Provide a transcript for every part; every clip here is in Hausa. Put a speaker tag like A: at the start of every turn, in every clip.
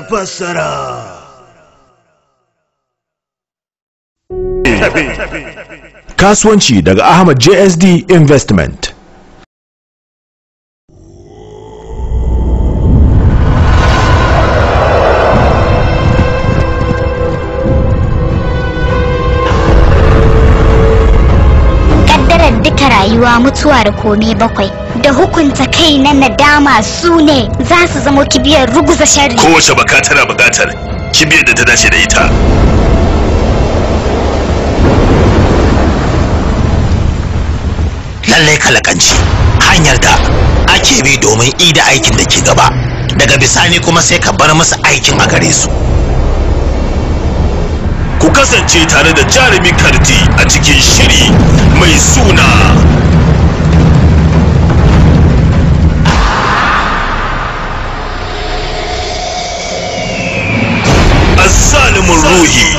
A: fassara.
B: Kasuwanci daga Ahmad JSD Investment.
C: rayuwa mutuwa da kome bakwai da hukunta kai na nadama su ne za su zama kibiyar ruguza shari kowace
B: bukatar a bukatar kibiyar da ta dace da ita lallai kalakanci hanyar da ake bi domin ida aikin da ke gaba daga bisani kuma sai ka bar musu aikin a gare su ku kasance tare da jarumi karti a cikin shiri mai suna azzalumin ruhi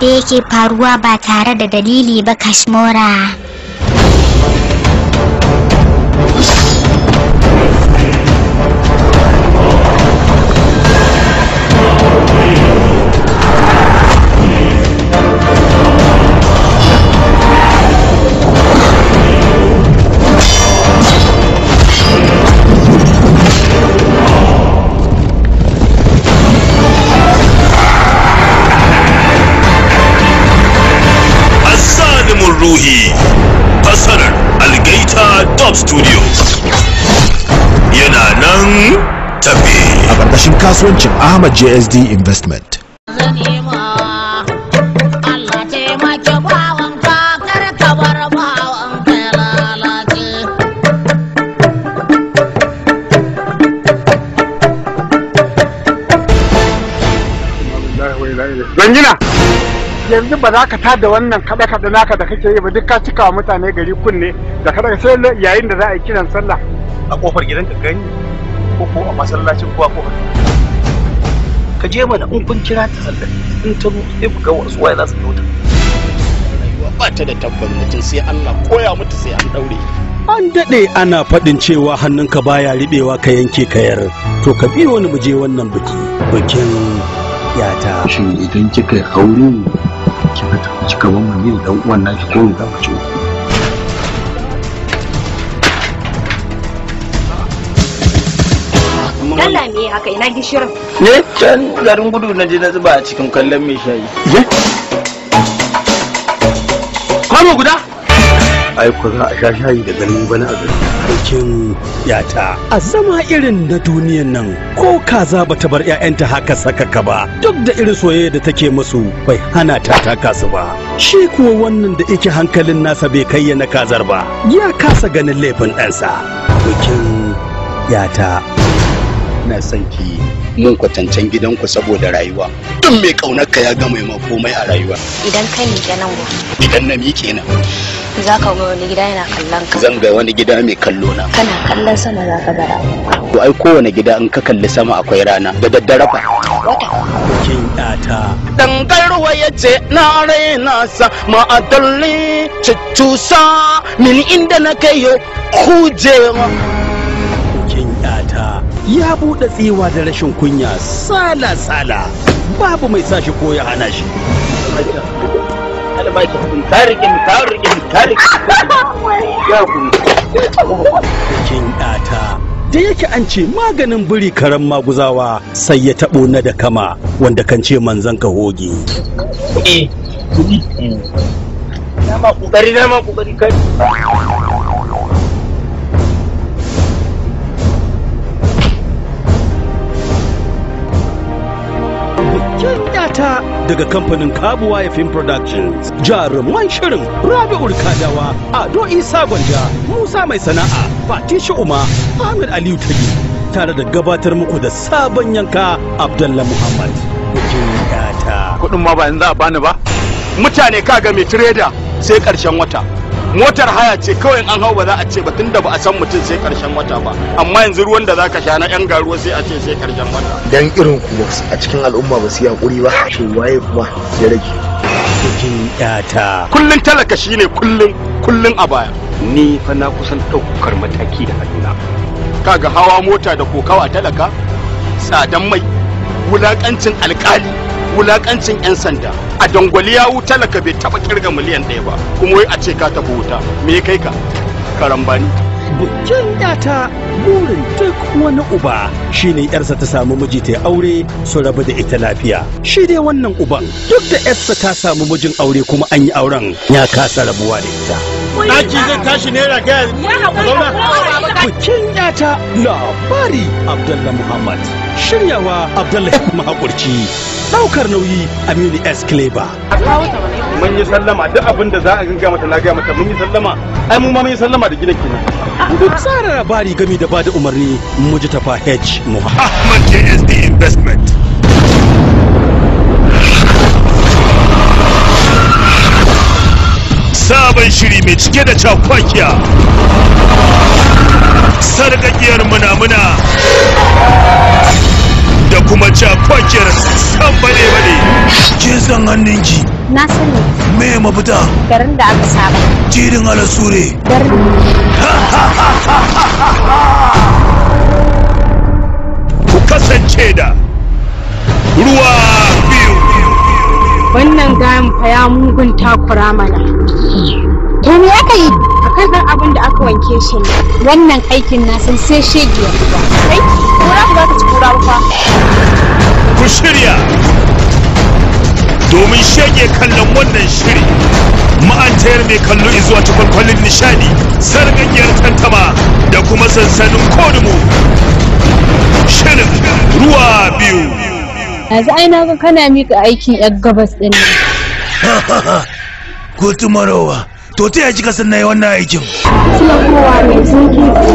A: da yake
C: faruwa ba tare da dalili ba Kashmora.
B: hip Studios yana nan tafi. A ƙarƙashin kasuwancin Ahmad JSD Investment. ba za ka tada wannan kaɗe kaɗe naka da kake yi ba duk ka cika wa mutane gari kunne da kaɗe sai
D: yayin da za a yi kiran sallah a kofar gidan ka gani ko ko a masallacin ko ka je mana in kun kira ta sallah in ta zo sai ku ga wasu waye za su kyauta rayuwa ba ta da tabbas mutum sai Allah koya mutu sai an daure an daɗe ana faɗin cewa hannunka baya riɓewa ka yanke kayar to ka bi wani muje wannan biki bikin yata shin idan kika aure Ki kika tafi kika bar mu ni dan uwan naki ko mu zama ci
C: Allah me haka ina gishirin
D: ne can garin gudu na je na zuba a cikin kallon mai shayi ye kwano guda aiko za a sha shayi da ganin bana a gani aikin yata a zama irin na duniyan nan ko kaza ta bar 'ya'yanta haka saka ka ba duk da irin soyayya da take musu bai hana ta taka su ba shi kuwa wannan da yake hankalin nasa bai kai na kazar ba ya kasa ganin laifin ɗansa bikin yata ina son ki mun kwatancen gidanku saboda rayuwa duk mai kaunarka ya gama mai komai a rayuwa
E: idan kai ne kenan
D: idan na mi kenan
E: za ka ga wani gida yana kallon ka zan
D: ga wani gida mai kallo na kana kallon sama za ka bara to ai kowane gida in ka kalli sama akwai rana da daddare fa wata kin ta garwa yace na raina sa ma'adalli sa min inda na ma. kujewa ta ya buɗe tsewa da rashin kunya sala-sala babu mai sashi ko ya hana shi. malama ki da yake an ce maganin biri karen maguzawa sai ya taɓo na da kama wanda kan ce manzan ka hoge. Eh, ƙoƙari kai. daga kamfanin kabuwa ya productions jaruman shirin rabi'ul kadawa ado isa gwanja musa mai sana'a fatisha uma ahmed aliyu tagi tare da gabatar muku da sabon yanka abdallah muhammad kudin ma ba yanzu a bani ba mutane kaga mai tireda sai karshen wata motar haya ce kawai an hau ba za a ce ba tunda ba a san mutum sai karshen wata ba amma yanzu ruwan da zaka sha na yan garuwa sai a ce sai karshen wata
B: dan irin ku a cikin al'umma ba su yi hakuri ba to waye kuma ya rage
A: cikin
D: yata kullun talaka shine kullun kullun a baya ni fa na kusan daukar mataki da hannuna kaga hawa mota da kokawa talaka tsadan mai wulakancin alkali wulakancin 'yan sanda a dangwali ya wuta laka bai taba kirga miliyan ɗaya ba kuma wai a ce ka tafi wuta me kai ka karambani bukin yata burin duk wani uba shine yarsa ta samu miji ta aure su rabu da ita lafiya shi dai wannan uban duk da yarsa ta samu mijin aure kuma an yi auren ya kasa rabuwa da ita Daki zai tashi ne ragayar zauna. Bikin yata labari Abdullahi Muhammad. shiryawa abdullahi mahakurci daukar nauyi aminu s kleba mun yi sallama duk abin da za a ganga mata na gaya mata mun yi sallama ai mu ma mun yi sallama da gidan duk tsara labari gami da bada umarni tafa h mu ahmad ksd investment sabon shiri mai cike da cakwakiya
B: sarƙaƙiyar munamuna da kuma cakwakiyar san bale bale kin san hannunki na sani me mafita
F: garin da aka saba
B: jirin alasure
F: garin
D: ku kasance da
G: ruwa biyu wannan gayan faya ya
H: mugun takura mana To me aka yi? Akan ɗan abin da aka wanke shi
E: ne. Wannan aikin na san sai shege ya fita. Kai, kura ba ka ci kura ba.
D: Ku shirya. Domin shege kallon
B: wannan shiri. Ma'antayar mai kallo izuwa ta nishadi, sarganyar
D: tantama da kuma sansanin kodumu. Shirin ruwa biyu.
E: Yanzu ai na kana mika aikin 'yan gabas ɗin
D: nan.
B: Ko tumarowa. to ta yaji kasan na yi wannan aikin
A: suna kowa sun kifi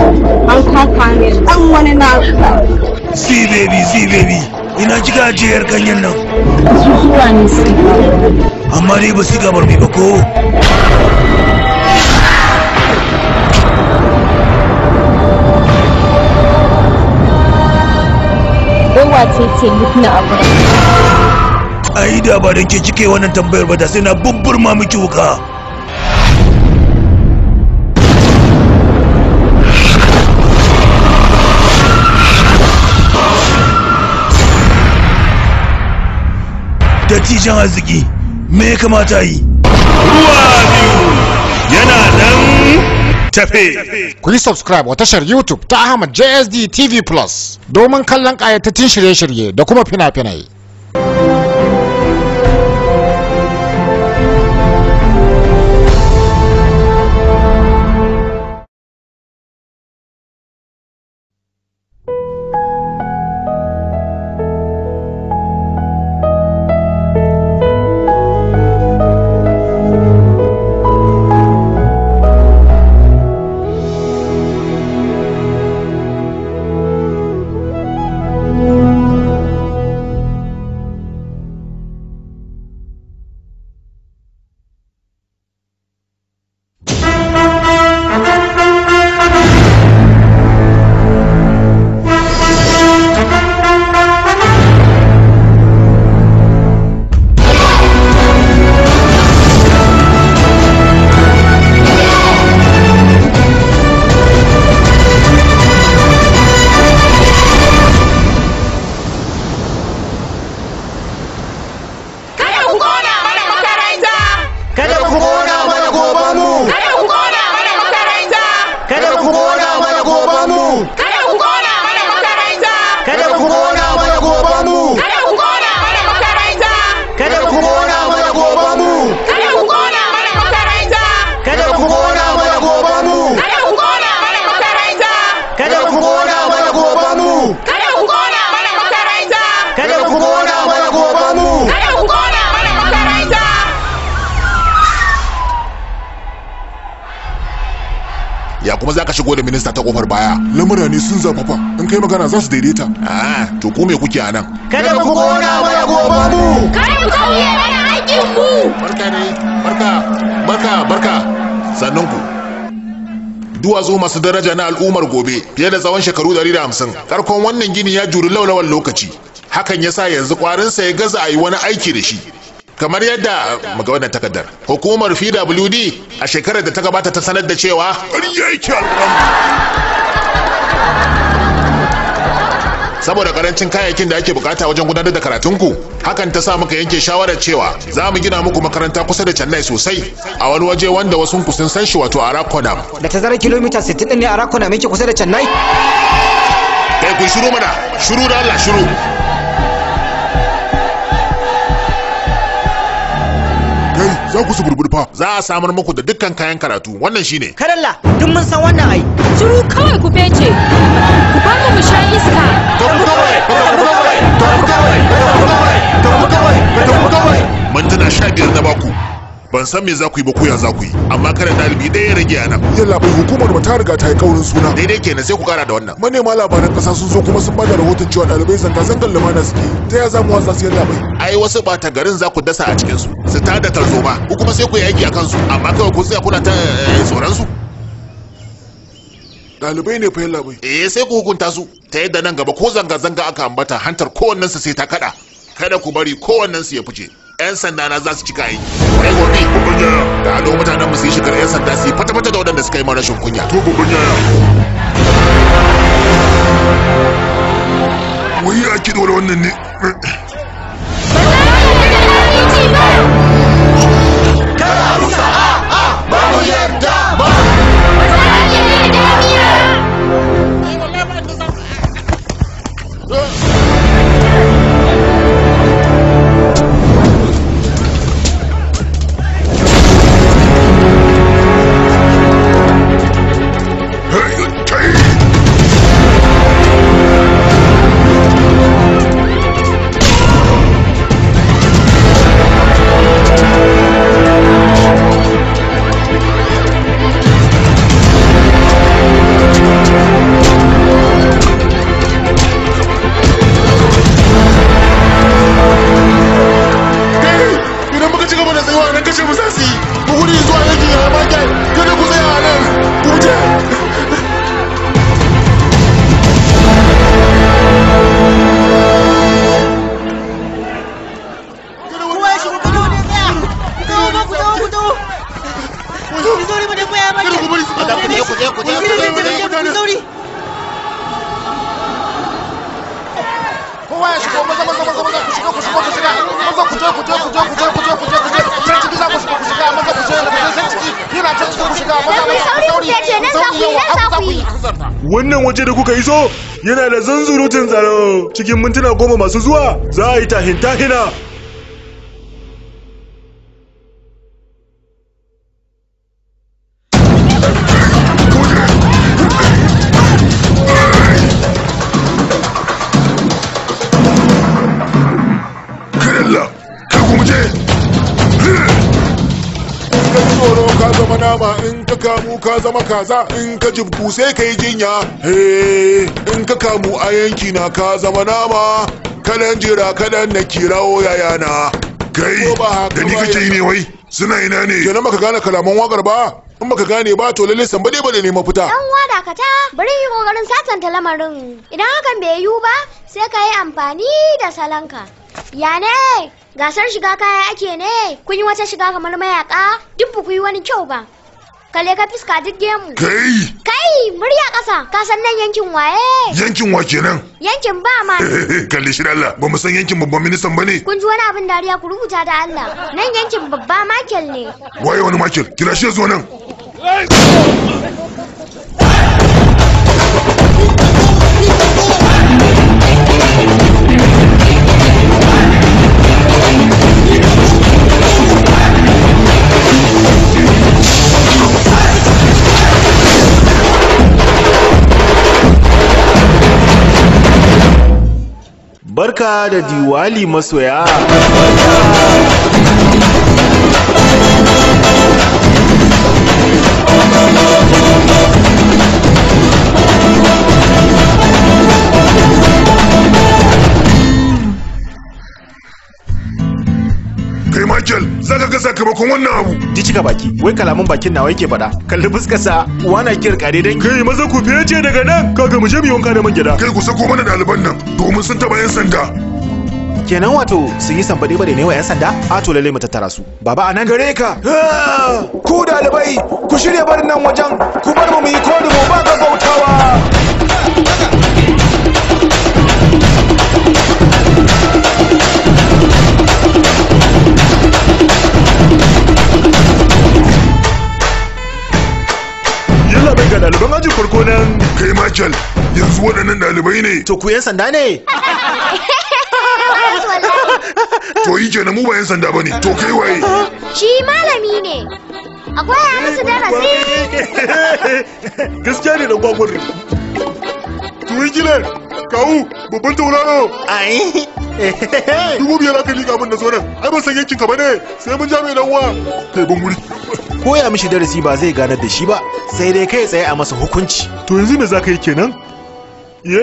A: an kafa ne dan wani na si baby si baby
D: ina kika ajiyar ganyen nan
A: zuwa ne su
D: amma dai ba su gabar mai ba ko
C: ce
B: Ai da ba da ke cike wannan tambayar ba da sai na bubburma miki wuka. dattijan arziki me ya kamata yi ruwa biyu yana nan tafe ku yi subscribe wa tashar youtube ta ahmad jsd tv plus domin kallon ƙayatattun shirye-shirye da kuma fina-finai daraja na al'ummar gobe fiye da tsawon shekaru 150 karkon wannan gini ya juri laulawan lokaci hakan ya sa yanzu kwarinsa ya gaza a yi wani aiki da shi kamar yadda muga wannan takardar hukumar pwd a shekarar da ta gabata ta sanar da cewa yake saboda karancin kayayyakin da ake bukata wajen gudanar da karatunku hakan ta sa muka yanke shawarar cewa za mu gina muku makaranta kusa da chennai sosai a wani waje wanda wasu ku sun san shi wato arakonam da tazarar kilomita 60
F: ne arakonam yake kusa da chennai
D: kai ku shiru mana shiru da allah shiru
B: kai za ku su burburfa za a samar muku da dukkan kayan karatu wannan shine
F: karalla duk mun san wannan ai
E: turu kawai ku fece ku ba mu sha iska
B: mintuna sha biyar na baku ban san me za ku yi ba ko ya za ku yi amma kada dalibi ɗaya ya rage ana yalla bai hukumar ba ta riga ta yi kaurin suna daidai kenan sai ku kara da wannan manema labaran ƙasa sun zo kuma sun bada rahoton cewa dalibai zanga zangar lumana suke ta ya zamu watsa su yalla bai ai wasu ɓata garin za ku dasa a cikin su su tada tarzoma ku kuma sai ku yi aiki a kansu amma kawai ku tsaya kuna ta eh, eh, tsoron su dalibai ne fahimla bai eh sai ku hukunta su ta yadda nan gaba ko zanga-zanga aka ambata hantar kowannen su sai ta kada kada ku bari kowannen su ya fice yan sanda na za su cika yi kai gobe babban yaya da ado mutanen mu su yi shigar yan sanda su yi fata-fata da waɗanda suka yi mara rashin kunya to babban yaya wai ya kiɗo da wannan ne cikin mintuna goma masu zuwa za a yi tahin-tahina
A: ka zama kaza in ka jibku sai ka yi jinya
B: eh, in ka kamu a yanki na ka zama nama kalan jira kalan na kirawo na kai da ni kake ne wai suna ina ne kenan ka gane kalaman wakar ba in ka gane ba to lalle san bade bade ne mafita dan
A: wada
H: ka ta bari yi kokarin satanta lamarin idan hakan bai yiwu ba sai ka yi amfani da salanka ya ne gasar shiga kaya ake ne kun yi wata shiga kamar mayaka duk ku yi wani kyau ba kale ka fiska duk gemu kai kai murya ƙasa ka san nan yankin waye yankin wa kenan yankin ba ma
B: kalle shi Allah ba mu san yankin babban ministan bane
H: kun ji wani abin dariya ku rubuta da Allah nan yankin babba makel ne
B: waye wani makel kira shi zo nan Barka da Diwali masoya! sakamakon wannan abu ji cika baki wai kalaman bakin nawa yake faɗa kalli fuskar sa wana kiyar kare dangi kai maza ku fiye ce daga nan kaga mu je mu yanka da man gida kai ku sako mana ɗaliban nan domin sun taɓa yan sanda kenan wato sun yi sambaɗe bare ne wa 'yan sanda a to lalle mu tattara su baba a nan gare ka ku dalibai ku shirya barin nan wajen ku bar mu yi kodi mu ba gaggautawa ga ɗaliban ajin farko nan kai michael yanzu waɗannan ɗalibai ne to ku yan sanda ne to yi kenan mu ba yan sanda bane to kai waye
A: shi
F: malami ne akwai ya musu darasi
D: gaskiya ne da gwagwari
F: to yi gilar kawu babban tauraro Ayi.
B: dubu biyar aka liƙa abin da sauran ai ban san yankin ka ne sai mun ja mai dan uwa kai ban wuri koya mishi darasi ba zai ganar da shi ba sai dai kai tsaye a masa hukunci to yanzu me za ka yi kenan ye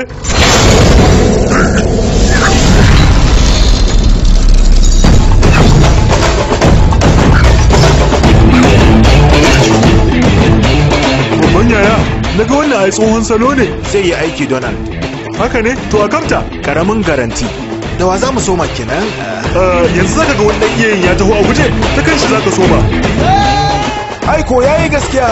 B: babban yaya na ga wannan ai tsohon salo ne zai yi aiki donald haka ne to a kamta karamin garanti da wa za mu soma kenan eh, yanzu zaka ga wani ɗan iyayen ya taho a guje ta kan shi za ka soma aiko yayi gaskiya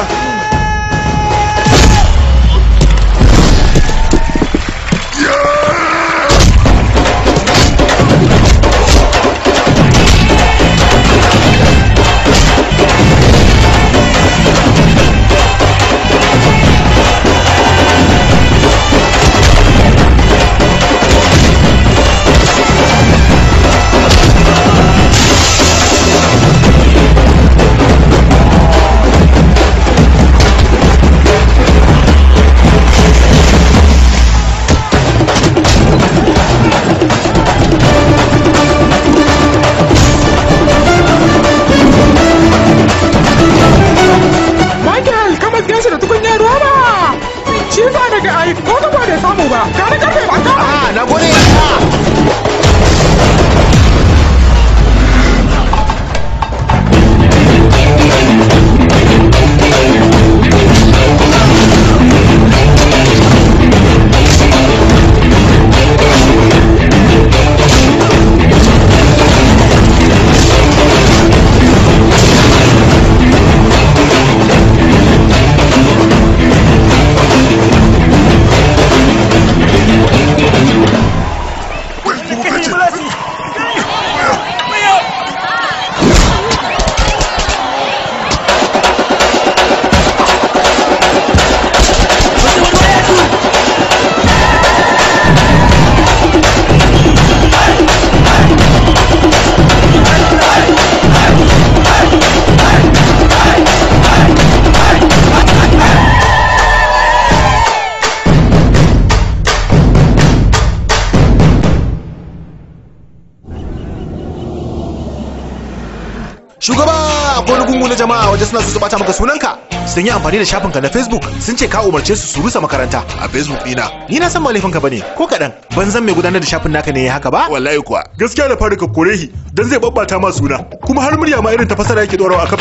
B: suna so su bata maka sunanka sun yi amfani da shafin ka na facebook sun ce ka umarce su su rusa makaranta a facebook dina ni na san malifin ka bane ko kadan. ban zan mai gudanar da shafin naka ne haka ba wallahi kuwa gaskiya da fara ka korehi dan zai babbata ma suna kuma har murya ma irin ta fasara yake dorawa a ka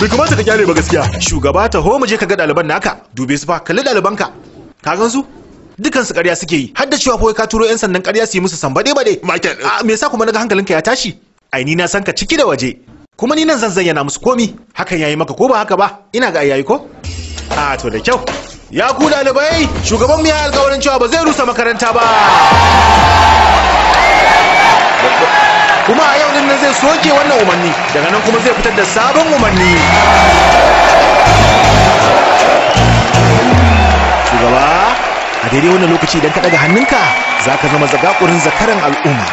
B: bai kamata ka kyale ba gaskiya shugaba ta homa mu je ka ga daliban naka dube su fa kalli ɗalibanka ka gan su dukan su ƙarya suke yi har da cewa ko ka turo yan sandan ƙarya su yi musu sambade bade me yasa kuma naga hankalinka ya tashi ai ni na san ka ciki da waje kuma ni nan zan zayyana musu komi hakan yayi maka ko ba haka ba ina ga yayi ko a to da kyau ya ku dalibai shugaban mu ya alƙawarin cewa ba zai rusa makaranta ba kuma a yau din nan zai soke wannan umarni daga nan kuma zai fitar da sabon umarni shugaba a daidai wannan lokaci idan ka daga hannunka za ka zama zagakurin zakaran al'umma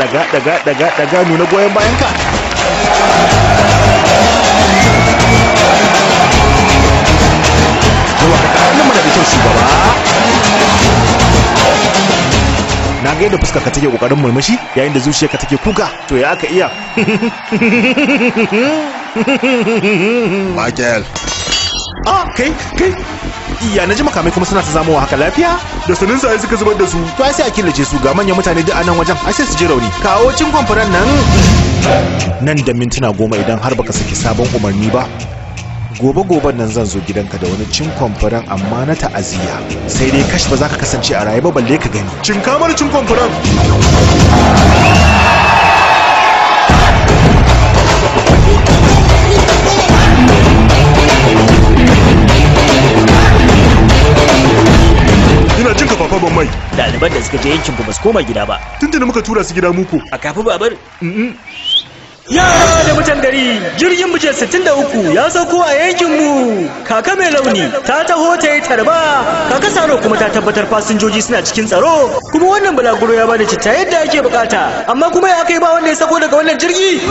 B: daga daga daga daga nuna goyon bayanka na ga yadda fuskar ka take kokarin murmushi yayin da zuciyar ka take kuka to ya aka iya Michael a ah, kai kai iya na ji makamai kuma suna ta zamowa haka lafiya da sanin sa suka zubar da su to ai sai a killace su ga manyan mutane duk a nan wajen ai sai su ji rauni kawo cin kwamfuran nan nan da mintuna goma idan har baka saki sabon umarni ba gobe goben nan zan zo gidanka da wani cin kwamfuran amma na ta'aziyya sai dai kash ba za ka kasance a raye ba balle ka gani cin kamar cin kwamfuran ɗaliban da suka je yankin ku ba su koma gida ba
A: tunda muka tura
B: su gida muku a kafi babar yara da mutan gari jirgin buje
D: 63 ya sauko a yankin mu kaka mai launi ta taho ta yi tarba kaka saro kuma ta tabbatar fasinjoji suna cikin tsaro kuma wannan bulaguro ya bada citta yadda ake bukata amma kuma ya kai ba wanda ya sako daga wannan jirgi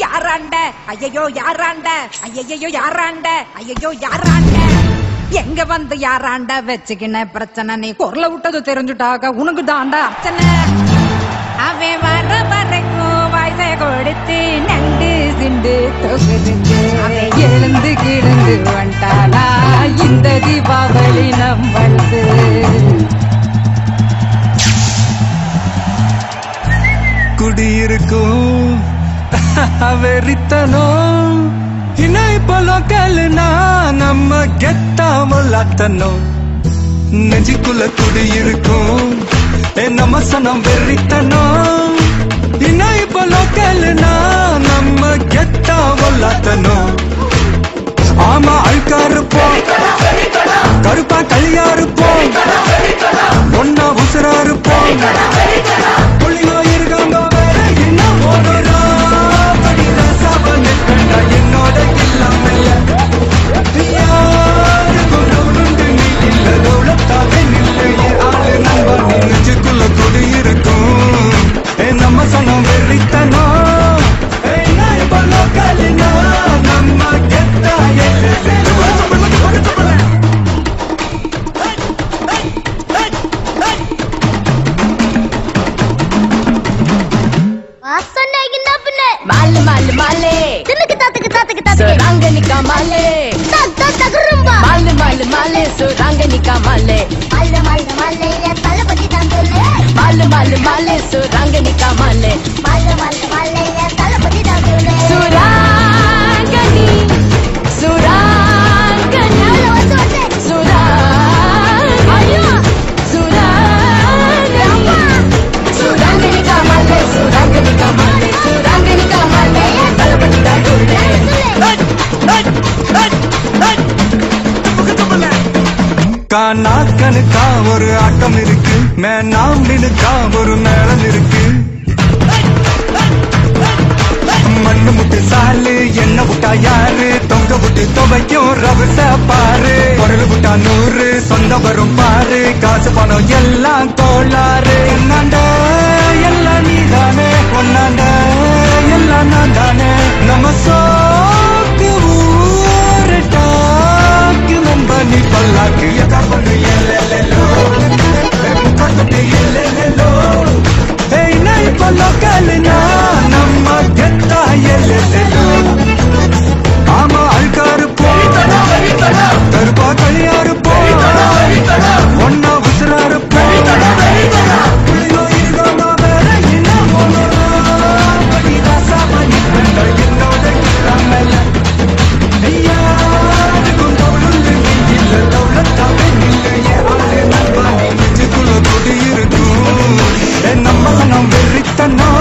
C: Yaran yaran da, ayayyo yaran da, ayayyo yaran da.
E: எங்க வந்து யாராண்டா வச்சுக்கின பிரச்சனை நீ குரல விட்டது தெரிஞ்சுட்டாக்க உனக்கு தாண்டா அர்ச்சனை அவன் வர வரைக்கும் வயசை
A: கொடுத்து நண்டு சிண்டு தொகுது எழுந்து கிடந்து வந்தானா இந்த தீபாவளி நம்மளது குடியிருக்கும் வெறித்தனோ புலகல்னா நம்ம கெத்தாமல் அத்தனும் நெஞ்சுக்குள்ள குடி இருக்கும் என்ன மசனம் வெறித்தனும் இணை புலகல்னா நம்ம கெத்தாமல் அத்தனும் ஆமா அழுக்கா இருப்போம் கருப்பா களியா இருப்போம் ஒன்னா உசுரா இருப்போம் புள்ளியோ இருக்காங்க இன்னும்
E: மாலு மாலு சுரங்க நிக்கா மாலு மாலு மாலு
A: மாலு தளபதி தான் சுரா நான் நாக்கனுக்கா ஒரு ஆட்டம் இருக்கு மே நாம் நினுக்கா ஒரு மேளம் இருக்கு மண்ணு முட்டு சாலு என்ன விட்டா யாரு தொங்க விட்டு துவைக்கும் ரவுச பாரு பொருள் விட்டா நூறு சொந்த வரும் பாரு காசு பணம் எல்லாம் கோளாறு என்னாண்ட எல்லாம் நீதானே ஒன்னாண்ட எல்லாம் நான் தானே நம்ம சோ பல்லாக்கு எதார்த்தம் எல்லெல்லோ எத்தார்த்தம் எல்லெல்லோ ஏய் நாய் பல்லாக்கலினா நம்ம கெத்தா எல்லெல்லோ ஆமா ஒன்னா no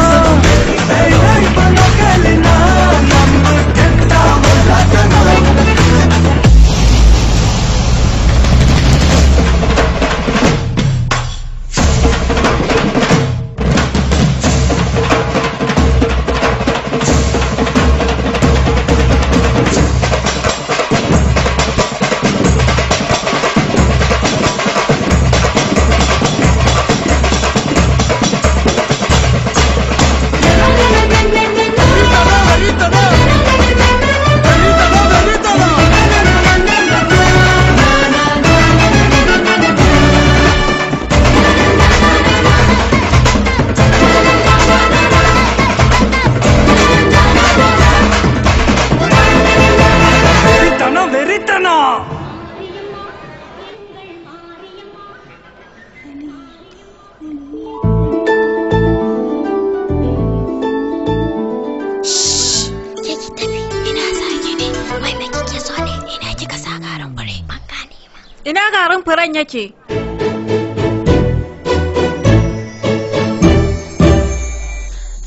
A: kake ya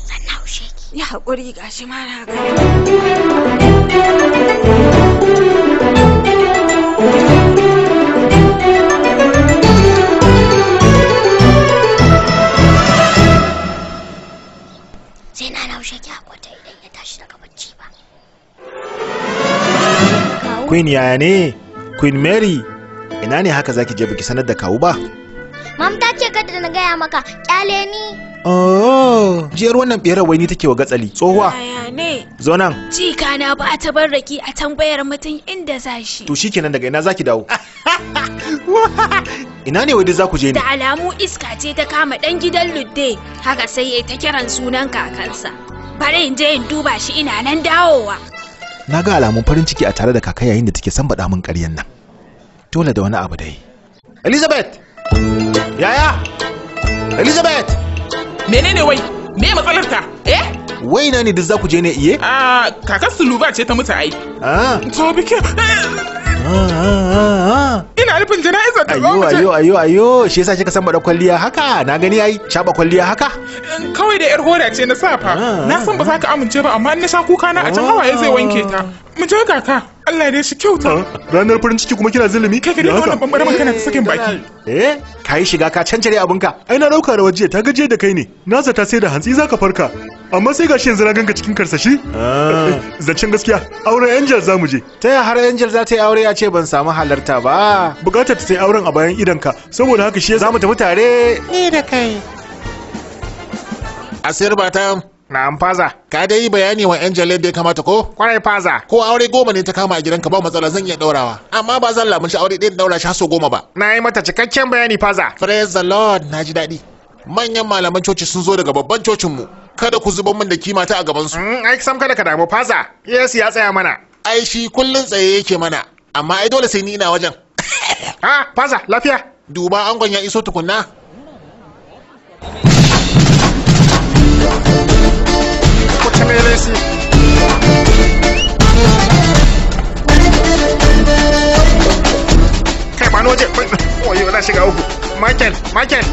A: sai na naushe ki haƙota
B: idan ya tashi daga bacci ba queen yaya ne queen mary ina ne haka zaki je biki sanar da kawu ba
A: mam ta
F: ce kada na gaya maka kyale ni
B: oh jiyar wannan berar wai ni take wa gatsali tsohuwa ne zo nan
E: cika na ba ta tabarraki a tambayar mutum inda za shi
B: to shikenan daga ina zaki dawo ina ne wai duk za ku je ni? da
E: alamu iska ce ta kama dan gidan ludde haka sai yayi ta kiran sunan kakansa bari in je in duba shi ina nan dawowa
B: na ga alamun farin ciki a tare da kaka yayin da take san baɗa min ƙaryar nan dole da wani abu dai elizabeth yaya elizabeth menene wai me matsalar ta eh wai na ne duk za ku je ne iye Ah, kakar luba ce ta mutu ai ah to ke. Ah, ah, ah,
C: ina nufin jana'izar
B: da ayo ayo ayo ayo shi yasa kika san bada kwalliya haka na gani yayi shaba kwalliya haka
C: eh, kawai da yar hoda ce na safa na san ba za ka amince ba amma in na sha kuka
A: na a can hawaye zai wanke ta
C: mu je kaka Allah dai shi kyauta.
B: Ranar farin ciki kuma kina zulumi? Kai ka wannan bambare kana ta sakin baki. Eh, kai yi shiga ka cancare abinka. Ai na dauka da waje ta gaje da kai ne. Na ta sai da hantsi zaka farka. Amma sai gashi yanzu na ganka cikin karsashi. Ah. Eh, Zancen gaskiya, auren Angel za mu je. Ta ya har Angel za ta yi aure ya ce ban samu halarta ba. Bukatar ta sai auren a bayan idanka. Saboda haka shi za mu tafi tare. Ni da kai. Asir ta na faza. Ka dai yi bayani wa 'yan jalid da ya kamata ko? Kwarai faza. Ko aure goma ne ta kama a gidanka ba matsala zan iya daurawa. Amma ba zan lamunci aure ɗaya daura shi haso goma ba. Na yi mata cikakken bayani faza. Praise the Lord, na ji daɗi. Manyan malaman coci sun zo daga babban mu Kada ku zuba min da kima ta a gabansu. Mm, ai sam kada ka damu faza. Yes ya tsaya mana. Ai shi kullun tsaye yake mana. Amma ai dole sai ni ina wajen. ha ah, faza lafiya. Duba angon ya iso tukunna. belesi. Kai ba noje, wayo na shiga uku. Michael, Michael,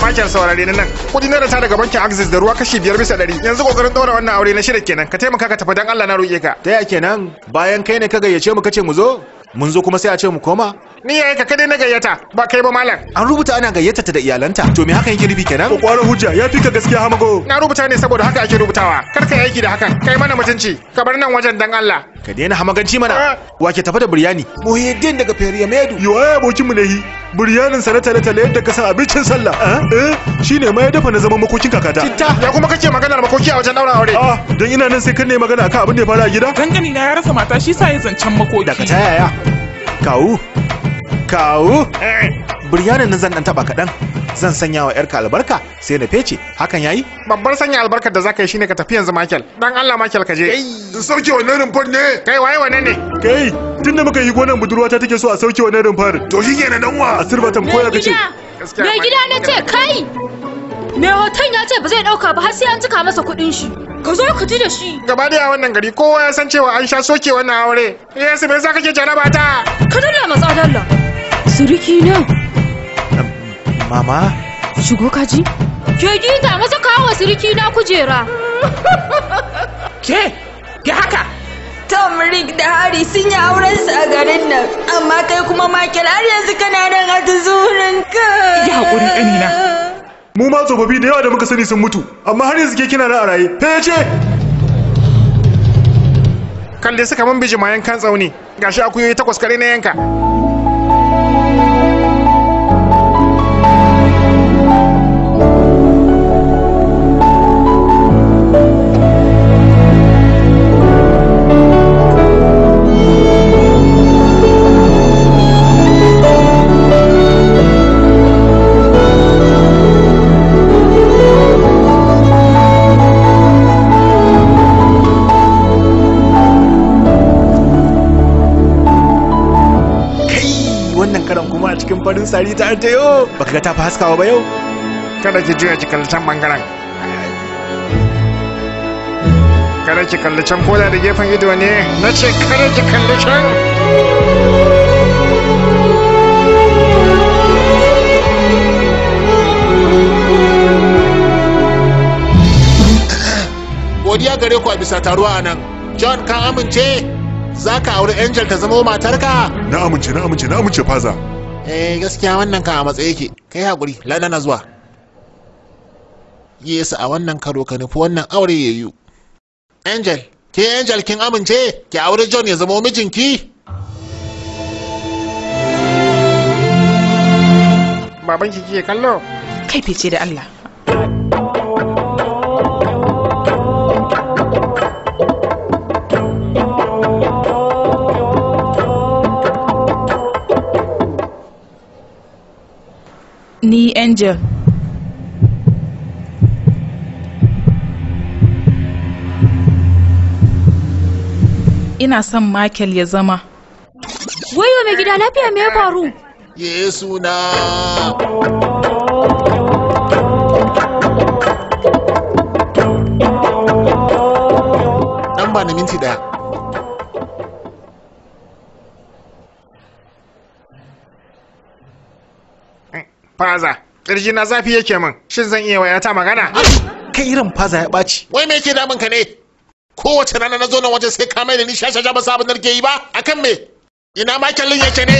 B: Michael saurare ni nan. Kudi na rasa daga bankin Axis da ruwa kashi biyar bisa ɗari. Yanzu kokarin ɗora wannan aure na shida kenan. Ka taimaka ka tafi dan Allah na roƙe ka. Ta ya kenan? Bayan kai ne ka gayyace mu kace mu zo? mun zo kuma sai a ce mu koma ni yayi ka kadai na gayyata ba kai ba malam an rubuta ana gayyata ta da iyalanta to me haka yake rubi kenan kokarin hujja ya fi ka gaskiya hamago na rubuta ne saboda haka ake rubutawa kar ka aiki da hakan kai mana mutunci ka bar nan wajen dan Allah ka daina hamaganci mana eh. wake tafa da biryani muhiddin daga feriya medu yoya eh, abokin mu nahi biryanin sa na tale tale yadda ka san abincin sallah eh, eh shine ma ya dafa na zama makokin kakata citta ya kuma kake maganar makoki a wajen daura aure a ah, don ina nan sai kan ne magana akan abin da ya fara a gida gani na ya rasa mata shi sa ya zancen makoki daga ta yaya kawu kawu eh. biryanin nan zan dan taba kaɗan zan sanya wa yarka albarka sai na fece hakan yayi babbar sanya albarkar da zaka yi shine ka tafi yanzu Michael dan Allah Michael ka je sauke wannan rumfar ne kai waye wannan ne kai tunda muka yi gonan budurwata take so a sauke wannan rumfar to shi kenan dan wa a sirbatan, tam koya kace gaskiya mai
A: gida na ce
E: kai Me hoton ya ce ba zai ɗauka ba har sai an cika masa kuɗin shi. Ka zo ka ji da shi. Gaba
B: daya wannan gari kowa ya san cewa an sha soke wannan aure.
E: sai me yasa kake jaraba ta? Ka dalla tsada dalla. Suriki ne?
B: Mama. Shigo ka ji?
E: Ke gita masa kawo suriki na kujera. Ke? Ke haka? Tom Rick da Harry sun yi auren su a garin nan, amma kai kuma Michael har yanzu kana nan a tuzurinka. Ya haƙuri
B: ƙanina. mu ma tsofaffi da yawa da muka sani sun mutu amma har yanzu ke kina nan a raye fece kalle suka man bijima yankan kan tsauni gashi akuyoyi takwas kare
A: na yanka
B: garin sari ta arte yo baka ga ta fi haskawa ba yau
F: kada ki juya ki kalli can bangaren kada ki kalli can koda da gefen ido ne na ce kada ki kalli can godiya
B: gare ku a bisa taruwa a nan john ka amince za ka auri angel ta zama matarka na amince na amince na amince faza
F: eh gaskiya
B: wannan ka a matsayi yake kai hakuri lana na zuwa yesu a wannan karo ka nufi wannan aure ya yi angel ke angel kin amince ki aure john ya zama mijinki Babanki kike ke kallo
I: kai fice da allah Ni Angel ina son Michael ya zama.
E: Wayo mai gida lafiya me ya faru? Yesu na.
B: ba na minti ɗaya. faza kirji na zafi yake min shin zan iya wayata magana kai irin faza ya ɓaci
F: wai me yake damun ka ne kowace rana na zo nan waje sai ka mai da ni shasha ba sabon da ke yi ba akan me ina
B: ma
D: kyallin yake ne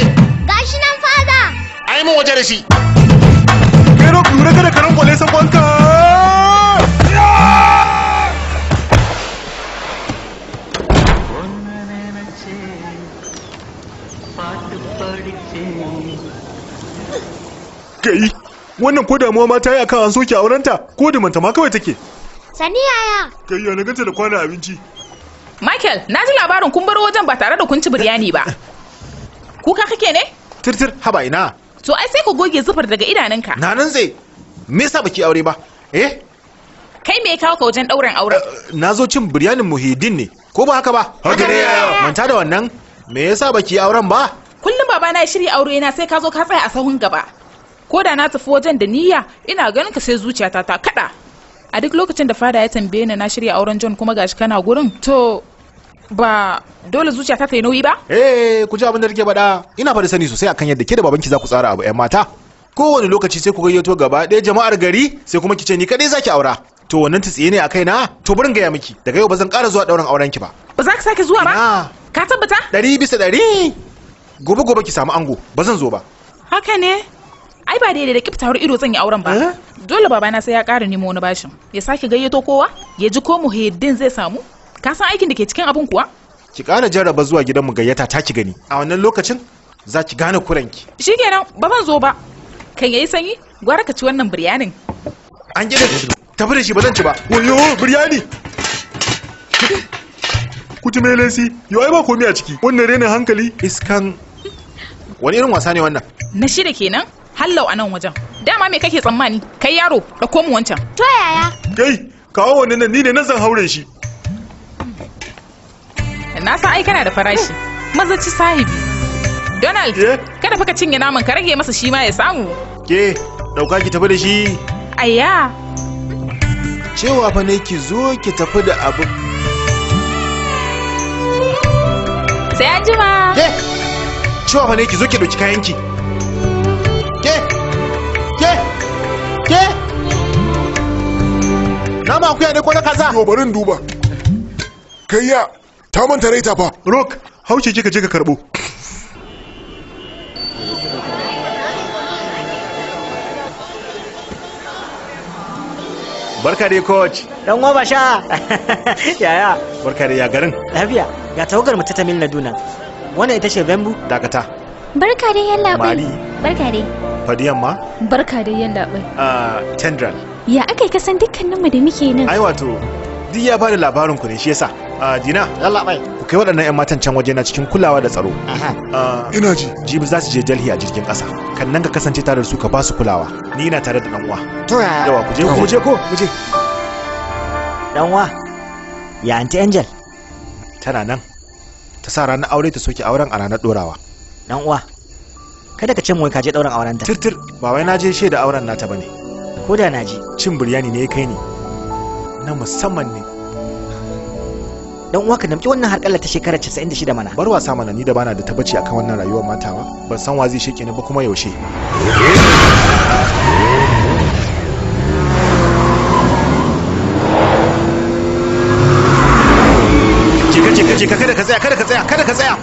D: gashi nan faza ai mun waje da shi kai ro lura da karan kwale sabon ka
B: kai wannan ko damuwa ma ta yi akan an soke aurenta ko da manta ma kawai take
A: sani yaya
B: kai ya naganta da kwana abinci
I: michael na ji labarin kun bar wajen ba tare da kun ci biryani ba kuka kake ne tirtir haba ina to ai sai ka goge zufar daga idanunka na nan zai
B: me yasa baki aure ba eh
I: kai me ya kawo ka wajen dauren auren eh, eh,
B: na zo cin biryanin muhiddin ne ko ba haka ba haka ne manta da wannan me yasa baki auren ba
I: kullum babana ya shirya aure na sai ka zo ka tsaya a sahun gaba ko da na tafi wajen da niyya ina ganin ka sai zuciyata ta kada a duk lokacin da fada ya tambaye ni na shirya auren John kuma gashi kana gurin to ba dole zuciyata ta yi nauyi ba eh ku ji abin da kike
B: faɗa ina fara sani sosai akan yadda ke da babanki za ku tsara abu ƴan mata kowane lokaci sai ku gayyato gaba ɗaya jama'ar gari sai kuma ki ce ni kadai zaki aura to wannan ta tsiye ne a kaina to burin gaya miki daga yau ba zan ƙara zuwa ɗaurin auren ki ba ba za ka sake zuwa ba ka tabbata ɗari bisa ɗari gobe gobe ki samu ango ba zan zo ba
I: haka ne ai ba daidai da kifta har ido zan yi auren ba eh? dole babana sai ya ƙara nemo wani bashin ya sake gayyato kowa ya ji ko muhiddin zai samu
B: ka san aikin da ke cikin abin kuwa ki ƙara jarraba zuwa gidan mu gayyata ta ki gani a wannan lokacin za ki gane kuranki
I: shikenan ba zan zo ba kan yayi sanyi gwara ka ci wannan biryanin
B: an gida tafi da shi ba zan ci ba wayo biryani kuti mai lesi yau ai ba komai a ciki wannan renin hankali iskan wani irin wasa ne wannan
I: na shida kenan hallau a nan wajen dama me kake tsammani kai yaro da komu wancan to yaya
B: kai kawo wani nan ni ne na zan haure shi
I: na san ai kana da farashi mazaci sahibi donald kada fa ka cinye naman ka rage masa shi ma ya samu
B: ke dauka ki tafi da shi ayya cewa fa ne ki zo ki tafi da abu sai ajima Ke, cewa fa ne ki zo ki dauki kayan ki nama akuya ne ko na kaza yo barin duba kayya ta manta raita fa rock hauce kika je ka karbo
F: barka dai coach dan goma sha
C: yaya
B: barka dai ya garin lafiya ga tawagar mu ta tamil naduna wannan ita ce bambu dakata
E: barka dai yalla bai barka dai fadiyan ma barka dai yalla bai
B: ah tendral
E: ya aka yi kasan dukkaninmu da muke nan ai wato
B: duk ya bada labarin ku ne shi yasa a dina yalla bai ku kai waɗannan yan matan can waje na cikin kulawa da tsaro ina ji jibi za su je jalhi a jirgin ƙasa kan nan ka kasance tare da su ka ba su kulawa ni ina tare da dan uwa
A: to ya yawa ku je ku je ko ku je
B: dan uwa ya anti angel tana nan ta sa ranar aure ta soke auren a ranar dorawa dan uwa kada ka ce mu ka je dauran auren ta tirtir ba wai na je shaida auren nata bane ko da na ji cin biryani ne ya kai ni na musamman ne dan uwa ka damki wannan har ta shekarar 96 mana bar wasa mana ni da bana da tabbaci akan wannan rayuwar matawa ban san wa zai sheke ni ba kuma yaushe Jika jika jika kada ka tsaya kada ka tsaya kada ka tsaya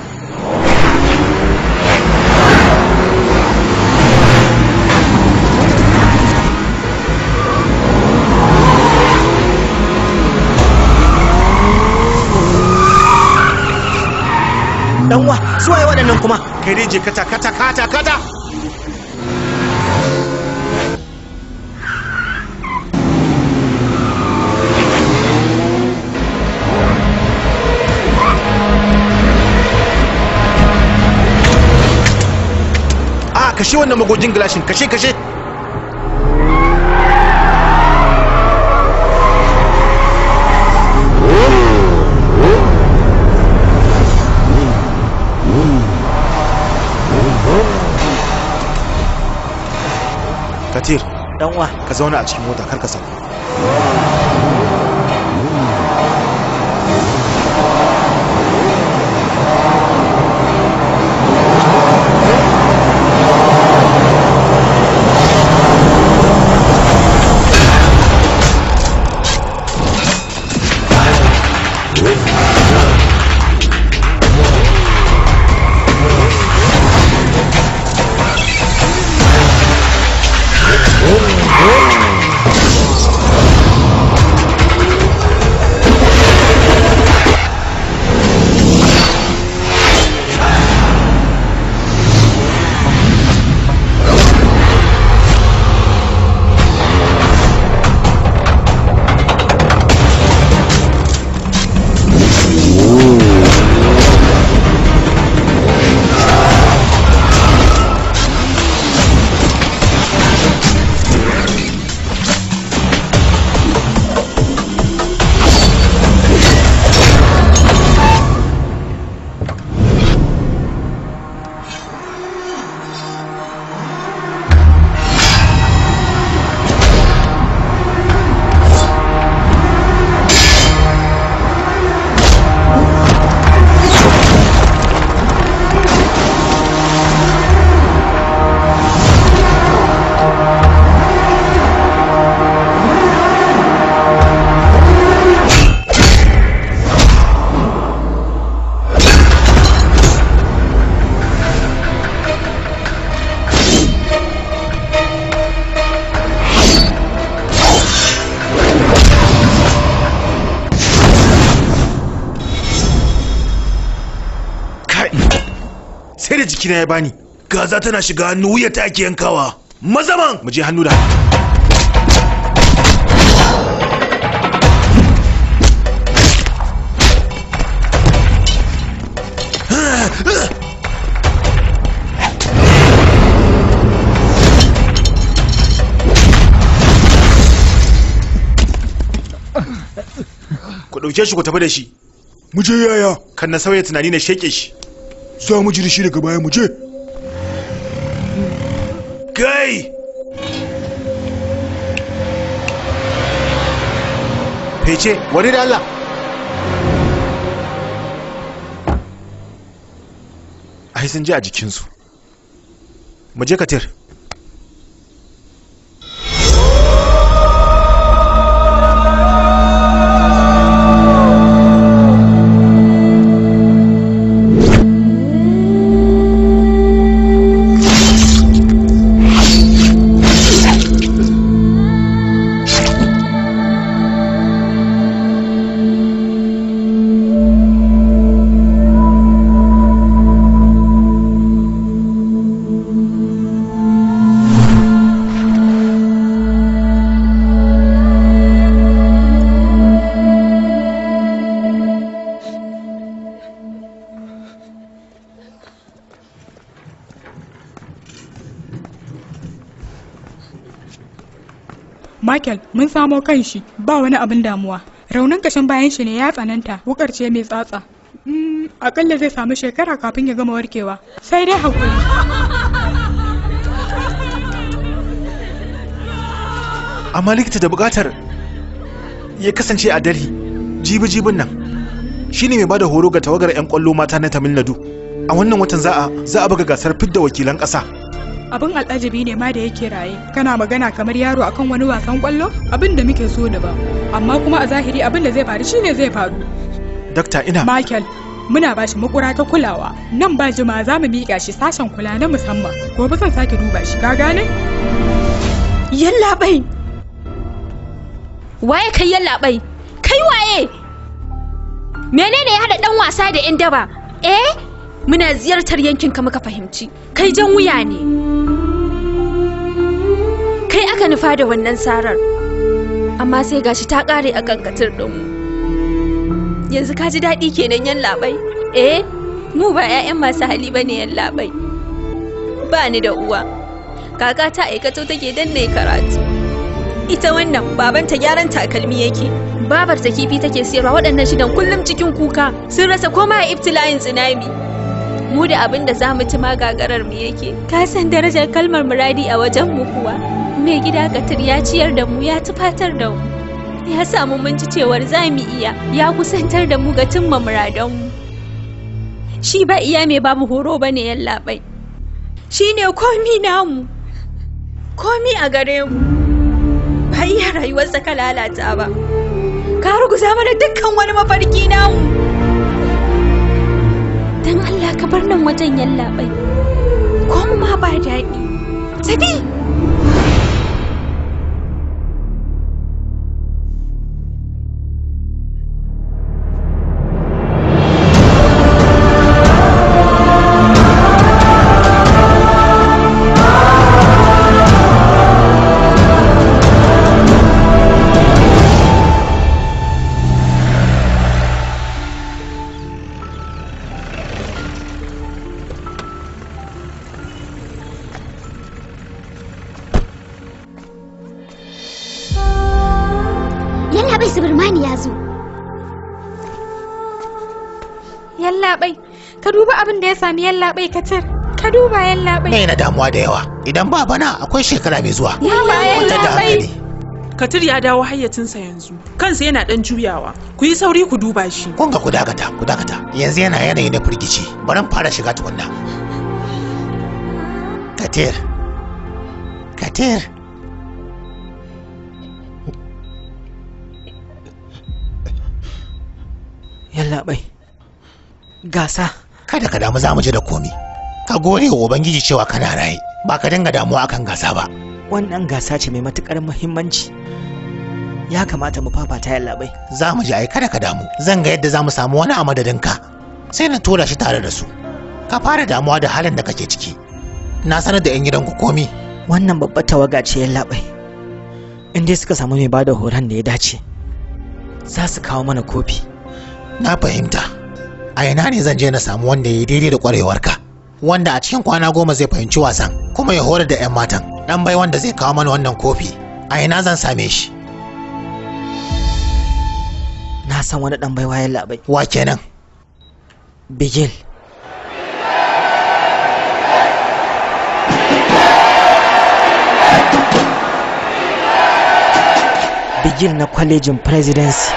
D: dan uwa su waye waɗannan kuma kai dai je kata kata kata kata
B: ah, kashe wannan magogin gilashin kashe kashe Matir, ɗan uwa ka zauna a cikin mota kar ka sauko. abokina ya bani gaza tana shiga hannu wuya ta ake yankawa mazaman mu je hannu da ku ɗauke shi ku tafi da shi mu je yaya kan na sauya tunani na sheke shi za mu ji da shi daga baya mu je kai fece wani da Allah ai sun ji a jikinsu mu je katir
I: kamo shi ba wani abin damuwa raunin kashin bayan shi ne ya tsananta wukar ce mai tsatsa hmm, akalla zai samu shekara kafin ya gama warkewa sai dai
A: hakuri
B: amma likita da bukatar ya kasance a dalhi jibi-jibin nan shine mai bada horo ga tawagar 'yan kwallo mata na tamil nadu a wannan watan za a buga gasar fidda wakilan ƙasa
I: abin al'ajabi ne ma da yake raye kana magana kamar yaro akan wani wasan kwallo abin da muke so da ba amma kuma a zahiri abin da zai faru shine zai faru dakta ina michael muna ba shi makura ta kulawa nan ba jima za mu miƙa shi
E: sashen kula na musamman gobe zan sake duba shi ka gane yalla bai waye kai yalla bai kai waye menene ya haɗa ɗan wasa da yan daba eh muna ziyartar yankin ka muka fahimci kai jan wuya ne ka nufa da wannan sarar amma sai gashi ta kare a kankatar katir ɗinmu yanzu ka ji daɗi kenan yan labai eh mu ba 'ya'yan masu hali ba ne yan labai ba ni da uwa kaka ta aikato take danne karatu ita wannan babanta gyaran takalmi yake babar ta kifi take siyarwa waɗannan shidan kullum cikin kuka sun rasa koma a ibtila'in tsunami mu da abin da za mu ci magagarar mu yake ka san darajar kalmar muradi a wajen mu kuwa mai gida gatar ya ciyar da mu ya tufatar da mu ya samu mun ji cewar za mu iya ya kusantar da mu ga muradan mu shi ba iya mai ba mu horo ba ne yallaɓai shi ne komi namu komi a gare mu ba iya rayuwarsa ka lalata ba ka ruguza mana dukkan wani mafarki namu dan Allah ka bar nan wajen yallaɓai ko mu ma ba daɗi sadi sami labai kacar. Ka duba labai Me na
B: damuwa da yawa. Idan ba bana akwai shekara mai zuwa. yan labai
G: Katir ya dawo hayyacinsa yanzu. Kansa yana ɗan juyawa.
F: Ku yi sauri ku duba shi. Kun ga ku dakata, ku dakata. Yanzu yana yanayi na firgici. Bari fara shiga tukunna.
A: Katir. Katir.
F: labai Gasa. kada ka damu za mu ji da komi ka gode wa ubangiji cewa kana raye ba ka dinga damuwa akan gasa ba wannan gasa ce mai matukar muhimmanci ya kamata mu fafata ya labai za mu ji ai kada ka damu zan ga yadda za mu samu wani amadadin ka, sai na tura shi tare da su ka fara damuwa da halin da kake ciki na sanar da 'yan ku, komi wannan babbar tawaga ce ya labai in dai suka samu mai bada horon da ya dace za su kawo mana kofi na fahimta a ina ne zan je na samu wanda ya yi daidai da kwarewarka wanda a cikin kwana goma zai fahimci wasan kuma ya horar da 'yan matan dan bai wanda zai kawo mana wannan kofi a ina zan same shi na san wani dan baiwa wayan labai wa kenan bigil bigil na kwalejin presidency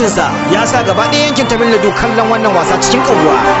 F: shugabancinsa ya sa gaba ɗaya yankin tamil nadu kallon wannan wasa cikin ƙauwa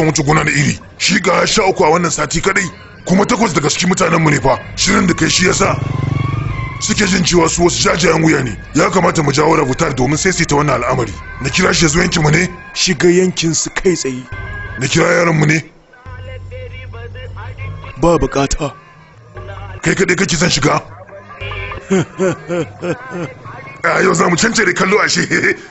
B: son wuce gona da iri shi ga ya sha uku a wannan sati kadai kuma takwas daga cikin mutanenmu ne fa shirin da kai shi yasa suke jin cewa su wasu jajayen wuya ne ya kamata mu jawo rabutar domin sai su ta wannan al'amari na kira shi zuwa yankinmu ne shiga yankin su kai tsaye na kira yaranmu ne ba bukata kai kadai kake son shiga a yau za mu cancare kallo ashe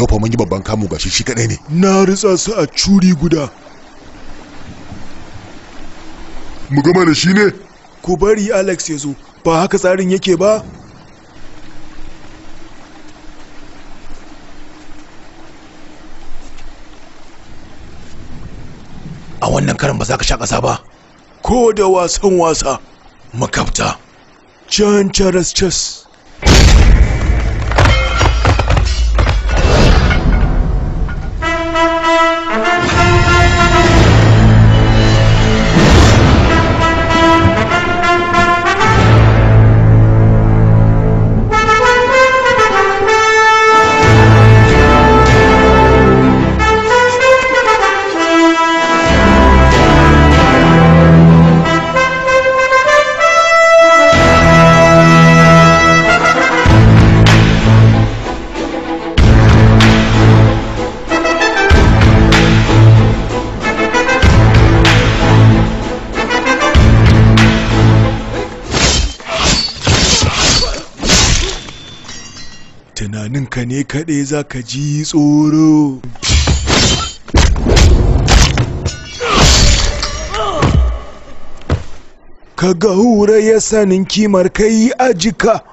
B: yau fa mun yi babban kamu gashi shi kadai ne na ritsa su a curi guda mu gama da shi ne ku bari alex ya zo ba haka tsarin yake ba a wannan karin ba za ka sha ƙasa ba ko da wasan wasa makabta chan charas chess ne kaɗai za ka ji tsoro ka ga hura ya sanin kimar kai a jika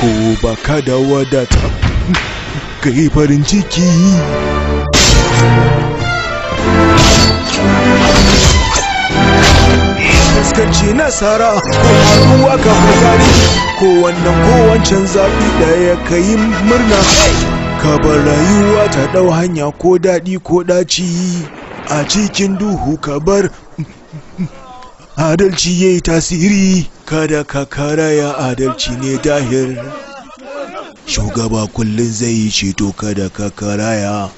B: ko ka da wadata ka yi farin ciki fuskanci nasara ko ruwa ka fitari ko wannan ko zafi zaɓi ɗaya ka yi murna ka bar rayuwa ta ɗau hanya ko daɗi ko ɗaci a cikin duhu ka bar adalci ya yi tasiri kada ka karaya adalci ne dahir shugaba kullum zai yi ceto kada ka karaya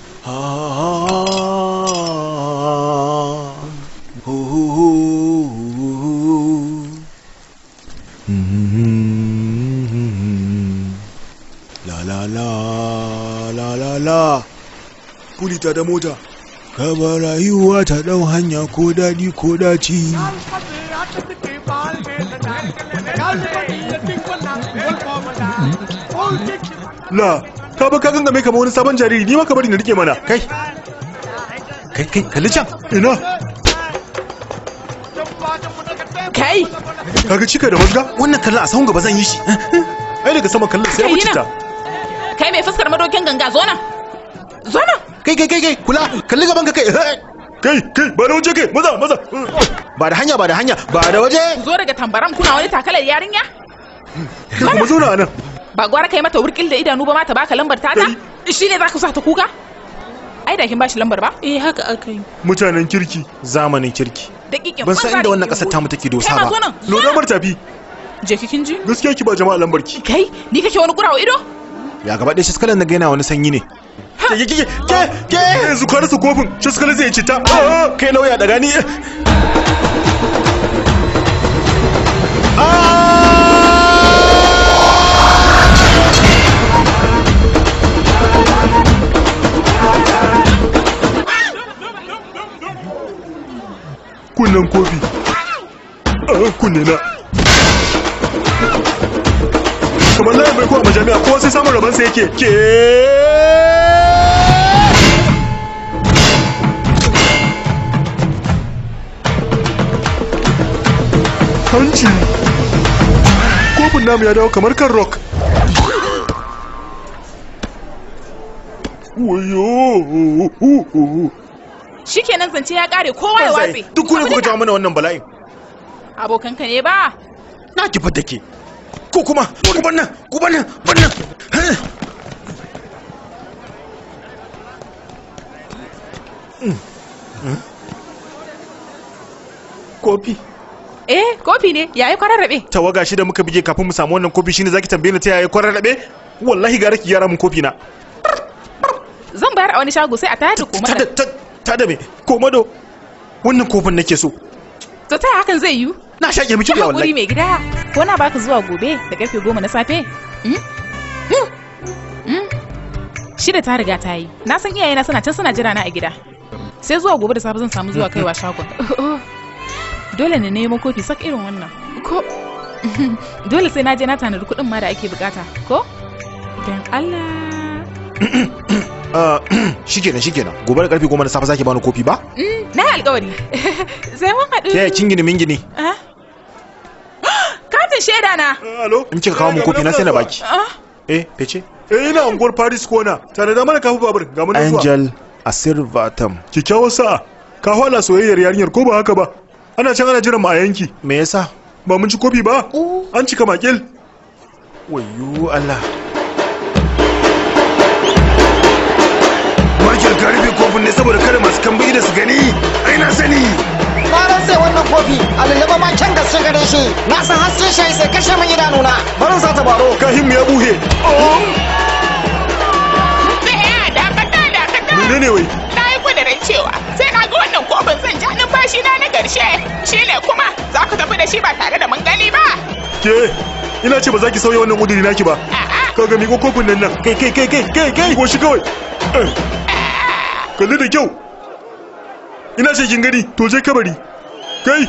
B: la kulita da mota ka ba rayuwa ta ɗau hanya ko daɗi ko daci la ka ba ka gangame kamar wani sabon jariri ni maka ka bari na rike mana kai kai kai kalli can ina kai ga cika da mazga wannan kalla a sahun gaba zan yi shi ai daga sama kallon sai wuce ta
I: kai mai fuskar madokin ganga zo nan
B: zo nan kai kai kai kai kula kalli gaban ka kai kai kai ba da waje kai maza maza ba da hanya ba da hanya ba da waje
I: zo daga tambaram kuna wani takalar yarinya kuma zo na ba gwara kai mata wurkil da idanu ba ma ta baka lambar tata shi ne zaka sa ta kuka ai da kin bashi lambar
G: ba eh haka aka yi
B: mutanen kirki zamanin kirki
G: dakikin ban san inda wannan kasar ta mu
B: take dosa ba mar tafi je kin ji gaskiya ki ba jama'a lambar ki kai ni kake wani gurawo ido ya gaba ɗaya shiskalan na gaina wani sanyi ne ke ke ke ke yanzu kwanar su kofin shiskalan zai ci ta oh, oh, oh. kai lauya daga ni Ah! kunnen kofi a eh, kunne na
A: kamar layin bai kowa majami'a
B: ko sai samun rabansa yake ke hanci kofin namu ya dawo kamar kan rock Woyo!
I: shikenan zance ya kare kowa ya watse
B: duk ku kuka jawo mana wannan bala'in
I: abokan ka ne ba
D: na ki fadda ke ko kuma ku bar ku bar nan
B: kofi
I: eh kofi ne yayi kwararrabe
B: tawaga shi da muka bige kafin mu samu wannan kofi shine zaki tambaye ni ta yayi kwararrabe wallahi gara ki gyara mun kofi na
I: zan bayar a wani shago sai a tada da komai
B: ta da me komodo wannan kofin nake so
I: to ta hakan zai yiwu na ke miki da wallahi mai gida ko na baka zuwa gobe da karfe 10 na safe hmm? Hmm? Hmm? shida ta riga ta yi na san iyaye na suna can suna jira na a gida sai zuwa gobe da safe zan samu zuwa kaiwa shagon dole ne nemo kofi sak irin wannan ko dole sai na je na tanadi kuɗin ma da ake bukata ko dan Allah
B: Uh, shikenan shikenan gobe da karfe goma na safe zaki bani kofi ba
I: mm, na alkawari. sai mun haɗu ke kin gini min gini ah. katin shaida na alo uh, in kika kawo min kofi na sai na baki ah.
B: eh fece eh ina unguwar paris kona tare da mana kafu babur ga mun zuwa angel asirvatam kyawo sa'a ka hwala soyayyar yarinyar ko ba haka ba ana can ana jiran mu a yanki me yasa ba mun ci kofi ba an cika makil wayyo allah kofin ne saboda kada masu kambi da su gani
F: ai na sani na sai wannan kofi a lullaba ma can gaske gare shi na san hasken shi sai kashe min nuna. barin sa ta tabaro kahin ya buhe oh!
E: eh, eh, ne wai na yi kudirin cewa sai ka ga wannan kofin zan ja numfashi na na karshe ne kuma za ku tafi
I: da
F: shi ba tare da mun gani ba
B: ke ina ce ba za ki sauya wannan kudiri naki ba ka ga miko kofin nan nan kai kai kai kai kai kai ko shi kawai eh. kalli da kyau ina ce kin gani to je kabari kai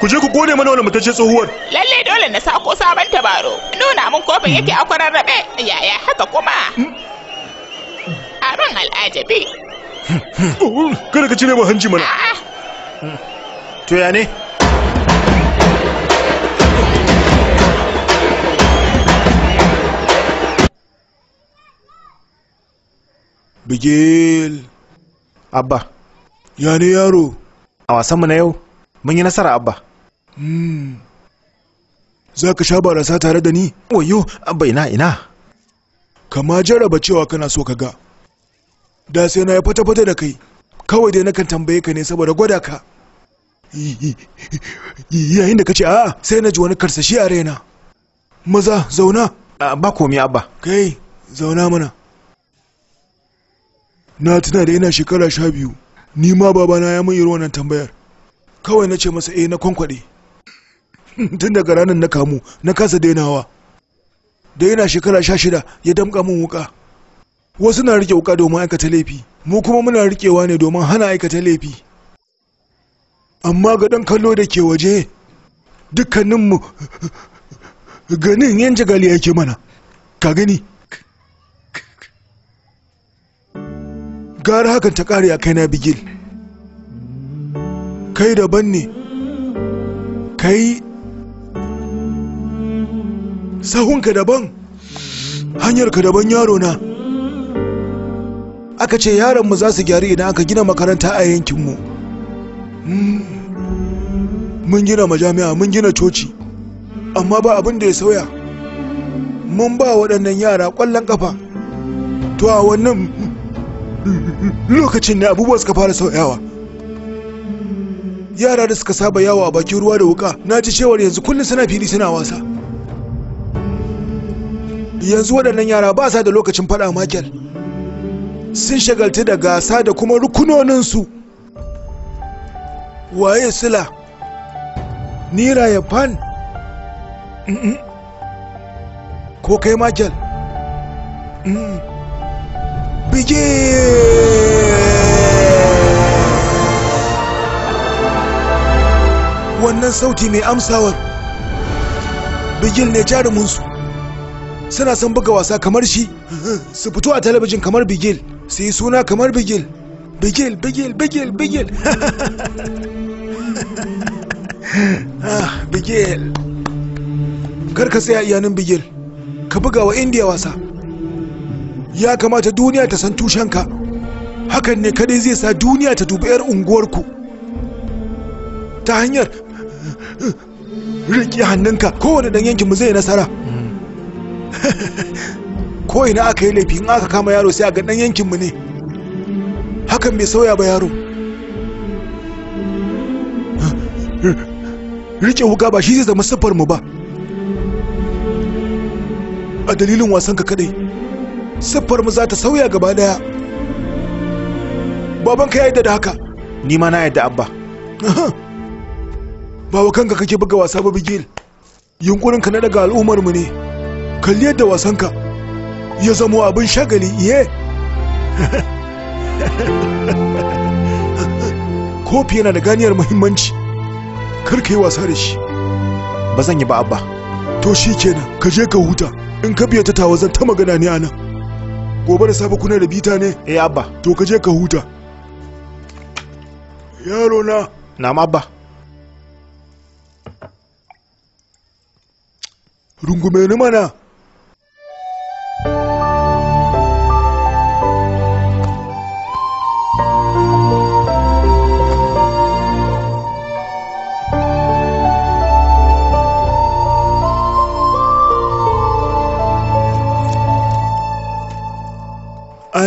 B: ku je ku kone mana wannan mutacce tsohuwar
I: lalle dole na sako sabon tabaro nuna mun kofin yake a kwararrabe yaya haka kuma abin al'ajabi
B: kada ka cire ba hanci mana to ya ne Bigel. abba ya ne yaro a wasanmu na yau mun yi nasara abba hmm. za ka sha barasa tare da ni wayo abba ina ina kama jaraba cewa kana so ka ga da sai na ya fata-fata da kai kawai dai nakan tambaye ka ne saboda gwada ka yayin da ka ce a'a sai na ji wani karsashi a raina maza zauna ba komi abba kai zauna mana na tuna da ina shekara sha biyu ni ma babana ya mun irin wannan tambayar kawai na ce masa eh na kwankwaɗe tun daga ranar na kamu na kasa dainawa da ina shekara sha shida ya damƙa min wuƙa wasu na rike wuƙa domin aikata laifi mu kuma muna rikewa ne domin hana aikata laifi amma ga ɗan kallo da ke waje dukkaninmu ganin yan jagali yake mana ka gani gara hakan ta kare a kai na bigil kai daban ne kai sahunka daban hanyarka daban yaro na aka ce mu za su gyari idan aka gina makaranta a yankinmu hmm. mun gina majami'a mun gina coci amma ba abin da ya sauya mun ba waɗannan yara ƙwallon ƙafa to a wannan lokacin ne abubuwa suka fara sauyawa yara da suka saba yawa a bakin ruwa da wuka na ci cewar yanzu kullum suna fili suna wasa yanzu waɗannan yara ba sa da lokacin faɗa makel sun shagaltu da gasa da kuma rukunoninsu waye sila nira ya fan ko kai makel mm. Bigil! Wannan sauti mai amsawar Bigil ne jaruminsu. Suna son buga wasa kamar shi, su fito a talabijin kamar Bigil, su yi suna kamar Bigil. Bigil, Bigil, Bigil, Bigil. ah, Bigil. Kar ka tsaya iyanin Bigil, ka buga wa Indiya wasa. ya kamata duniya ta san tushen ka. hakan ne kadai zai sa duniya ta dubi 'yar unguwarku ta hanyar eh, riƙe hannunka kowane ɗan yankinmu zai nasara ko ina aka yi laifi in aka kama yaro sai a ga ɗan yankinmu ne hakan bai sauya ba yaro riƙe wuka ba shi zai zama siffar mu ba a dalilin wasanka kadai siffar mu za ta sauya gaba daya babanka ya yadda da haka ni ma na yadda abba ba wa kanka kake buga wasa ba bigil yunkurin ka na daga al'ummar mu ne kalli yadda wasanka ya zamo abin shagali iye kofi yana da ganiyar muhimmanci kar ka yi wasa da shi ba zan yi ba abba to shi kenan ka je ka huta in ka biya ta tawa zan ta magana ni anan. gobe da safe kuna da bita ne eh abba to ka je ka huta yaro na na abba rungume ni mana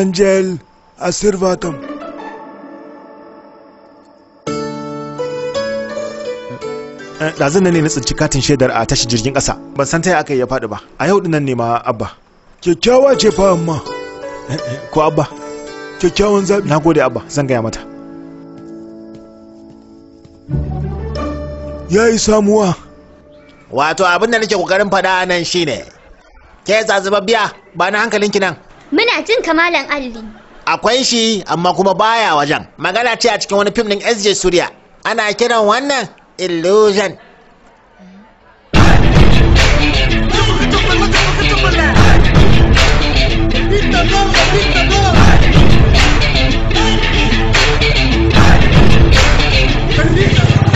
B: angel asirvatum eh, ɗazun nan ne na tsinci katin shaidar a tashi jirgin ƙasa ban san taya aka yi ya faɗi ba a yau dinan ne ma abba kyakkyawa ce fa amma eh, eh, ko abba kyakkyawan zaɓi na gode abba zan gaya mata ya yi samuwa
F: wato abin da nake ƙoƙarin faɗa nan shine ke zazzaba biya ba na hankalinki nan
E: Muna jin kamalan alli.
F: Akwai shi amma kuma baya wajen. Magana ce a cikin wani fim ɗin SJ Surya. Ana kiran wannan illusion.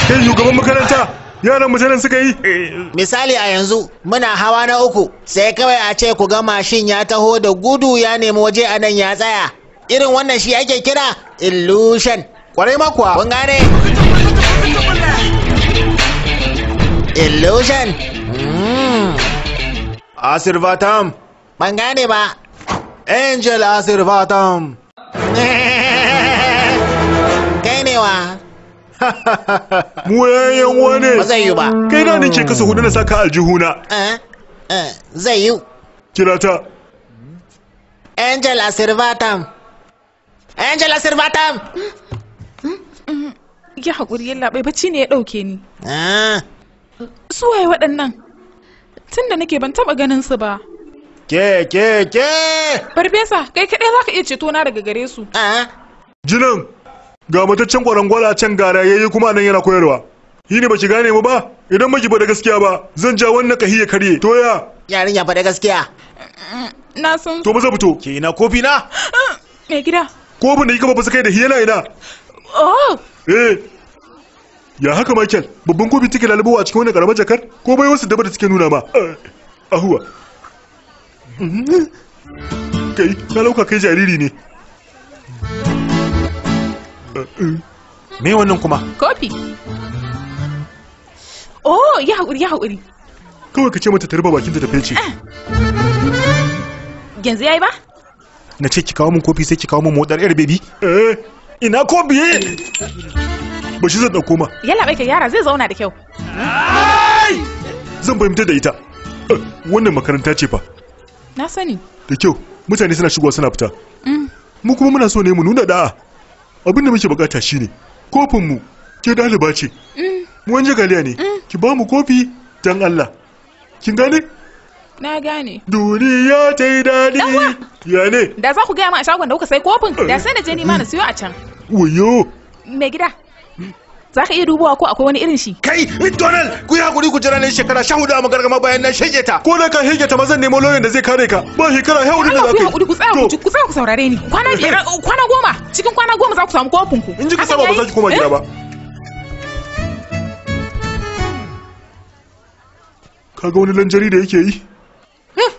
B: Kai eh, shugaban makaranta yaran mutanen suka
F: yi misali a yanzu muna hawa na uku sai kawai a ce ku ga mashin ya taho da gudu ya nemi waje a nan ya tsaya irin wannan shi ake kira illusion kwarai makuwa kun gane illusion hmm. asirvatam ban gane ba angel asirvatam
B: Wayan wane? Ba zai yi ba. Kai na ke kasa hudu na saka aljihuna. Eh,
F: eh, zai yi. Kira ta. Angela Sirvatam. Angela Sirvatam. Mm-hmm. Ya haƙuri yin bai bacci ne ya ɗauke ni. Ah.
I: Su waye waɗannan? tun da nake ban taɓa ganin su ba.
B: Ke ke ke!
I: Farfesa, kai kaɗai za ka iya ceto na daga gare su. Ah.
B: Jinan, ga mataccen kwarangwala can gara ya yi kuma nan yana koyarwa yi ne baki gane mu ba idan maki ba da gaskiya ba zan ja wannan kahiya karye to ya
F: yarinya ba da gaskiya na san
B: to maza fito ke na kofi na
F: ah, mai gida
B: kofin da kika ba su kai da hiyana ina oh eh ya haka Michael babban kofi take lalubo a cikin wannan karamar jakar ko bai wasu dabar da take nuna ma eh. ahuwa kai na lauka kai jariri ne me wannan kuma
I: kofi oh ya haƙuri ya haƙuri
B: kawai ka ce mata ta rufe bakin ta tafi ce ah. ya yi ba na ce ki kawo min kofi sai ki kawo min motar yar bebi eh ina kofi ba shi zan ɗauko ma
I: yalla bai yara zai zauna da kyau
B: zan fahimtar da ita eh, wannan makaranta ce fa na sani da kyau mutane suna shigowa suna fita mm. mu kuma muna so ne mu nuna da'a abin da muke bukata shine kofin mu ke ɗaliba ce mm. mu wanje galiya ne mm. ki ba mu kofi dan Allah kin gane na gane duniya ta yi dadi. ya ne
I: da za ku gaya ma a shagon da kuka sai kofin da eh. sai na je ni ma na siyo a can wayo mai gida za ka iya dubawa ko akwai wani irin shi
B: kai donald ku yi hakuri ku jira ne shekara sha hudu a magargama bayan nan shige ta ko da ka shige ta mazan nemo lauyan da zai kare ka ba shekara sha hudu da za ku yi ku
I: tsaya ku tsaya ku saurare ni kwana biyar kwana goma cikin kwana goma za ku samu kofin ku
B: in ji ka saba ba za ki koma gida ba eh? kaga wani lanjari da yake yi hmm.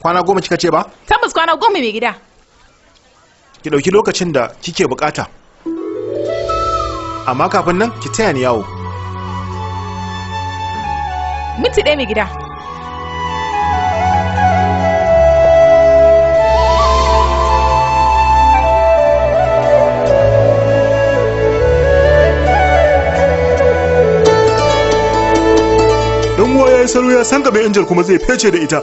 B: kwana goma kika ce ba
I: tabbas kwana goma mai gida
B: ki ɗauki lokacin da kike bukata amma kafin nan ki taya ni yawo
I: minti ɗaya mai gida
B: ɗan ya yi salo ya san gaban angel kuma zai fece da ita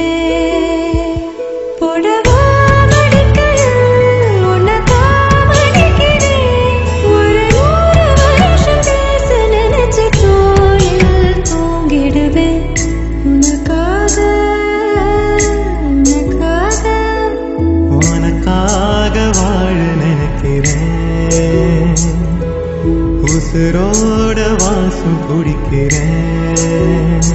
A: உசுரோட வாசம் குடிக்கிறேன்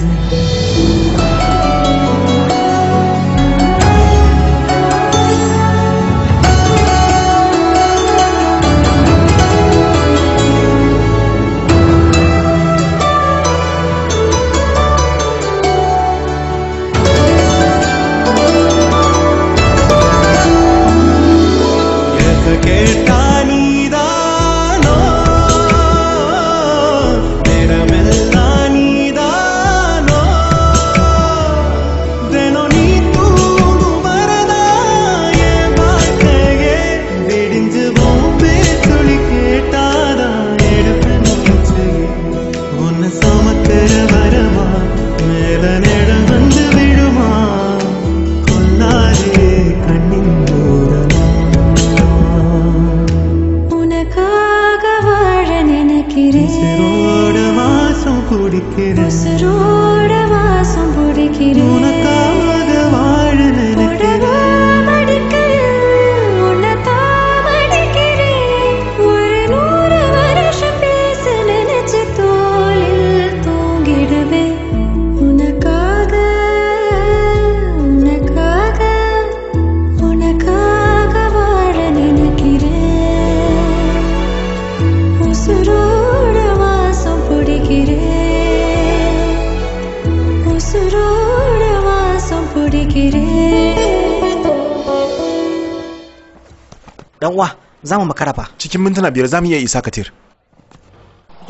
B: dan uwa za mu makara fa cikin mintuna biyar za mu iya isa katir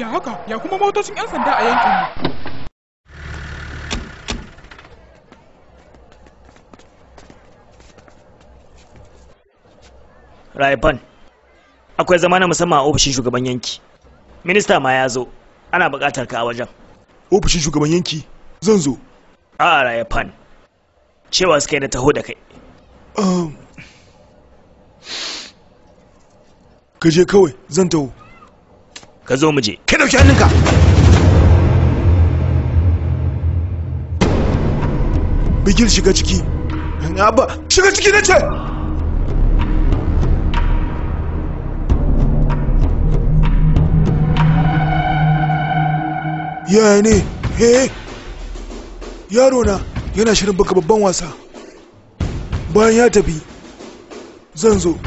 C: ya haka ya kuma motocin yan sanda a yankin mu
B: Raifan, akwai zama na musamman a ofishin shugaban yanki. Minista ma ya zo, ana buƙatar ka a wajen. Ofishin shugaban yanki? Zan zo. A Raifan, cewa suka yi da taho da kai. Um... ka je kawai zan taho ka zo mu je ka dauki hannunka bigil shiga ciki shiga ciki na ce yaya ne he yaro na yana shirin baka babban wasa bayan ya tafi zan zo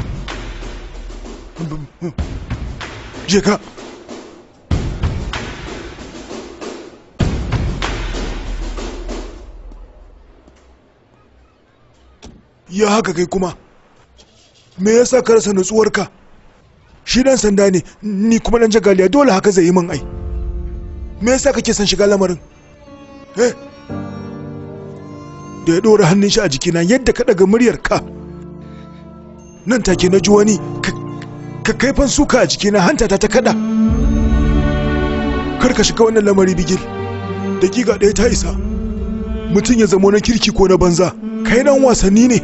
B: Llega. ya haka kai kuma me yasa ka rasa nutsuwarka shi dan sanda ne ni kuma ɗan jagaliya dole haka zai yi min ai me yasa kake son shiga lamarin eh da ya dora hannun shi a jikina yadda ka daga muryar ka nan take na ji wani ka kaifan suka a jiki na hanta ta ta kada kar ka shiga wannan lamari bigil dakika ɗaya ta isa mutum ya zama na kirki ko na banza kai nan wasanni ne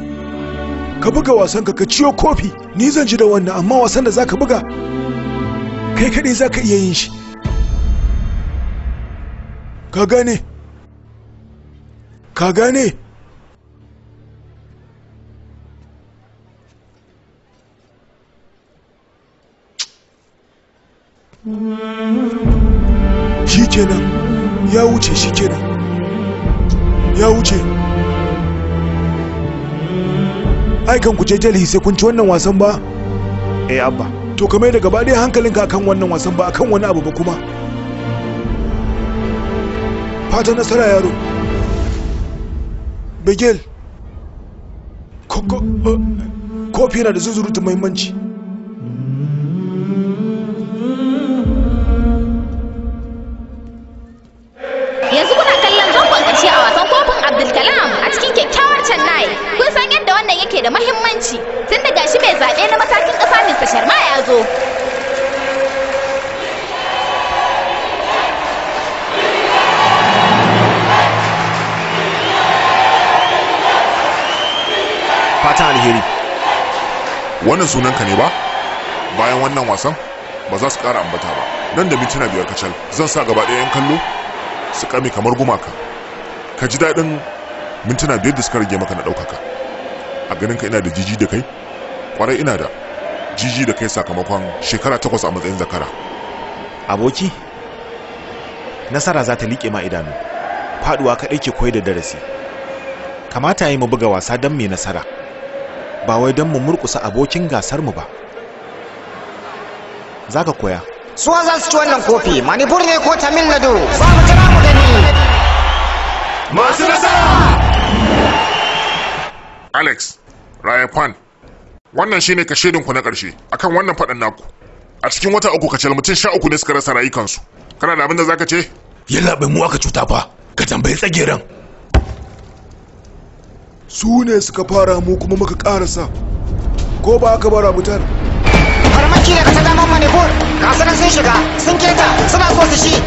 B: ka buga wasan ka ka ciyo kofi ni zan ji da wannan amma wasan da zaka buga kai kaɗai zaka iya yin shi ka gane ka gane
D: ya wuce shi kenan
B: ya wuce aikan ku je jalhi sai kun ci wannan wasan ba eh abba to kamar da gaba ɗaya hankalinka akan wannan wasan ba akan wani abu ba kuma fata nasara yaro begel kofi na da zuzurutun muhimmanci sunanka ne ba bayan wannan wasan ba za su kara ambata ba nan da mintuna biyar kacal zan sa gaba ɗaya 'yan kallo su kame kamar gumaka ka ji daɗin mintuna biyar da suka rage maka na ɗaukaka a ganin ka ina da jiji da kai kwarai ina da jiji da kai sakamakon shekara takwas a matsayin zakara aboki nasara za ta liƙe ma idanu faɗuwa kaɗai ke koyar da darasi kamata yi mu buga wasa don mai nasara ba wai don mu murkusa abokin gasar mu ba za ka koya
D: suwa za su ci wannan
F: kofi manipur ne ko tamil nadu za mu jira mu gani masu
B: nasara alex rayafan wannan shi shine kashedinku na ƙarshe akan wannan faɗan naku a cikin wata uku ka mutum sha uku ne suka rasa rayukansu kana da abin da za ka ce yalla mu aka cuta fa ka tambayi tsageren su ne suka fara mu kuma muka karasa ko ba aka bara mutar
F: farmaki daga ta daman manipur ga su sun shiga sun keta suna so su shi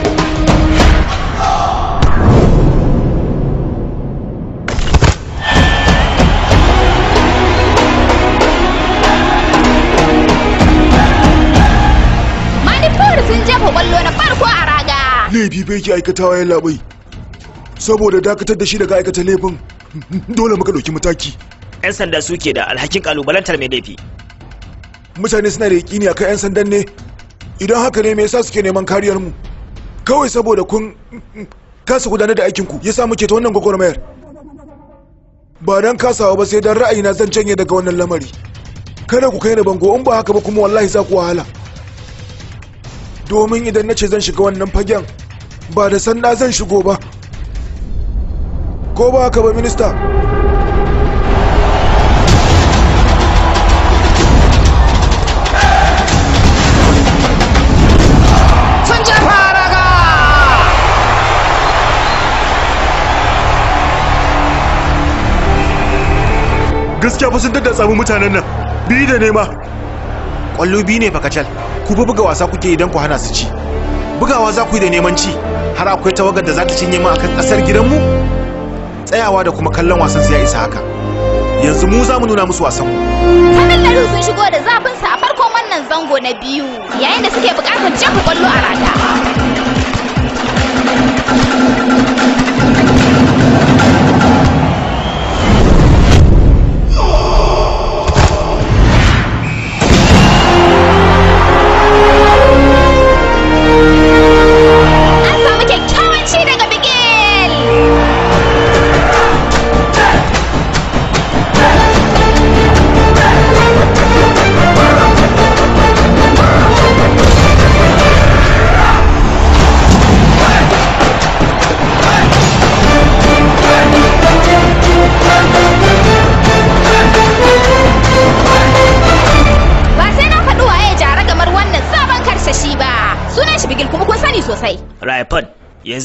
B: laifi bai ki aikatawa ya labai saboda dakatar da shi daga aikata laifin dole muka ɗauki mataki 'yan sanda suke da alhakin kalubalantar mai laifi mutane suna da yakini kan 'yan sandan ne idan haka ne me yasa suke neman kariyar mu kawai saboda kun kasa gudanar da aikinku ya sa muke ta wannan gwagwarmayar ba don kasawa ba sai dan ra'ayina zan canye daga wannan lamari kada ku kai ni bango in ba haka ba kuma wallahi za ku wahala domin idan na ce zan shiga wannan fagen ba da sanda zan shigo ba ko ba haka ba minista gaskiya fa sun daddatsa mu mutanen nan bi da nema kwallo bi ne fa kacal ku bi buga wasa kuke idan ku hana su ci bugawa za ku yi da neman ci har akwai tawagar da za ta cinye mu akan kasar mu. tsayawa da kuma kallon wasan su ya isa haka yanzu mu za mu nuna musu wasan mu
E: sanin laru sun shigo da zafin sa a farkon wannan zango na biyu yayin da suke bukatar jefa kwallo a rata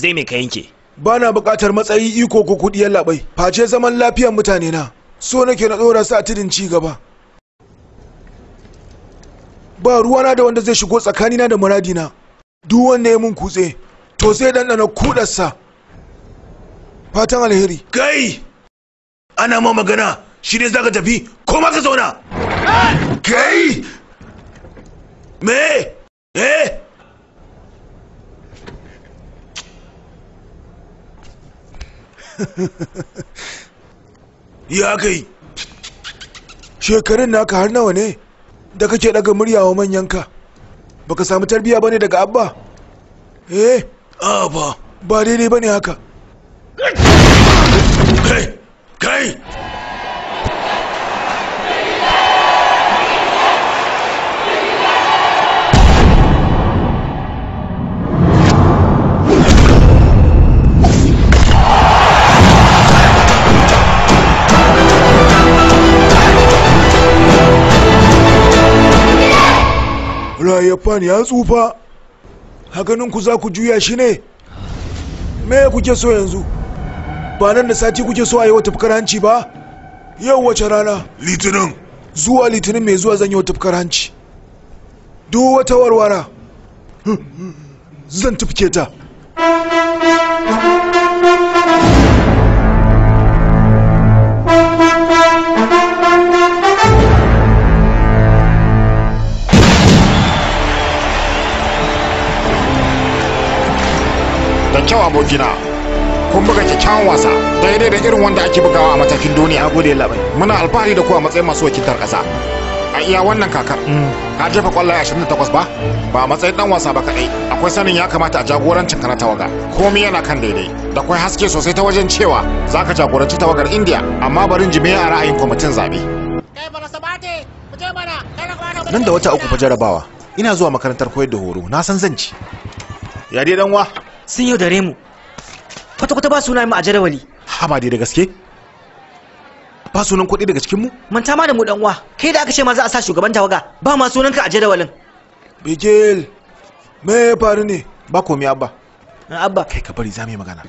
F: dai me ka yanke
B: ba na buƙatar matsayi iko ko kuɗi labai face zaman lafiyar mutane na so nake na tsorasa su a tudun ci gaba ba ruwana da wanda zai shigo tsakanina da muradina duk wanda ya mun kutse to sai dandana kudarsa fatan alheri kai ana ma magana shi ne zaka tafi ko ma ka zauna
A: kai me eh
B: ya kai shekarun naka har nawa ne da kake daga murya wa manyanka baka samu tarbiya bane daga abba
D: eh abba, ba
B: ba daidai bane haka
A: kai kai
B: Rayafan ya tsufa, haganin ku za ku juya shi ne? Me kuke so yanzu? Ba nan da sati kuke so a yi wa tafkar hanci ba? Yau wace rana? Litinin. Zuwa litinin mai zuwa zan yi wa tafkar hanci. Duk wata warwara. Zan tafke ta. kyau abokina kun buga kyakkyawan wasa daidai da irin wanda ake bugawa a matakin duniya a gode labai muna alfahari da ku a matsayin masu wakiltar ƙasa a iya wannan kakar mm. ka jefa kwallaye 28 ba ba a matsayin dan wasa ba kadai akwai sanin ya kamata a jagorancin ka na tawaga komai yana kan daidai da kwai haske sosai ta wajen cewa za ka jagoranci tawagar indiya amma barin jime a ra'ayin kwamitin zaɓe. nan da wata uku fa jarabawa ina zuwa makarantar koyar da horo na san zan ci ya dan wa sun dare mu kwata-kwata ba suna mu a jadawali haba dai da gaske ba sunan kuɗi daga cikin mu manta ma da mu dan uwa kai da aka ce ma za a sa shugaban tawaga ba ma ka a jadawalin bigil me faru ne ba komai abba abba kai ka bari za mu yi magana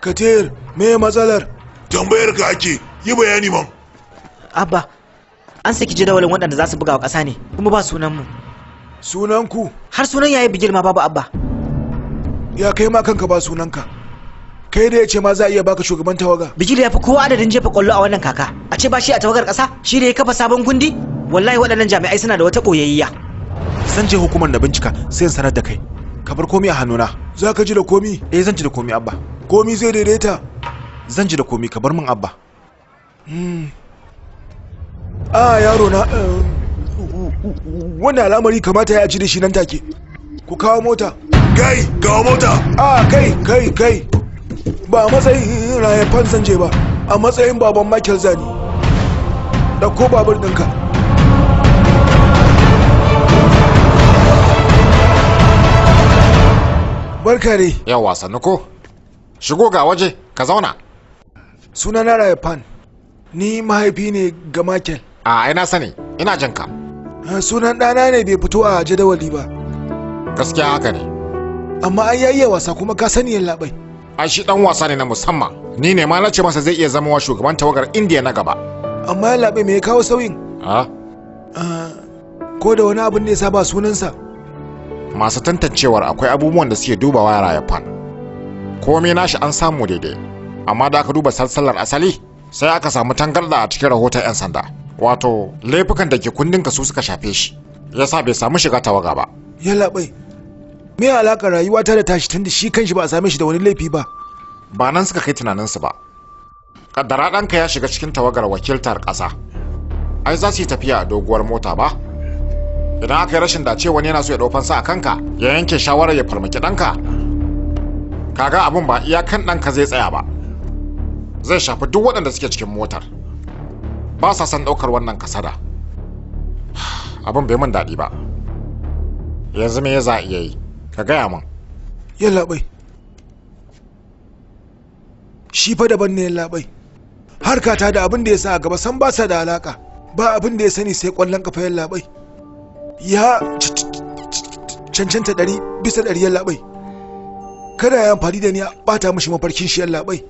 B: katir me matsalar tambayar ka ake yi bayani mam abba an saki jadawalin waɗanda za su buga wa ƙasa ne kuma ba sunan mu sunan ku har sunan yayi bigil ma babu abba ya kai ma kanka ba sunanka kai da ya ce ma za a iya baka shugaban tawaga bikin ya fi kowa adadin jefa kwallo a wannan kaka a ce ba shi a tawagar ƙasa shi da ya kafa sabon kundi wallahi waɗannan jami'ai suna da wata ɓoyayya zan je hukumar na bincika sai in sanar da kai ka bar komi a hannuna za ka ji da komi eh zan ji da komi abba komi zai daidaita zan ji da komi ka bar min abba hmm. a yaro na eh, Wani al'amari kamata ya ci da shi nan take ku kawo mota kai ga mota a kai kai kai ba matsayin rayafan zanje ba a matsayin baban michael zani da ko babur ɗinka barka ne yan sannu ko shigo ga waje ka zauna suna na fan. ni mahaifi ne ga michael a ina sani ina jinka sunan ɗana ne bai fito a jadawali ba gaskiya haka ne amma an ya wasa kuma ka sani yan labai a shi dan wasa ne na musamman ni ne ma na masa zai iya zama wa shugaban tawagar indiya na gaba amma yan labai me ya kawo sauyin a ah. ah, ko da wani abin ne ya saba sunansa masu tantancewar akwai abubuwan da suke dubawa rayafan komai nashi an samu daidai amma da aka duba salsalar asali sai aka samu tangarda a cikin rahoton 'yan sanda wato laifukan da ke kundin ka su suka shafe shi yasa bai samu shiga tawaga ba ya labai me alaka rayuwata da tashi da shi kanshi ba a same shi da wani laifi ba ba nan suka kai tunaninsu ba kaddara ɗanka ya shiga cikin tawagar wakiltar ƙasa ai za su yi tafiya a doguwar mota ba idan aka yi rashin dace wani yana so ya sa a kanka ya yanke shawarar ya farmaki ɗanka kaga abin ba iyakan ɗanka zai tsaya ba zai shafi duk waɗanda suke cikin motar ba sa son ɗaukar wannan kasada abin bai mun daɗi ba yanzu me ya za iya yi ka gaya min yalla bai shi fa daban ne yalla bai harka ta da abin da ya sa a gaba san ba sa da alaka ba abin da ya sani sai kwallon kafa yalla bai ya cancanta dari bisa ɗari yalla bai kada ya amfani da ni a bata mishi mafarkin shi yalla bai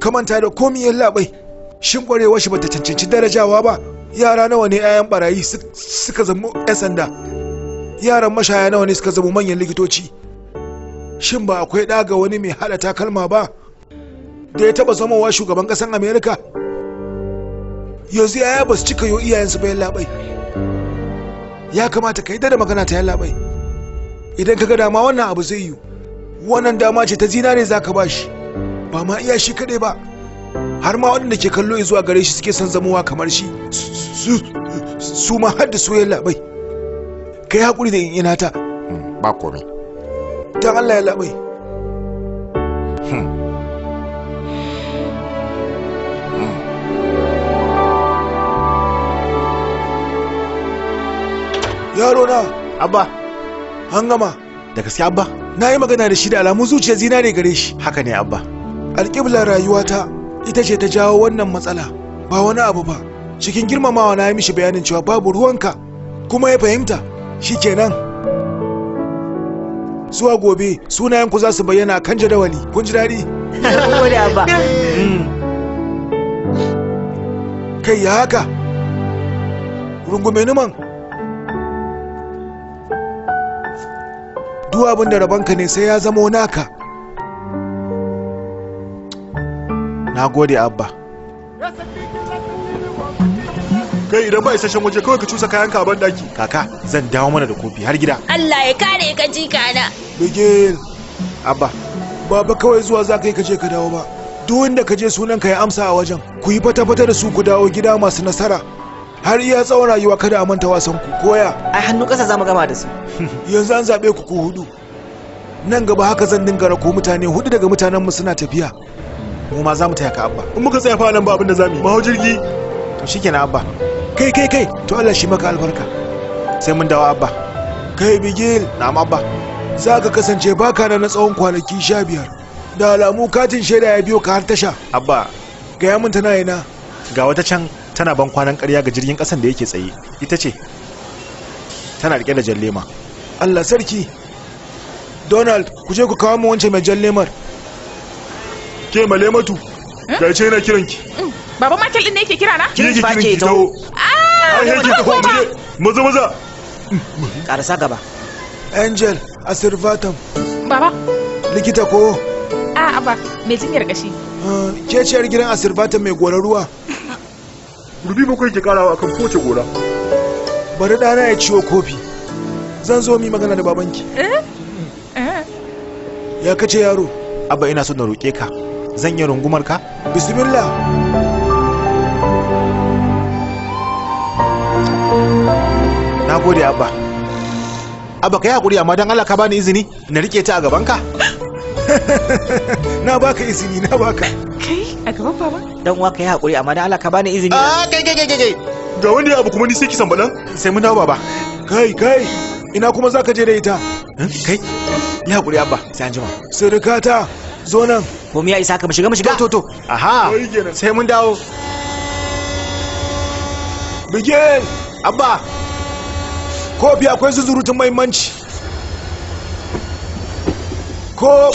B: kamanta da komi yalla bai shin kwarewar shi bata cancanci darajawa ba yara nawa ne 'ya'yan barayi suka zama 'yan sanda yaran mashaya nawa ne suka zama manyan likitoci shin ba akwai ɗaga wani mai haɗa takalma ba da ya taɓa zamowa shugaban ƙasan amerika yanzu yaya ba su cika yo iyayensu bayan labai ya kamata ka yi da magana ta yan labai idan ka ga dama wannan abu zai yiwu wannan dama ce ta zinare za ka bashi ba ma iya shi kaɗai ba har ma waɗanda ke kallo zuwa gare shi suke son zamowa kamar shi su ma har da labai kai hakuri da ina ta hmm, ba komai dan Allah ya labai hmm. hmm. yaro na abba an gama da gaske abba na yi magana da shi da alamun zuciya zinare gare shi haka ne abba alƙiblar rayuwata ita ce ta jawo wannan matsala ba wani abu ba cikin girmamawa na yi mishi bayanin cewa babu ruwanka kuma ya fahimta Shi shikenan zuwa gobe sunayenku ku za su bayyana kan jadawali kun ji daɗi mm. kai ya haka rungume numan duk abin da rabanka ne sai ya zama naka na gode abba kai idan ba isasshen waje kawai ka cusa kayan ka ban daki kaka zan dawo mana da kofi har gida
E: Allah ya kare ka ji na
B: bigin abba baba kawai zuwa za ka yi ka je ka dawo ba duk wanda ka je sunan ka ya amsa a wajen ku yi fata-fata da su ku dawo gida masu nasara har iya tsawon rayuwa kada a manta wasan ku koya ai hannu kasa mu gama da su yanzu an zabe ku ku hudu nan gaba haka zan dinga rako mutane hudu daga mutanen mu suna tafiya mu ma za mu taya ka abba in muka tsaya fa nan ba abin da za mu yi maho jirgi to shikenan abba kai kai kai to Allah shi maka albarka sai mun dawo abba kai bigil na abba za ka kasance baka na na tsawon kwanaki sha biyar da alamu katin shaida ya biyo ka har tasha abba gaya min tana ina ga wata can tana ban kwanan karya ga jirgin kasan da yake tsaye ita ce tana rike da jallema Allah sarki Donald ku je ku kawo mu wancan mai jallemar ke malematu ce eh? na kiranki
I: mm. Baba Michael din ne yake kira na? Kin ki ki ji tawo. Ah, ai yake
B: Maza maza. Karasa gaba. Angel a Baba. Likita ko? A ah, a ba, me jinyar kashi. Ah, Keciyar gidan a mai gora ruwa. Rubi kai ke karawa kan kowace gora. Bari n'a ya ciwo kofi. Zan zo mi magana da babanki.
D: Eh? Eh?
B: Ya kace yaro. Abba ina son na roƙe ka. Zan yi rungumar ka? Bismillah. na gode abba abba ka yi haƙuri amma don allah ka bani izini na rike ta a gabanka na baka izini na baka
F: kai a gaban
C: baba
B: dan uwa ka yi haƙuri amma don allah ka bani izini a ah,
F: kai kai kai kai
B: ga wanda ya abu kuma ni sai kisan baɗan sai mun dawo baba kai kai ina kuma za ka je da ita hmm? kai ya haƙuri abba sai an jima ta, zo nan komi ya isa ka mu shiga mu shiga to to aha sai mun dawo begin abba, kofi akwai su zurutun mahimmanci ko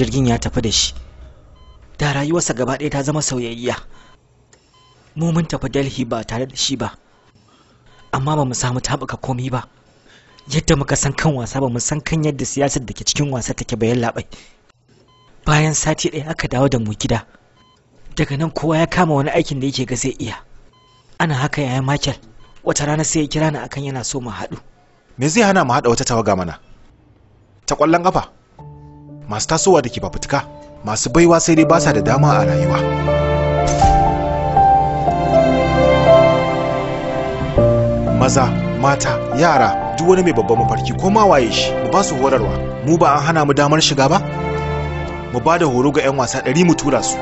B: jirgin ya tafi da shi da rayuwarsa gaba ɗaya ta zama sauyayya
F: mu mun tafi Delhi ba tare da shi ba amma ba mu samu tabuka komai ba yadda muka san kan wasa ba mu san kan yadda siyasar da ke cikin wasa take bayan labai bayan sati ɗaya aka dawo da mu gida daga nan kowa ya kama wani aikin da yake ga zai iya ana haka yayan Michael wata rana sai ya kira ni
B: akan yana so mu haɗu me zai hana mu haɗa wata tawaga mana ta ƙwallon ƙafa masu tasowa da ke fafutuka masu baiwa sai dai basa da dama a rayuwa maza mata yara duk wani mai babban mafarki ko ma waye shi mu ba su horarwa mu ba an hana mu damar shiga ba mu ba da horo ga 'yan wasa ɗari mu tura su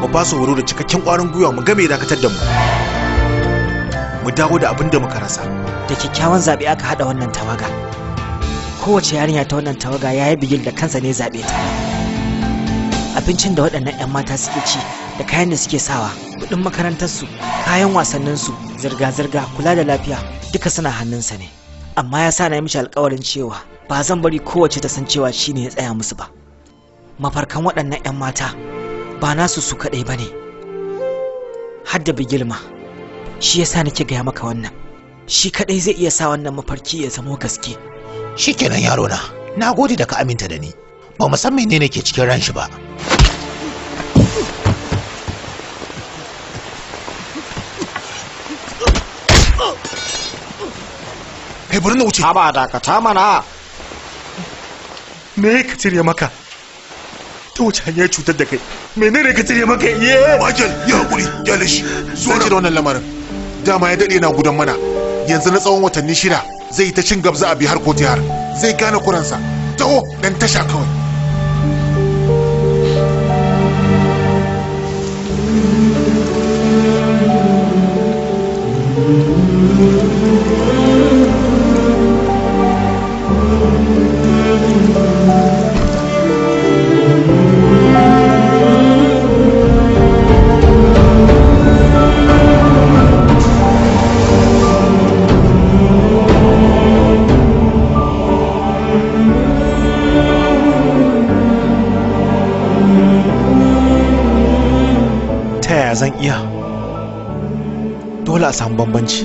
B: mu ba su horo da cikakken ƙwarin gwiwa mu game dakatar da mu mu dawo da abin da muka rasa
F: da kyakkyawan zaɓe aka haɗa wannan tawaga kowace yarinya ta wannan tawaga ya yi bigil da kansa ne zaɓe ta abincin da waɗannan 'yan mata suke ci da kayan da suke sawa kuɗin makarantarsu kayan wasanninsu zirga-zirga kula da lafiya duka suna hannunsa ne amma ya sa na yi mishi alkawarin cewa ba zan bari kowace ta san cewa shi ne ya tsaya musu ba mafarkan waɗannan 'yan mata ba nasu su kaɗai ba ne har da bigilma shi ya sa nake gaya maka wannan shi kadai zai iya sa wannan mafarki ya zamo gaske shikenan yaro na na gode da ka aminta
B: da ni ba mu san menene ke cikin ran shi ba
D: kai bari na wuce ba dakata mana me
B: ka cire maka ta wace hanyar cutar da kai menene ka cire maka ye michael ya hakuri ya lashi zuwa da wannan lamarin dama ya daɗe na gudan mana yanzu na tsawon watanni shida zai ta cin gabza a bihar ko jihar zai gane kuransa taho dan tasha kawai thank you zan iya dole a samu bambanci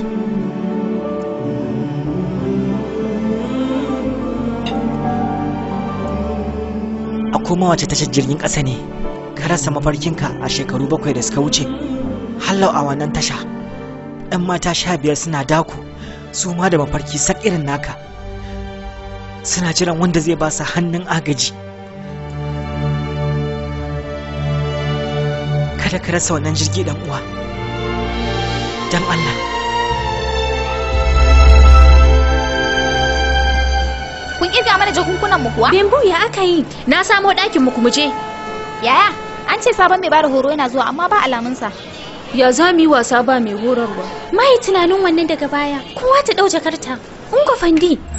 F: a koma wace tashar jirgin ƙasa ne ka rasa mafarkinka a shekaru bakwai da suka wuce hallau a wannan tasha ɗan mata sha biyar suna daku su ma da mafarki sak irin naka suna jiran wanda zai ba su hannun agaji kada ka rasa wannan jirgi dan uwa dan Allah
E: kun kirga mana jakunkunan mu kuwa bimbu ya aka yi na samo ɗakin mu ku muje yaya an ce sabon mai bada horo yana zuwa amma ba sa ya za mu yi wasa ba mai horarwa mai tunanin wannan daga baya kowa ta ɗau jakarta ungo fandi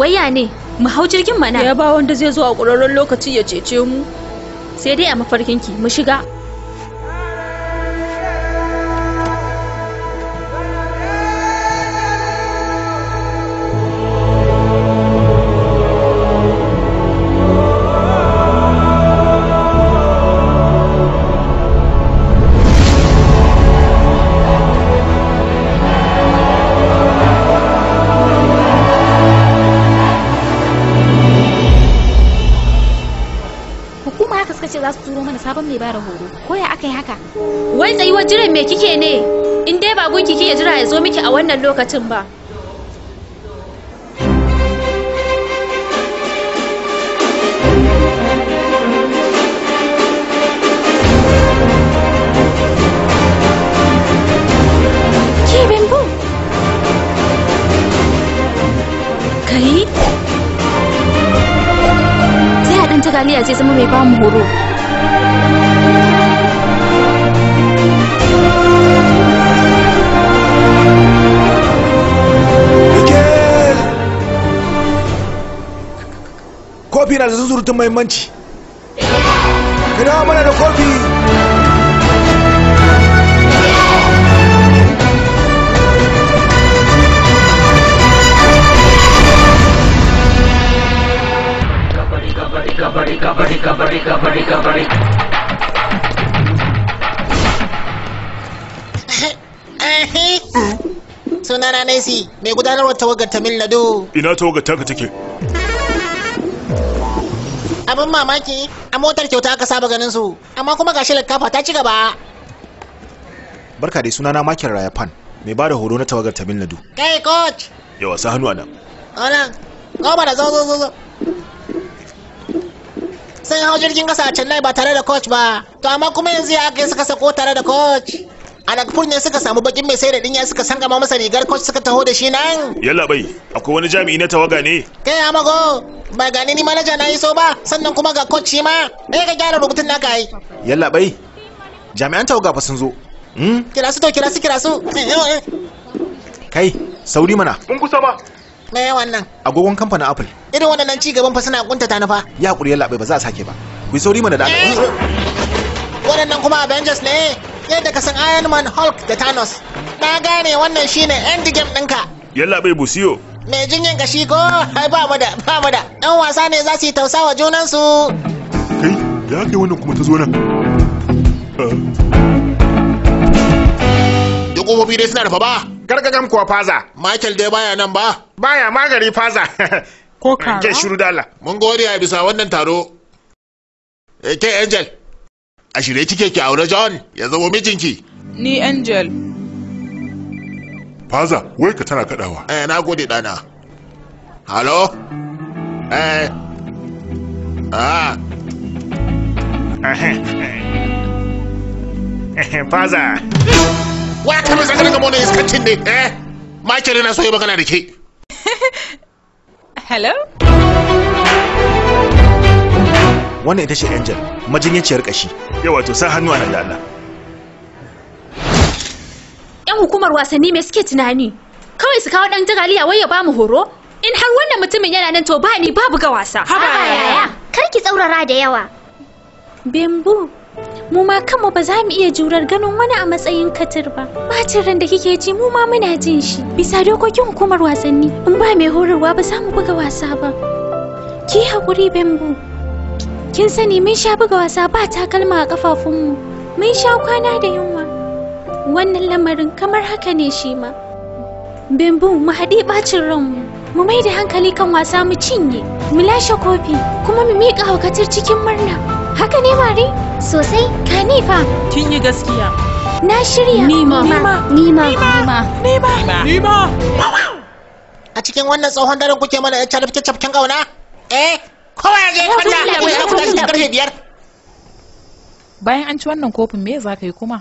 E: waya ne mu hau jirgin mana ya ba wanda zai zo a ƙwararren lokaci ya cece mu sai dai a mafarkinki mu shiga sabon mai bara horo ko ya aka yi haka wai tsayuwar jiran me kike ne in dai ba gunki kike jira ya zo miki a wannan lokacin ba kai sai a ɗan galiya ce zama mai
D: bamu horo
B: surutun mahimmanci mana da kofi
D: kabadi kabadi kabadi
F: sunana nesi mai gudanarwar tawagar tamil nadu
B: ina tawagar taka take
F: abin mamaki a motar kyauta aka saba ganin su amma kuma gashi likafa ta ci gaba
B: barka dai sunana makin rayapan mai ba da horo na tawagar tamil nadu
F: kai coach
B: yawa sa hannu anan
F: ana goma da zo zo zo sun hau jirgin kasa a chennai ba tare da coach ba to amma kuma yanzu ya aka yi suka sako tare da coach a nagpur ne suka samu bakin mai sai da dinya suka sangama masa rigar coach suka taho da shi nan yalla bai akwai wani jami'i na tawaga ne kai amago ba gani ni manaja na iso ba sannan kuma ga coach shi ma me ka gyara rubutun naka kai?
B: yalla bai jami'an tawaga fa sun zo hmm?
F: kira su to kira su kira su
B: kai sauri mana
F: mun kusa ba me wannan
B: agogon kamfanin apple
F: irin wannan ci gaban fa suna kuntata na fa
B: ya kuri yalla bai ba za a sake ba ku sauri mana da eh.
F: wannan kuma avengers ne yadda ka san Iron Man Hulk da Thanos na gane wannan shine end game ɗinka
B: yalla bai busiyo
F: jin jinyan gashi ko ai ba mu da ba mu da ɗan wasa ne za su yi tausawa junansu
B: kai ya kai wannan kuma ta zo nan da ƙofofi dai suna fa ba gargagam kuwa faza michael dai baya nan ba baya magari faza ko ka ke shiru dala mun gode a bisa wannan taro eh, ke angel a shirye kike ki aure John ya zama mijinki ni Angel Faza wai ka tana kadawa eh na gode dana Halo eh ah Faza wai ka zaka kana mona ne iskancin ne eh ma kire na so yi magana da ke Hello wannan ita ce Angel majinyaciyar kashi ya wato sa hannu na da
E: yan hukumar wasanni me suke tunani kawai su kawo dan tagaliya wai ya ba mu horo in har wannan mutumin yana nan to ba ni babu ga wasa haba kar ki tsaurara da yawa bembo mu ma kanmu ba za mu iya jurar ganin wani a matsayin katir ba bacin ran da kike ji mu ma muna jin shi bisa dokokin hukumar wasanni in ba mai horarwa ba za mu buga wasa ba ki haƙuri bembo kin sani mun sha buga wasa ba takalma a kafafunmu mun sha kwana da yunwa wannan lamarin kamar haka ne shi ma bimbu mu haɗi ɓacin ranmu mu mai da hankali kan wasa mu cinye mu lashe kofi kuma mu miƙa haukatar cikin murna haka ne mari sosai ka nifa kin yi gaskiya na shirya nima nima nima
F: nima nima nima a cikin wannan tsohon daren kuke mana ya carafke cafken ƙauna eh kowa ya je kwanta biyar
I: bayan an ci wannan kofin me za ka yi kuma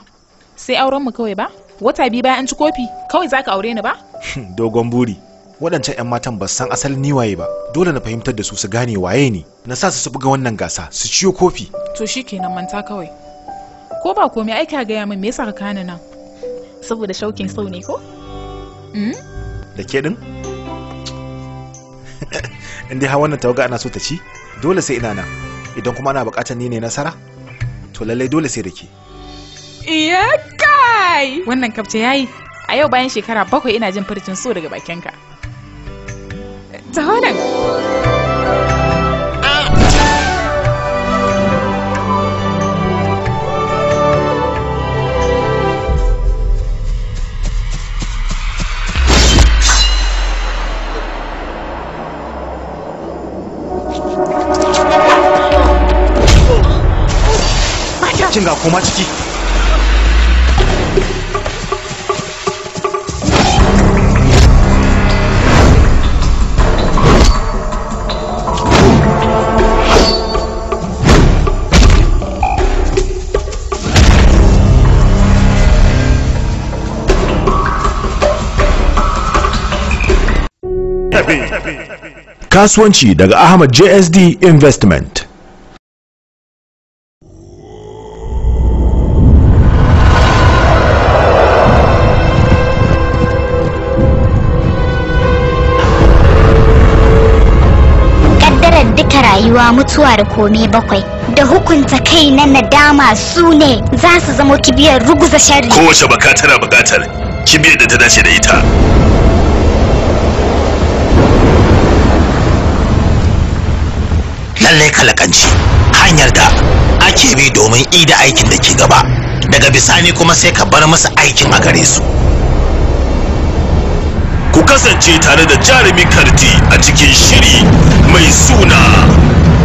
I: sai auren mu kawai ba wata biyu bayan an ci kofi kawai za ka aure ni ba
B: hmm, dogon buri waɗancan 'yan matan ba san asalin ni waye ba dole na fahimtar da su su gane waye ne na sa su buga wannan gasa su ciyo kofi
I: to kenan manta kawai ko ba komai ai ka gaya min me yasa ka kana nan saboda shaukin sau ne ko hmm?
B: da ke din in dai har wannan tawaga ana so ta ci dole sai ina nan idan kuma ana bukatar ni ne nasara to lallai dole sai da ke
G: iya kai
I: wannan kafce yayi a yau bayan shekara bakwai ina jin furcin so daga bakinka
A: ta honan
B: Kuma ciki kasuwanci daga Ahmad JSD Investment.
C: rayuwa mutuwa da kome bakwai da hukunta kai na nadama su ne za su zama kibiyar ruguza shari kowace
B: baka tana bukatar kibiyar da ta dace da ita
F: lallai kalakanci hanyar da
B: ake bi domin ida aikin da ke gaba daga bisani kuma sai ka bar masa aikin a gare su kasance tare da jarumi karti a cikin shiri mai suna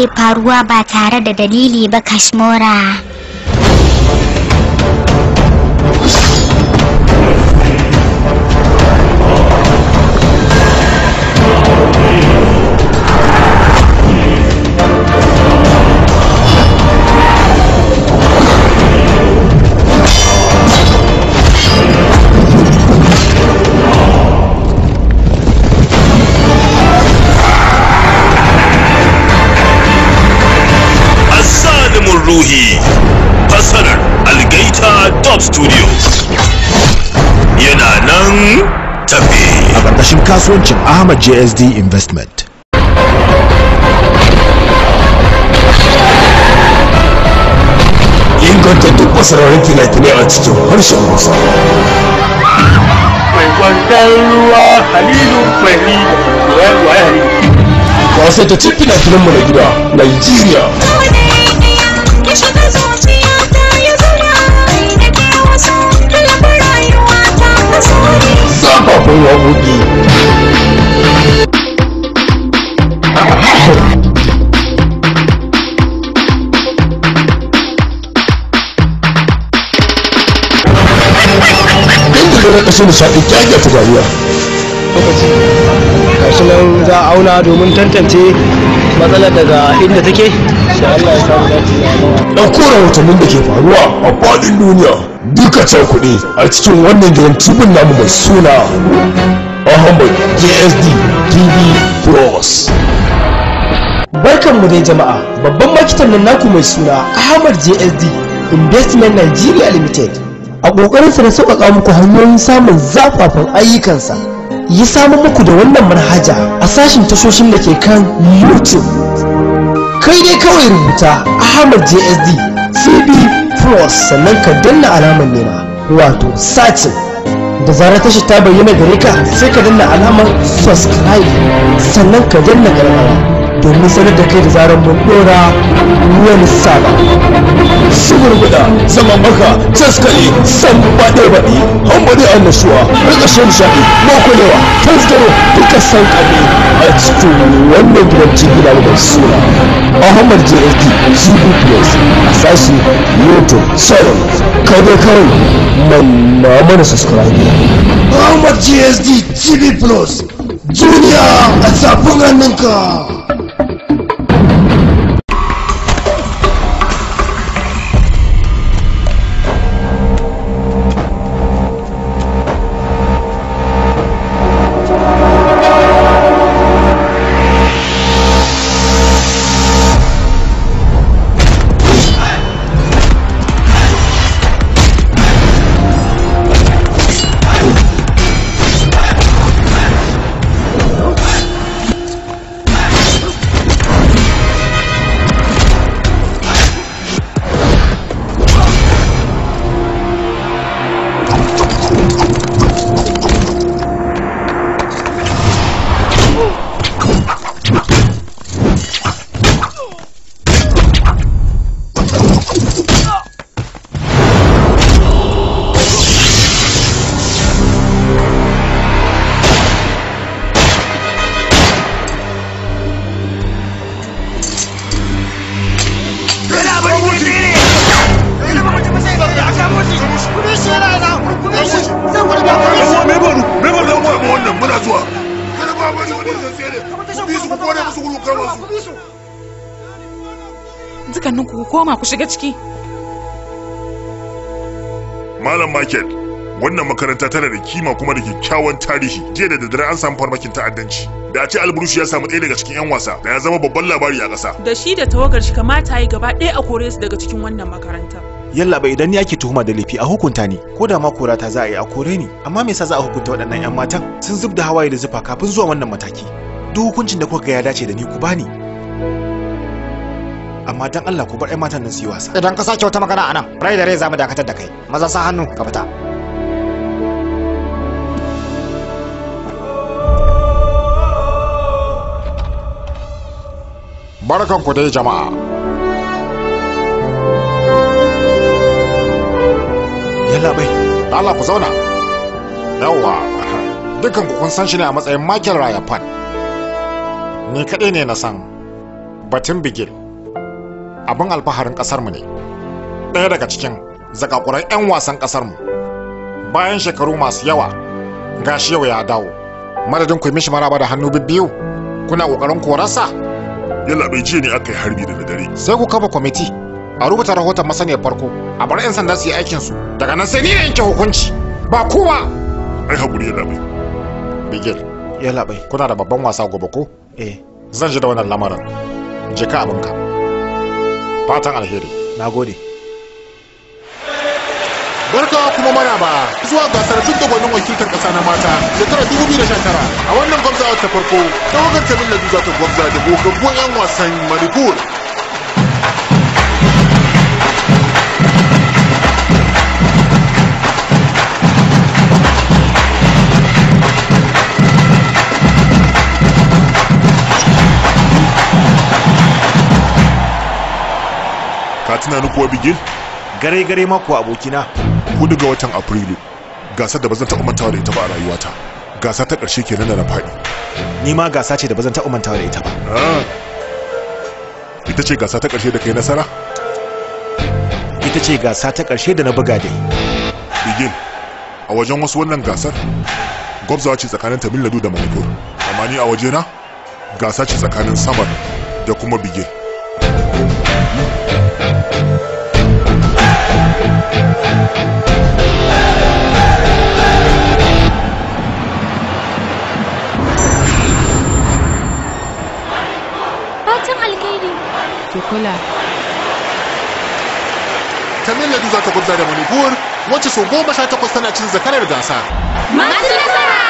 C: ke faruwa ba tare da dalili ba
A: Kashmora.
B: kasuwancin ahmad jsd investment
D: inganta duk masararin fina-finai a cikin harshen hausa mai kwantar ruwa halilu mai wayar wayar wasan ta cin fina-finan mu na gida nigeria
A: bọ̀ fún wọn wòye.
D: Ɗan ƙasar da sa'i kyakkyawa nan za a auna domin tantance matsalar daga inda take. Ɗauko rahotannin da ke faruwa a faɗin duniya. duka can kuɗi a cikin wannan gidan tubin namu mai suna Ahmad JSD TV Plus. barkanmu mu dai jama'a babban makitan nan naku mai suna Ahmad JSD Investment Nigeria Limited a ƙoƙarinsa na sauƙaƙa muku hanyoyin samun zafafan ayyukansa yi samu muku da wannan manhaja a sashin tashoshin da ke kan YouTube. Kai dai kawai rubuta Ahmad JSD CB plus sannan ka danna alamar nema wato satin da zarar tashi ta bayyana gare ka sai ka danna alamar subscribe sannan ka danna garmawa domin sanar da kai da zarar mun dora wani
A: sabon
D: shugurguda zaman maka caskali san baɗe baɗi an baɗe annashuwa shan shaɗi makulewa taskaro duka san ƙabi a cikin wannan gidanci gida da suna ahmad jrd gbps a sashi youtube sharon kawai kawai mamma mana subscribe ahmad jrd TV plus duniya a zafin
A: hannunka
B: shiga ciki malam michael wannan makaranta tana da kima kuma da kyakkyawan tarihi jiya da daddare an samu farmakin ta'addanci da ce Albrush ya samu ɗaya daga cikin 'yan wasa da ya zama babban labari a ƙasa
G: da shi da tawagar shi kamata yi gaba ɗaya a kore su daga cikin wannan makaranta
B: yalla bai idan ni ake tuhuma da laifi a hukunta ni ko da ma kora ta za a yi a kore ni amma me yasa za a hukunta waɗannan 'yan matan sun zub da hawaye da zufa kafin zuwa wannan mataki duk hukuncin da kuka ga ya dace da ni ku bani amma Allah ku bar 'yan matan nan su yi wasa
F: idan ka sake wata magana anan rai da rai za mu dakatar da kai maza sa hannu ka fita
B: ku dai jama'a yalla bai Allah ku zauna yawa dukan ku kun san shi ne a matsayin Michael Rayafan ni kaɗai ne na san batun bigil abin alfaharin mu ne ɗaya daga cikin zakakuran 'yan wasan kasar mu bayan shekaru masu yawa gashi yau ya dawo madadin ku mishi maraba da hannu biyu kuna ƙoƙarin korarsa yalla bai jiya ne aka yi harbi da dare sai ku kafa kwamiti a rubuta rahoton masaniyar farko a bar 'yan sanda su yi su daga nan sai ni ne yanke hukunci ba kowa ai haƙuri yalla bai bigil yalla bai kuna da babban wasa gobe ko eh zan ji da wannan lamarin jika ka abinka fatan alheri na gode barka kuma mana ba zuwa gasar cin gwanin wakiltar kasa na mata shekara 2019 a wannan gwamza ta farko ta ta bin da za ta gwamza da gogaggun 'yan wasan maribor tunani kuwa bigil gare gare ma kuwa abokina ku daga watan afrilu gasar da ba zan taɓa mantawa da ita ba a rayuwata gasa ta ƙarshe kenan da na faɗi ni ma gasa ce da ba zan taɓa mantawa da ita ba ah. ita ce gasa ta ƙarshe da kai nasara ita ce gasa ta ƙarshe da na buga dai bigil a wajen wasu wannan gasar gwabzawa ce tsakanin tamil nadu da manipur amma ni a wajena gasa ce tsakanin saman da kuma bigil kula tamil nadu za ta gwabza da manipur wacce sau goma sha takwas tana cin zakarar gasa
A: masu nasara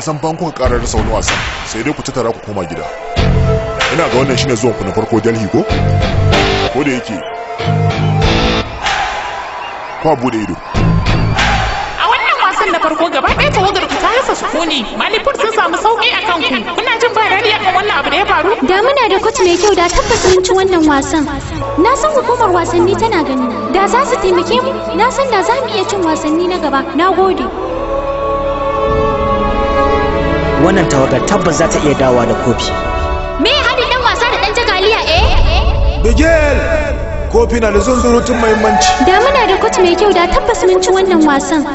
B: san san bankun karar sau wani san sai dai ku tara ku koma gida ina ga wannan shine zuwan ku na farko Delhi ko ko da yake ko abu bude ido
G: a wannan wasan na farko gaba ɗaya tawagar ku ta rasa sukuni malipur sun samu sauki a kan ku kuna jin ba dadi kan wannan abu da ya faru
E: da muna da kwat mai kyau da tabbas mun ci wannan wasan na san hukumar wasanni tana gani da za su taimake mu na san da za mu iya cin wasanni na gaba na gode
F: wannan tawagar
B: tabbas za ta iya dawa da kofi
E: me hadin dan wasa da dan jagaliya eh
B: bigel kofi na da zunzurutun muhimmanci
E: da muna da kwat mai kyau da tabbas mun ci wannan wasan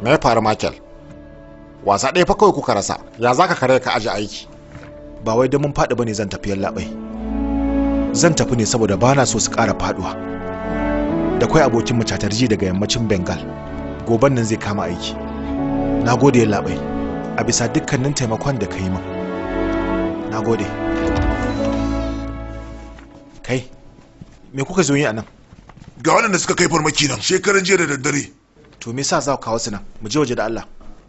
B: me ya faru makel wasa ɗaya fa kawai kuka rasa ya za ka kare ka aji aiki ba wai da mun faɗi bane zan tafi labai zan tafi ne saboda bana so su ƙara faduwa da kwai abokin mu catarji daga yammacin bengal goban nan zai kama aiki na gode ya labai a bisa dukkanin taimakon da ka yi min na gode kai me kuka zo yi a nan ga waɗanda suka kai farmaki nan shekaran jiya da daddare to me sa za ku kawo su nan mu je waje da Allah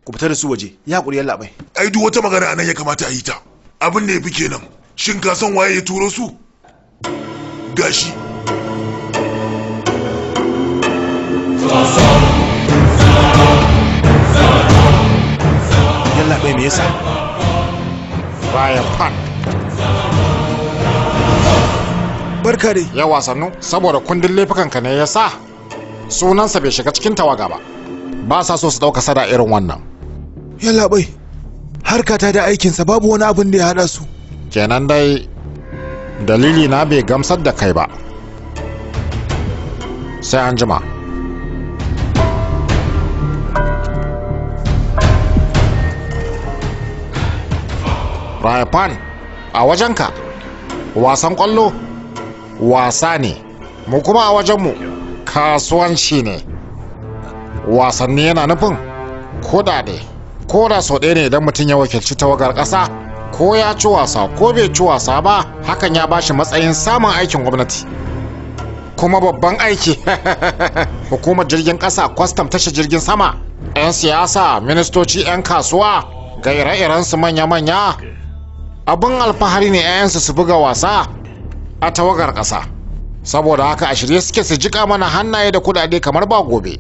B: ku fita da su waje ya ƙuri ya bai ai duk wata magana anan ya kamata a yi ta abin da ya fi kenan shin ka san waye ya turo su gashi nesa baya pan barka dai yawa sannu saboda kundin laifukanka ne ya sa sunansa bai shiga cikin tawaga ba ba sa so su ɗauka sada irin wannan yalla bai harkata da aikinsa babu wani abin da ya hada su kenan dai dalili na bai gamsar da kai ba sai an fan a wajenka wasan kwallo wasa ne mu kuma a wajenmu kasuwanci ne wasanni yana nufin kudade ko da sau ɗaya ne idan mutum ya wakilci tawagar ƙasa ko ya ci wasa ko bai ci wasa ba hakan ya bashi matsayin samun aikin gwamnati kuma babban aiki hukumar jirgin ƙasa kwastam tashar jirgin sama 'yan siyasa ministoci 'yan kasuwa ga ire-irensu manya-manya abin alfahari ne 'ya'yansu su buga wasa a tawagar ƙasa saboda haka a shirye suke su jika mana hannaye da kudade kamar ba gobe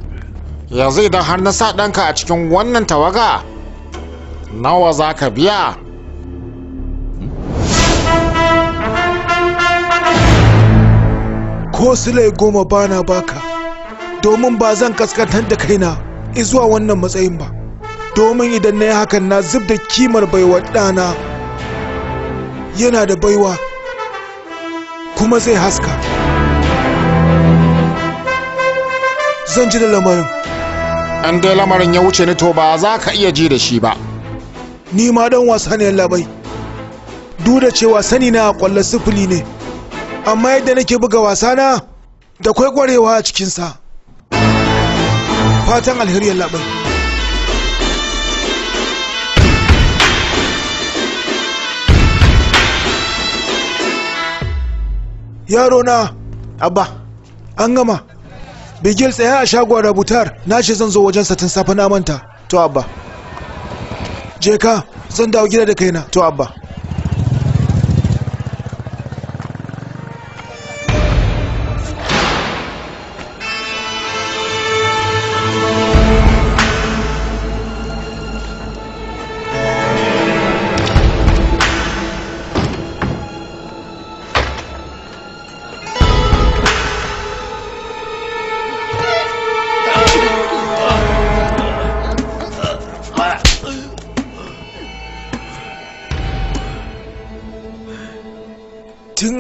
B: yanzu idan har na sa ɗanka a cikin wannan tawaga nawa za ka biya ko silai goma bana baka domin ba zan kaskantar da kaina zuwa wannan matsayin ba domin idan na yi hakan na zub da kimar baiwa ɗana yana da baiwa kuma zai haska zan ji da lamarin an dai lamarin ya wuce ni to ba za ka iya ji da shi ba ni ma dan wasa ne labai duk da cewa sani na kwallo sifili ne amma yadda nake buga wasa na da kwaikwarewa kwarewa a cikinsa fatan alheri labai yaro na abba an gama bigil tsaya a shagon rabutar na ce zan zo wajen satin safe na manta to abba je ka zan dawo gida da kaina to abba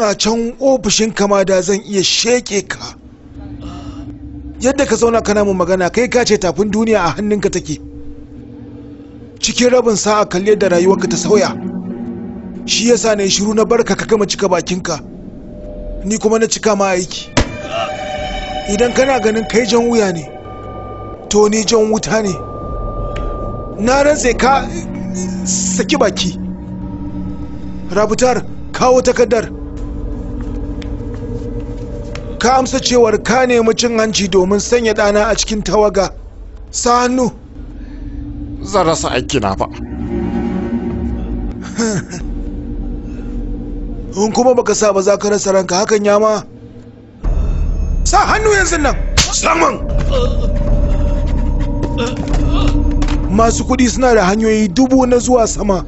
B: kana can ofishin kama da zan iya sheke ka yadda ka zauna kana mu magana kai ka ce tafin duniya a hannunka take cikin rabin sa'a kalle da rayuwarka ta sauya shi yasa ne shiru na barka ka gama cika bakinka ni kuma na cika ma aiki idan kana ganin kai jan wuya ne to ni jan wuta ne na rantse ka saki baki rabutar kawo takardar ka amsa cewar ka nemi cin hanci domin sanya dana a cikin tawaga sa hannu rasa aiki na fa in kuma baka sa ba za ka rasa ranka hakan ya ma
D: sa hannu yanzu nan saman
B: masu kuɗi suna da hanyoyi dubu na zuwa sama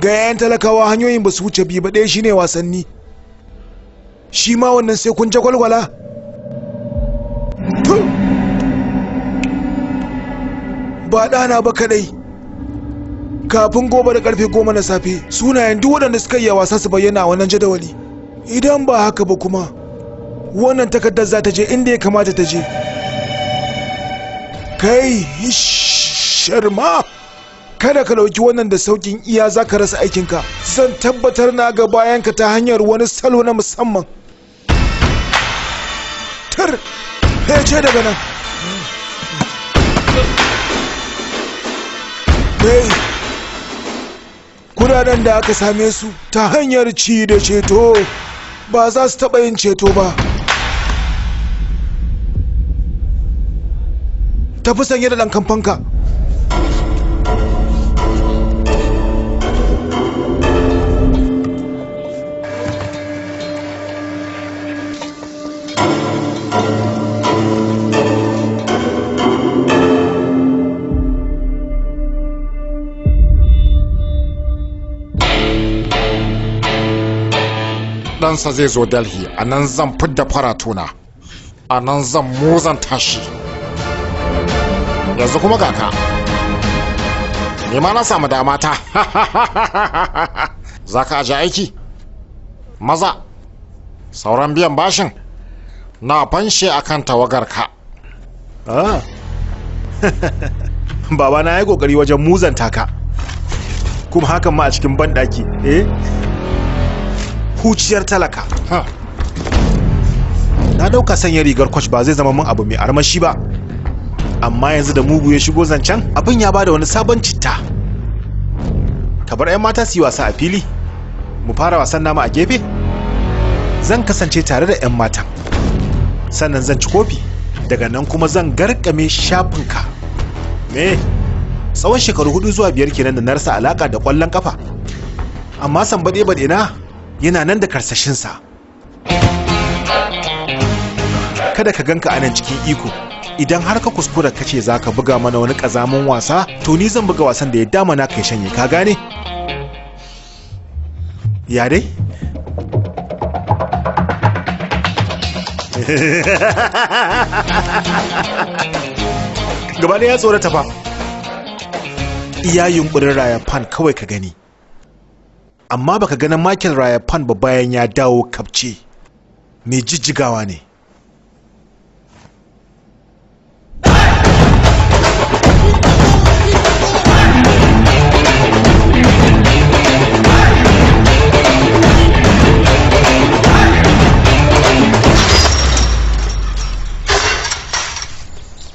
B: ga 'ya'yan talakawa hanyoyin ba su wuce biyu ba ɗaya shi ne wasanni shi ma wannan sai kun kwalwala. ba ɗana ba kaɗai. kafin gobe da karfe goma na safe sunayen duk waɗanda suka yi wasa su bayyana a wannan jadawali idan ba haka ba kuma wannan takardar za ta je inda ya kamata ta je kai sharma kada ka ɗauki wannan da sauƙin iya za ka rasa aikinka zan tabbatar na ga bayanka ta hanyar wani salo na musamman kar daga nan kudaden da aka same su ta hanyar ci da ceto ba za su taɓa yin ceto ba tafi sanye da ɗan kamfanka ɗansa zai zo delhi a nan zan fidda faratuna a nan zan muzanta tashi. yanzu kuma kaka ne ma na samu dama ta za ka aji aiki maza sauran biyan bashin na fanshe a kan tawagarka ah. baba na ya kokari wajen muzanta ka kuma hakan ma a cikin banɗaki eh huciyar talaka na dauka sanya rigar coach ba zai zama mun abu mai armashi ba amma yanzu da mugu ya shigo zancen abin ya bada wani sabon citta ka bar 'yan mata su yi wasa a fili mu fara wasan nama a gefe zan kasance tare da 'yan matan sannan zan ci kofi daga nan kuma zan garkame shafinka me tsawon shekaru hudu zuwa biyar kenan da na rasa alaka da kwallon kafa amma san baɗe baɗe na yana nan da karsashinsa kada ka ganka anan cikin iko idan har ka kuskura kace za ka buga mana wani ƙazamin wasa to ni zan buga wasan da ya dama na kai shanye ka gane ya dai gaba ya tsorata fa iya yunkurin raya fan kawai ka gani amma baka ganin Michael pan ba bayan ya dawo kapce mai jijjigawa ne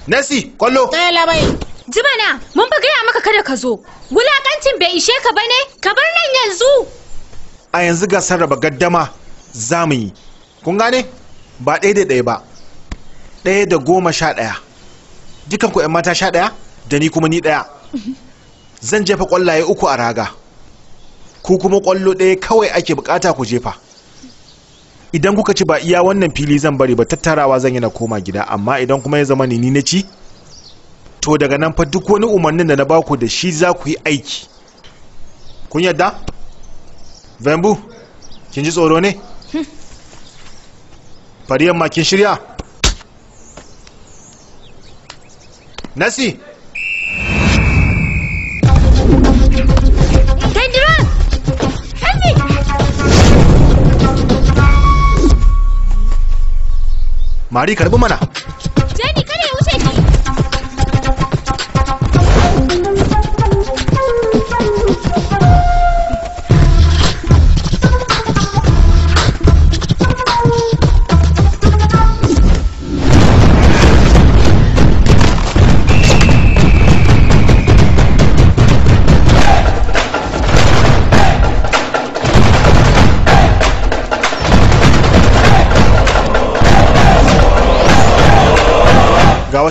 E: Nasi, kwallo! Eh, labai! Jimana, mun bagaya gaya maka kada ka zo. Wula satin bai ishe ka bane ka bar nan
A: yanzu
B: a yanzu ga sarraba gaddama za mu yi kun gane ba ɗaya da ɗaya ba ɗaya da goma sha ɗaya dukan ku 'yan mata sha ɗaya da ni kuma ni ɗaya zan jefa ƙwallaye uku a raga ku kuma ƙwallo ɗaya kawai ake buƙata ku jefa idan kuka ci ba iya wannan fili zan bari ba tattarawa zan yi na koma gida amma idan kuma ya zama ni ni na ci to daga nan fa duk wani umarnin da na ba ku da shi za ku yi aiki kun yadda vambu kin ji tsoro ne fariyan yamma kin shirya nasi Mari karbi mana.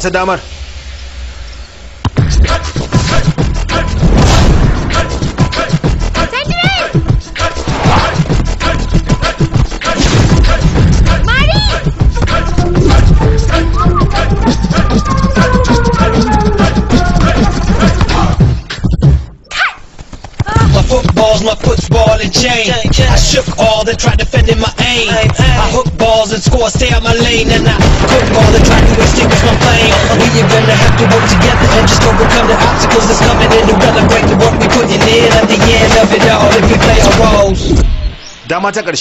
B: wata damar my foot's ball and chain. I shook all that tried defending my aim. I hook balls and score my lane and I quit all the trying to extinguish my flame. We are gonna have to work together and just overcome the obstacles that's coming in to celebrate the work we're putting in at the end of it all if we play our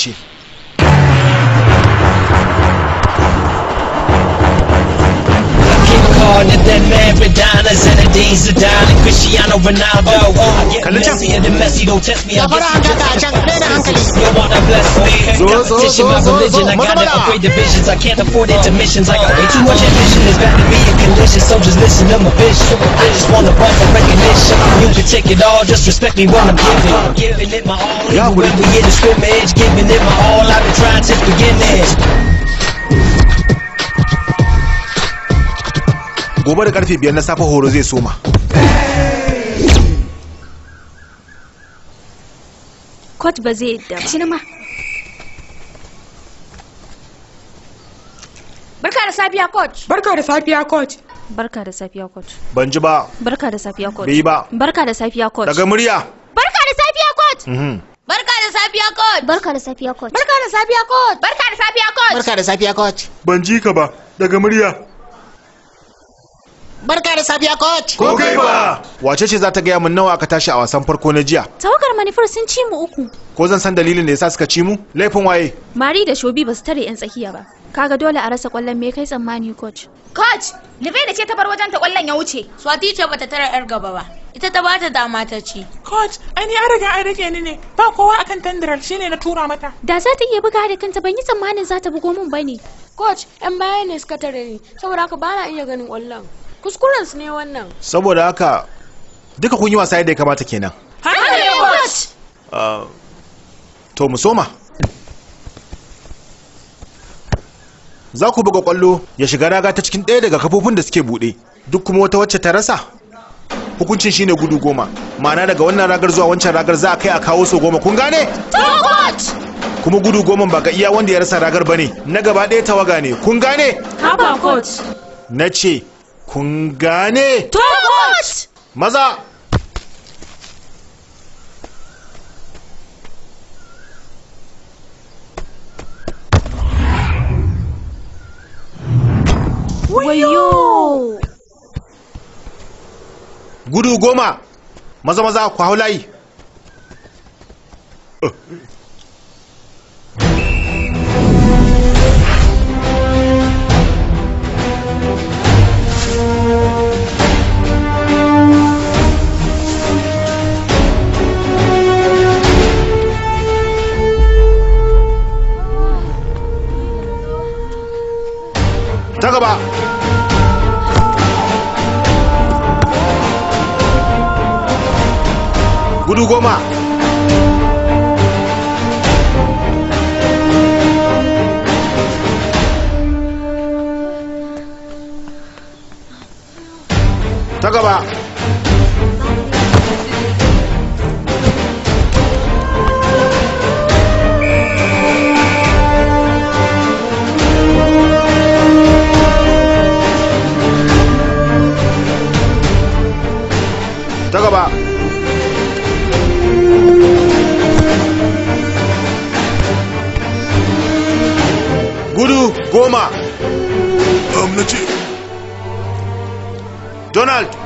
B: roles.
D: harder than Maradona, Zinedine Zidane, Cristiano Ronaldo. Oh, I get messy and the messy don't test me. I get you wanna bless me? Competition, my religion. I gotta upgrade divisions. I can't afford intermissions. I got way too much ambition. It's bound to be a condition. So just listen to my vision. I just wanna bump for recognition. You can take it all, just respect me when I'm giving. I'm giving it my all. Even when we in the scrimmage, giving it my all. I've been trying since beginning.
B: gobe da karfe biyar na safe horo zai soma
E: Kot ba zai yadda ba. Sinima. Barka da safiya coach. Barka da safiya coach. Barka da safiya coach. Ban ji ba. Barka da safiya coach. Bai ba. Barka da safiya coach. Daga murya. Barka da safiya coach. Barka da safiya coach. Barka da safiya coach. Barka da safiya coach. Barka da safiya coach. Barka da
B: safiya coach. Ban ji ka ba. Daga murya.
F: Barka da safiya coach. Ko kai ba.
B: Wace ce za ta gaya min nawa aka tashi a wasan farko na jiya?
F: Tawagar manufar sun
E: ci mu uku.
B: Ko zan san dalilin da yasa suka ci mu? Laifin waye?
E: Mari da Shobi ba su tare yan tsakiya ba. Kaga dole a rasa kwallon me kai tsammani coach. Coach, da ce ta bar wajen ta kwallon ya wuce. Swati ce bata tara yar gaba ba. Ita ta bata dama ta ci. Coach, ai ni an riga an rike ni ne. Ba kowa akan tandiral shine na tura mata. Da za ta iya buga da kanta ban yi tsammanin za ta bugo min bane.
H: Coach, 'yan baya ne suka tare ni saboda haka ba na iya ganin kwallon. kuskuren su ne wannan
B: saboda haka duka kun yi wasa yadda ya kamata kenan ah, to mu soma za ku buga kwallo ya shiga raga ta cikin ɗaya daga kafofin da suke buɗe duk kuma wata wacce ta rasa hukuncin shine gudu goma ma'ana daga wannan ragar zuwa wancan ragar za a kai a kawo so goma kun gane kuma gudu goma ba ga iya wanda ya rasa ragar bane na gaba ɗaya tawaga ne kun gane na ce kun gane tomot maza wayo gudu goma maza maza ku hau layi ta gaba gudu goma ta gaba goma donald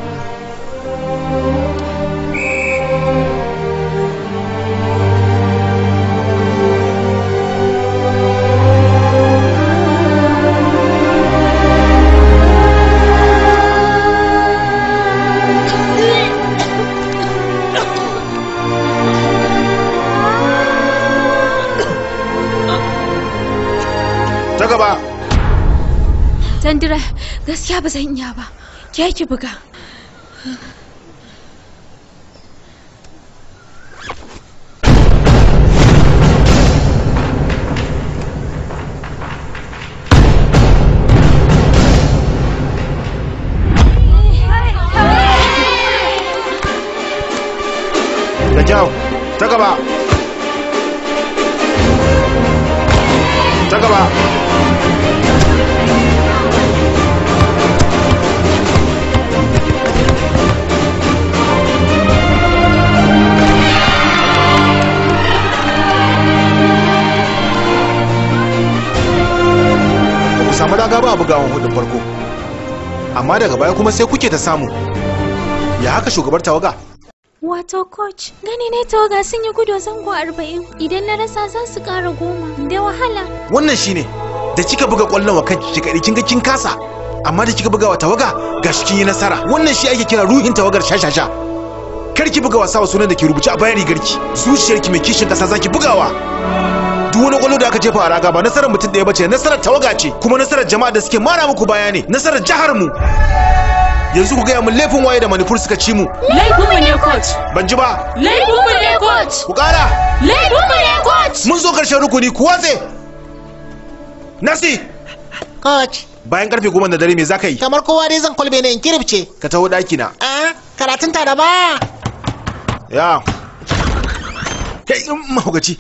E: ba zan iya ba ke ki buga
B: amma daga baya kuma sai kuke ta samu ya haka shugabar tawaga
E: wato coach gani ne tawaga sun yi gudu zango arba'in idan na rasa za su kara goma da wahala
B: wannan shine da kika buga kwallon wa kan kika kin ga kin kasa amma da kika buga wa tawaga gashi kin yi nasara wannan shi ake kira ruhin tawagar shashasha kar ki buga wasa wa sunan da ke rubuce a bayan rigarki zuciyarki mai kishin kasa zaki bugawa duk wani kwallo da aka jefa a raga ba nasarar mutum ɗaya bace nasarar tawaga ce kuma nasarar jama'a da suke mara muku baya ne nasarar jihar mu yanzu ku gaya mun laifin waye da manufur suka ci mu
F: laifin mu ne coach
B: ban ji ba laifin mu ne
F: coach ku kara
B: laifin mu ne coach mun zo karshen rukuni ku watse nasi coach bayan karfe goma da dare me za ka yi kamar kowa dai zan kwalbe na in kiribce ka taho daki na
F: a karatun ta da ba ya kai mahaukaci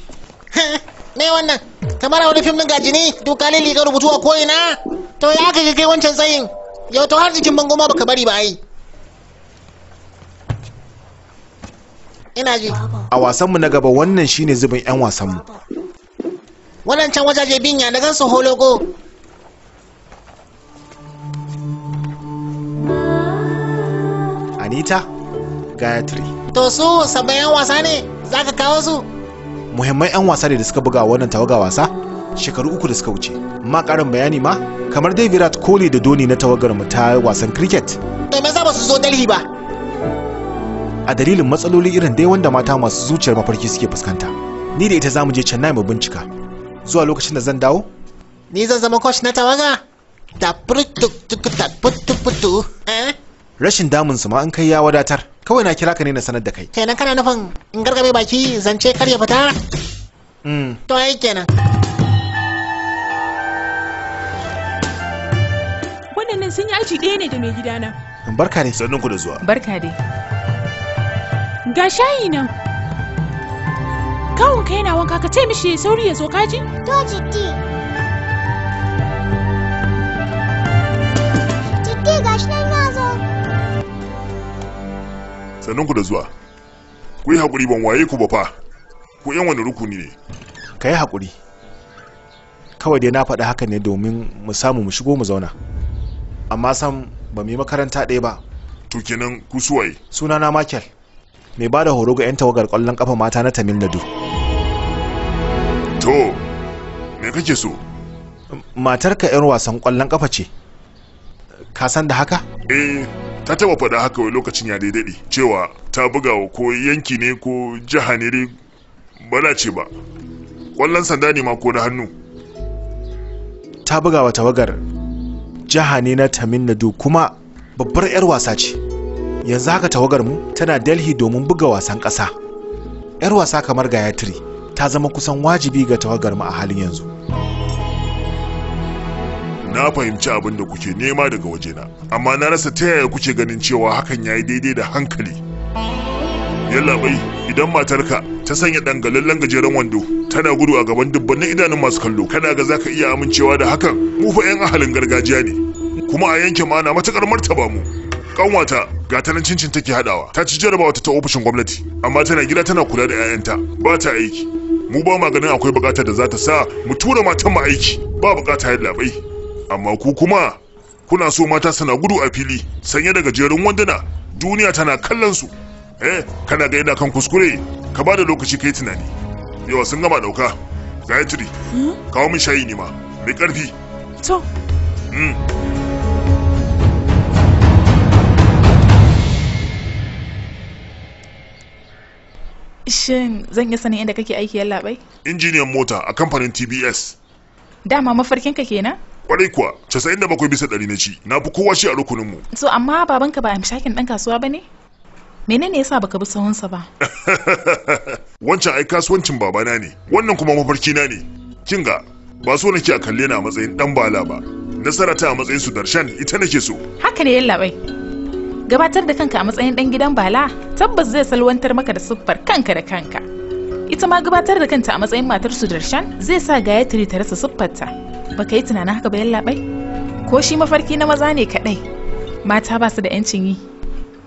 F: me wannan kamar a wani fim din gajini duka lili ga rubutu a koyina to ya aka kai wancan tsayin yau to har jikin bango ma baka bari ba ai ina ji
B: a wasanmu na gaba wannan shine zubin yan wasanmu
F: wannan can wajaje binya na gansu hologo
B: anita gayatri
F: to su sabayan wasa ne za ka kawo su
B: muhimman 'yan wasa ne da suka buga wannan tawaga wasa shekaru uku da suka wuce ma karin bayani ma kamar dai virat kohli da doni na tawagar mu ta wasan cricket
F: me za ba su zo dalhi ba
B: a dalilin matsaloli irin dai wanda mata masu zuciyar mafarki suke fuskanta ni da ita za mu je chennai mu bincika zuwa lokacin da zan dawo ni zan zama
F: coach na tawaga ta putu putu eh? rashin damun su ma an kai ya wadatar kawai na kira ka ne na sanar da kai kenan kana nufin in gargabe baki zance kar ya fita mm. to ai kenan
G: waɗannan sun yi aji ɗaya ne da mai gidana
B: barka ne sannan ku da zuwa
G: barka dai ga shayi nan
I: kawun kai na wanka ka ce mishi ya sauri ya zo kaji to
C: jiddi
B: jiddi gashi nan ya zo sannan ku da zuwa ku yi haƙuri ban waye ku ba fa ku yan wani rukuni ne ka yi haƙuri kawai dai na faɗi haka ne domin mu samu mu shigo mu zauna amma sam ba mu yi makaranta ɗaya ba to kenan ku suwaye na makel mai ba da horo ga 'yan tawagar ƙwallon ƙafa mata na tamil nadu to me kake so matarka 'yan wasan ƙwallon ƙafa ce ka san da haka eh ta taba faɗa haka wai lokacin ya daidai cewa ta buga ko yanki ne ko jiha ne ba da ce ba ƙwallon sanda ne ma ko da hannu ta buga wa tawagar jiha ne na tamin nadu kuma babbar 'yar wasa ce yanzu haka tawagar mu tana delhi domin buga wasan ƙasa 'yar wasa kamar gayatri ta zama kusan wajibi ga tawagar mu a halin yanzu na fahimci abin da kuke nema daga wajena amma na rasa ta yaya kuke ganin cewa hakan ya yi daidai da hankali yallaɓai idan matarka ta sanya dangalallen gajeren wando tana gudu a gaban dubbannin idanun masu kallo kana ga zaka iya amincewa da hakan mu fa yan ahalin gargajiya ne kuma a yankin ma na matakar martaba mu kanwata ga ta cincin take hadawa ta ci jarabawa ta ofishin gwamnati amma tana gida tana kula da 'ya'yanta ba ta aiki mu ba ma ganin akwai bukatar da za ta sa mu tura matan mu aiki ba bukata ya labai amma ku kuma kuna so mata suna gudu a fili sanye da gajerun wanduna duniya tana kallon su eh kana ga yana kan kuskure ka ba da lokaci kai tunani yawa sun gama dauka gayatri hmm? kawo min shayi ne ma mai karfi
G: to hmm.
I: Shin zan iya sanin inda kake aiki yallaɓai?
B: Injiniyan mota a kamfanin TBS.
I: Dama mafarkinka kenan?
B: kwarai kuwa casa'in da bakwai bisa ɗari na ci na fi kowa shi a rukunin mu
I: so amma babanka ba a mishakin ɗan kasuwa ba ne? menene yasa baka bi sahunsa ba
B: wancan ai kasuwancin babana ne wannan kuma mafarkina ne kin ga ba so nake a kalle na a matsayin ɗan bala ba nasara ta a matsayin su darshan ita nake so
I: haka ne yalla bai gabatar da kanka a matsayin ɗan gidan bala tabbas zai salwantar maka da siffar kanka da kanka ita ma gabatar da kanta a matsayin matar su darshan zai sa gayatri ta rasa siffarta baka yi tunanin haka ba labai ko shi mafarki na maza ne kaɗai mata ba su da 'yancin yi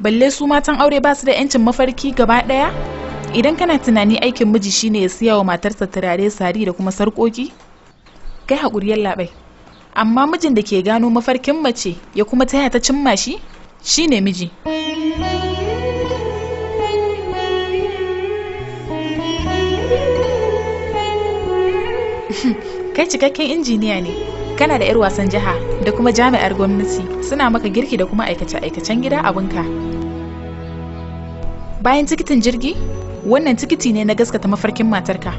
I: balle su matan aure ba su da 'yancin mafarki gaba ɗaya idan kana tunani aikin miji shine ya siya wa matarsa turare sari da kuma sarkoki kai haƙuri labai amma mijin da ke gano mafarkin mace ya kuma taya ta cimma shi shine miji. kai cikakken injiniya ne kana da 'yar wasan jiha da kuma jami'ar gwamnati suna maka girki da kuma aikace-aikacen gida abinka bayan tikitin jirgi wannan tikiti ne na gaskata mafarkin matarka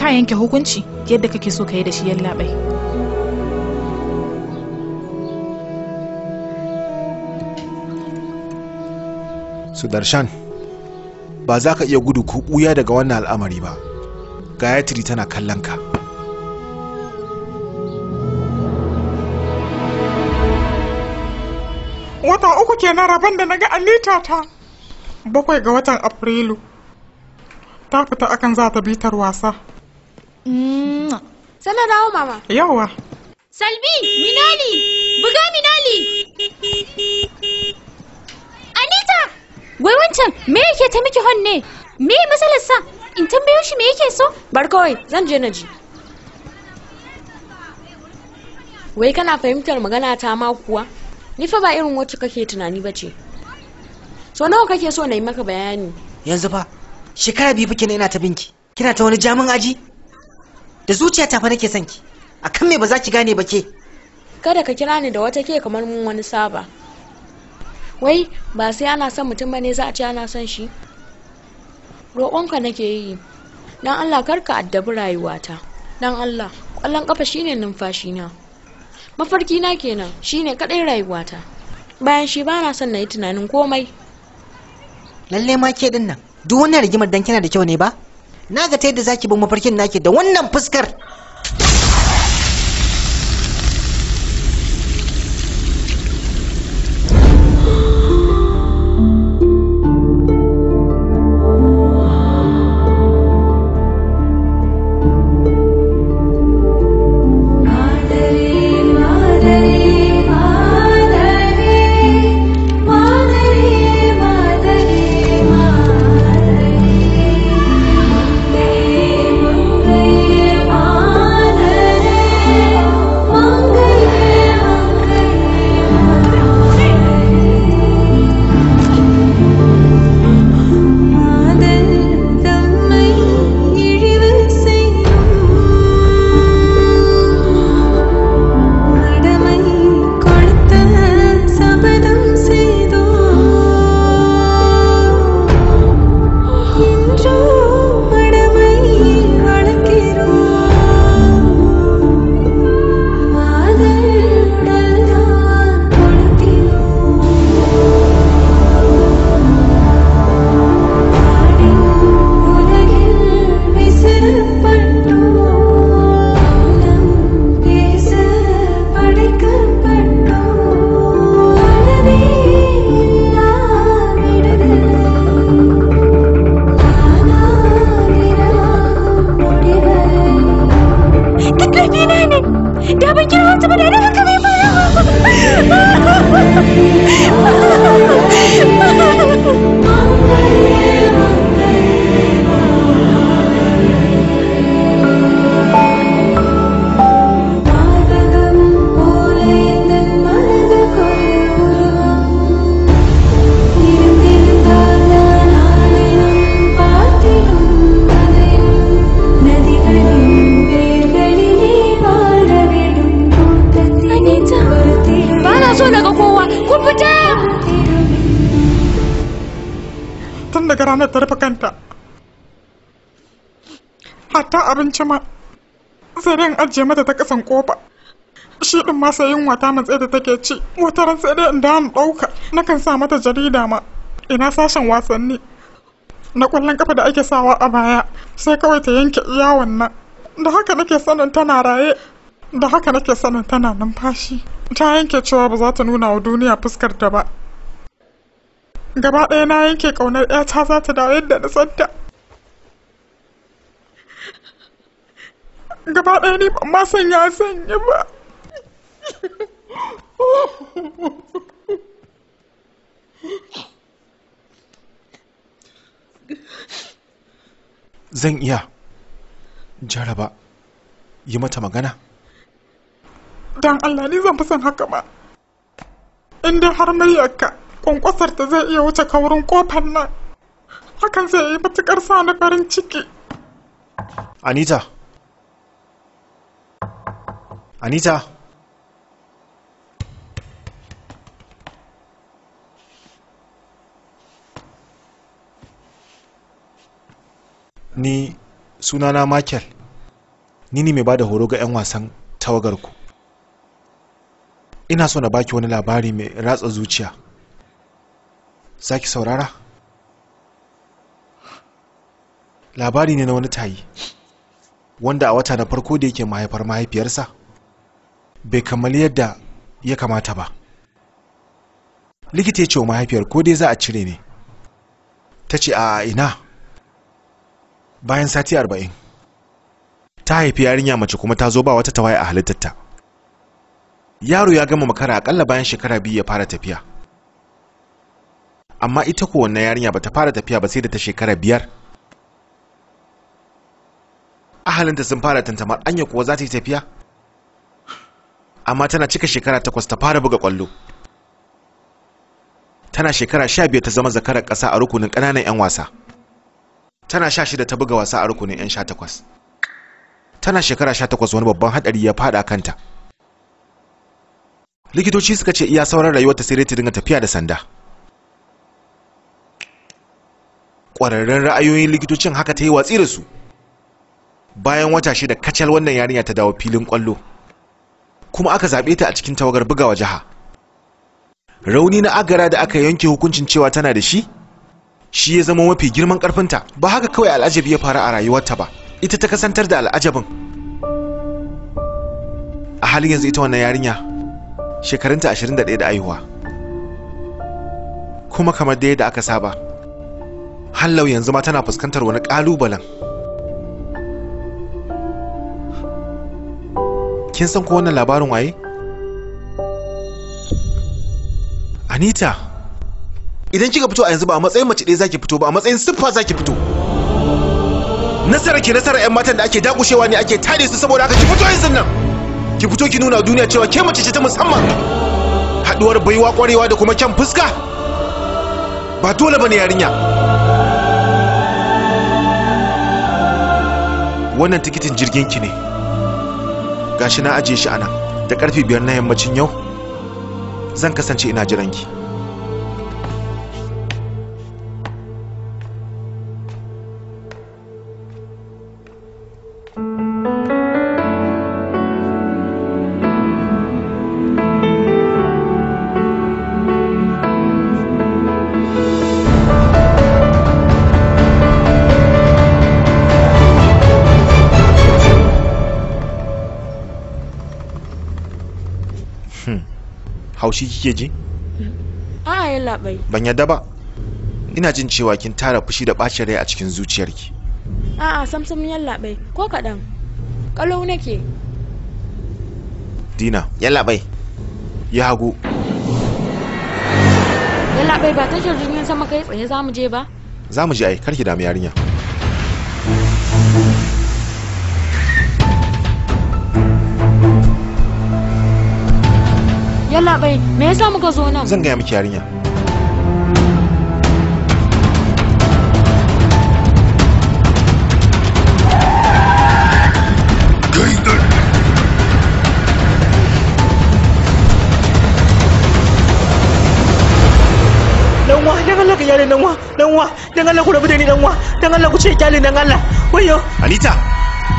I: ka yanke hukunci yadda kake so ka yi da shi yallaɓai
B: sudarshan ba za ka iya gudu ko ɓuya daga wannan al'amari ba gayatri tana kallon ka
C: na rabon da na ga alita ta bakwai ga watan afrilu ta fita akan za ta bitar wasa mm.
E: sana dawo mama yawa salbi minali buga minali anita wai wancan me yake ta miki hon ne me matsalarsa in tambayo shi me yake so bar kawai zan je na ji
H: wai kana fahimtar magana ta ma kuwa ni fa ba irin wacce kake tunani ba ce
F: so nawa kake so na yi maka bayani yanzu fa shekara biyu fa kina ina ta binki kina ta wani jamin aji da zuciya ta fa nake son ki akan me ba za ki gane ba ke
H: kada ka kira ni da wata ke kamar mun wani saba wai ba sai ana son mutum ba ne za a ce ana son shi roƙonka nake yi dan Allah ka addabi rayuwata dan Allah ƙwallon ƙafa shine numfashina mafarki na kenan shine kadai rayuwata bayan shi ba na son na yi tunanin komai
F: lalle ma ke din duk wannan rigimar dan kina da kyau ne ba na ga ta yadda zaki bin mafarkin naki da wannan fuskar
C: mata ta kasan kofa shi din ma sai yunwa ta matsayi da take ci wata ran sai dai in da ɗauka nakan sa mata jarida ma ina sashen wasanni na ƙwallon kafa da ake sawa a baya sai kawai ta yanke iya wannan da haka nake sanin tana raye da haka nake sanin tana numfashi ta yanke cewa ba za ta nuna wa duniya fuskar ta ba gaba ɗaya na yanke ƙaunar 'yata za ta dawo yadda na santa kai ni ba sanya ba
B: zan iya jaraba yi mata magana
C: don allah ni zan fi son haka ba in dai har muryarka kwankwasar ta zai iya wuce kaurin kofar nan hakan zai yi matuƙar sa na farin ciki
B: anita anita ni sunana michael ni ne mai ba da horo ga 'yan wasan tawagarku ina so na baki wani labari mai ratsa zuciya za saurara labari ne na wani tayi wanda a wata na farko da yake mahaifar mahaifiyarsa bai kammali yadda ya kamata ba likita ya ce wa mahaifiyar ko dai za a cire ne ta ce a ina bayan sati arba'in ta haifi yarinya mace kuma ta zo ba wata tawaye a halittarta yaro ya gama makara akalla bayan shekara biyu ya fara tafiya amma ita ko wannan yarinya ba ta fara tafiya ba sai da ta shekara biyar ahalinta sun fara tantamar anya kuwa za ta yi tafiya amma tana cika shekara takwas ta fara buga kwallo tana shekara sha biyar ta zama zakarar ƙasa a rukunin ƙananan 'yan wasa tana sha shida ta buga wasa a rukunin 'yan sha takwas tana shekara sha takwas wani babban haɗari ya faɗa kanta likitoci suka ce iya sauran rayuwar ta sai ta dinga tafiya da sanda ƙwararren ra'ayoyin likitocin haka ta yi watsi da su bayan wata shida kacal wannan yarinya ta dawo filin ƙwallo kuma aka zaɓe ta a cikin tawagar bugawa jiha rauni na agara da aka yanke hukuncin cewa tana da shi shi ya zama mafi girman karfinta ba haka kawai al'ajabi ya faru a rayuwarta ba ita ta kasantar da al'ajabin a halin yanzu ita wannan yarinya shekarunta 21 da aihuwa kuma kamar da yadda aka saba hallau yanzu ma tana fuskantar wani ƙalubalen kin san ko wannan labarin waye anita idan kika fito a yanzu ba a matsayin mace ɗaya zaki fito ba a matsayin siffa zaki fito nasara ke nasara yan matan da ake dakushewa ne ake tare su saboda haka ki fito yanzu nan ki fito ki nuna duniya cewa ke mace ce ta musamman Haɗuwar baiwa kwarewa da kuma kyan fuska ba dole bane yarinya wannan tikitin jirgin ki ne gashi na ajiye shi a nan da karfe biyar na yammacin yau zan kasance ina jiran ki haushi kike ji
H: a'a ya labai
B: ban yadda ba ina jin cewa kin tara fushi da bacin rai a cikin zuciyarki
H: a'a samsam ya labai ko kaɗan kalau nake
B: dina ya labai ya hagu
H: ya labai ba tashar jirgin sama kai tsaye za mu je ba
B: za mu je ai karki damu yarinya
H: Yalla bai, me yasa muka zo nan? Zan gaya
B: miki yarinya.
D: kyale dan wa dan wa dan Allah ku rabu da ni dan wa dan Allah ku ce kyale dan Allah wayo Anita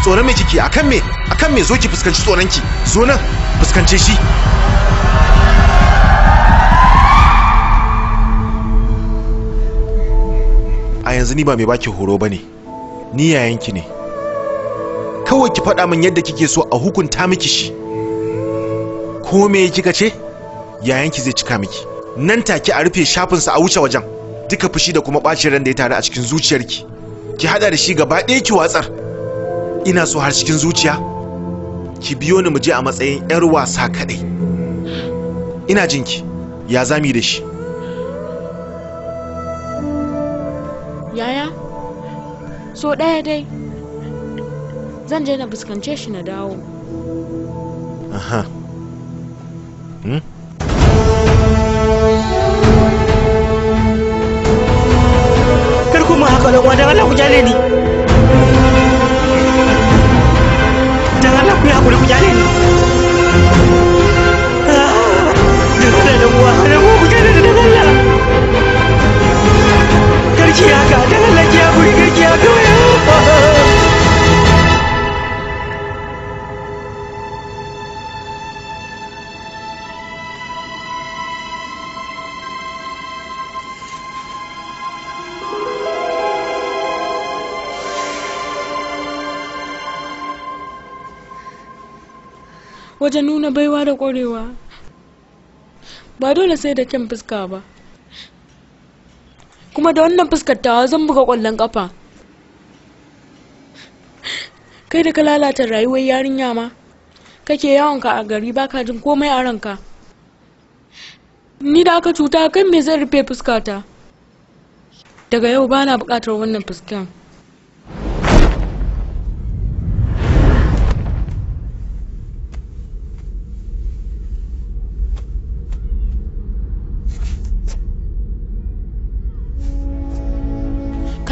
B: tsoron mai kike akan me akan me zo ki fuskanci tsoron ki zo nan fuskance shi yanzu ni ba mai baki horo bane ni yayanki ne kawai ki faɗa min yadda kike so a hukunta miki shi ko me kika ce yayanki zai cika miki nan take a rufe shafin sa a wuce wajen duka fushi da kuma ɓacin ran da ya taru a cikin zuciyarki ki haɗa da shi gaba ɗaya ki watsar ina so har cikin zuciya ki biyo ni mu je a matsayin 'yar wasa kaɗai ina jinki ya zami da shi
H: so ɗaya dai zan je na fuskance shi na dawo
B: aha
D: hmm? kuma haka don wadda Allah ku jale ni don Allah ku yi haƙuri ku jale ni
A: Kerja kah? Jangan.
H: wajen nuna baiwa da ƙwarewa ba dole sai da kyan fuska ba kuma da wannan fuskar tawa zan buga ƙwallon ƙafa kai da ka lalata rayuwar yarinya ma kake yawonka a gari baka jin komai a ranka ni da aka cuta kai me zai rufe fuskata daga yau bana buƙatar wannan fuskan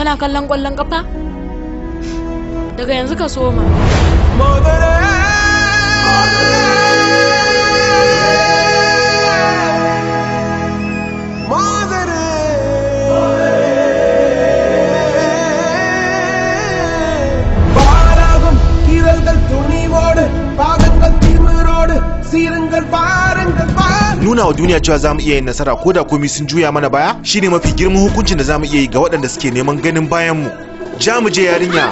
H: kana kallon kwallon kafa daga yanzu ka soma
D: பாகங்கள் திமிரோடு பாருங்கள்
B: nuna wa duniya cewa zamu iya yin nasara ko da komai sun juya mana baya shine mafi girman hukuncin da zamu iya yi ga waɗanda suke neman ganin bayan mu ja mu je yarinya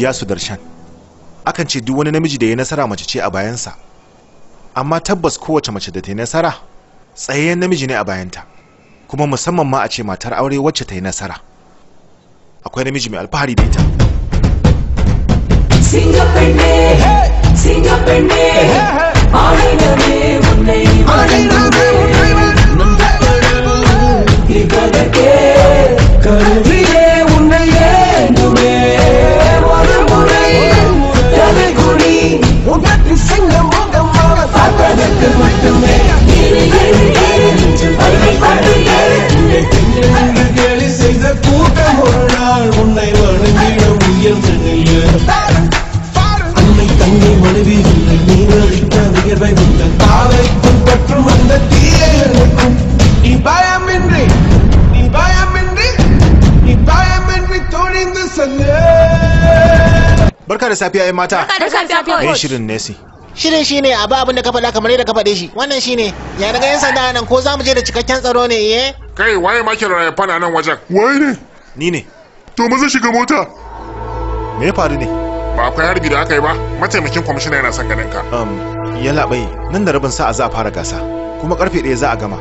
B: godiya su darshan akan ce duk wani namiji da ya nasara mace ce a bayansa amma tabbas kowace mace da ta yi nasara tsayayyen namiji ne a bayanta kuma musamman ma a ce matar aure wacce ta yi nasara akwai namiji mai alfahari da ita Singapore
A: ne, Singapore ne, உன்னை பெண்ணென்று கேலி செய்த கூட்டம் ஒரு நாள் உன்னை வணங்கிட உயர்ந்து நில்லு
D: அன்னை தங்கை மனைவி உன்னை நீரழித்த உயர்வை உங்கள் தாவைக்கும் பற்றும் அந்த தீயை எனக்கும் நீ பயமின்றி நீ பயமின்றி நீ பயமின்றி துணிந்து செல்லு
B: Barka da safiya ‘yan
F: mata. Barka da safiya. Me shirin Nesi? shirin shi ne abu abin da ka faɗa kamar yadda ka faɗe shi wannan shi ne ya daga yan sanda nan ko za mu je da cikakken tsaro ne iye
B: kai waye ma kira ya fana nan wajen waye ne ni ne
F: to maza shiga mota
B: me ya faru ne ba akwai harbi da aka yi ba mataimakin kwamishina yana son ganin ka um ya labai nan da rabin sa'a za a fara gasa kuma karfe ɗaya za a gama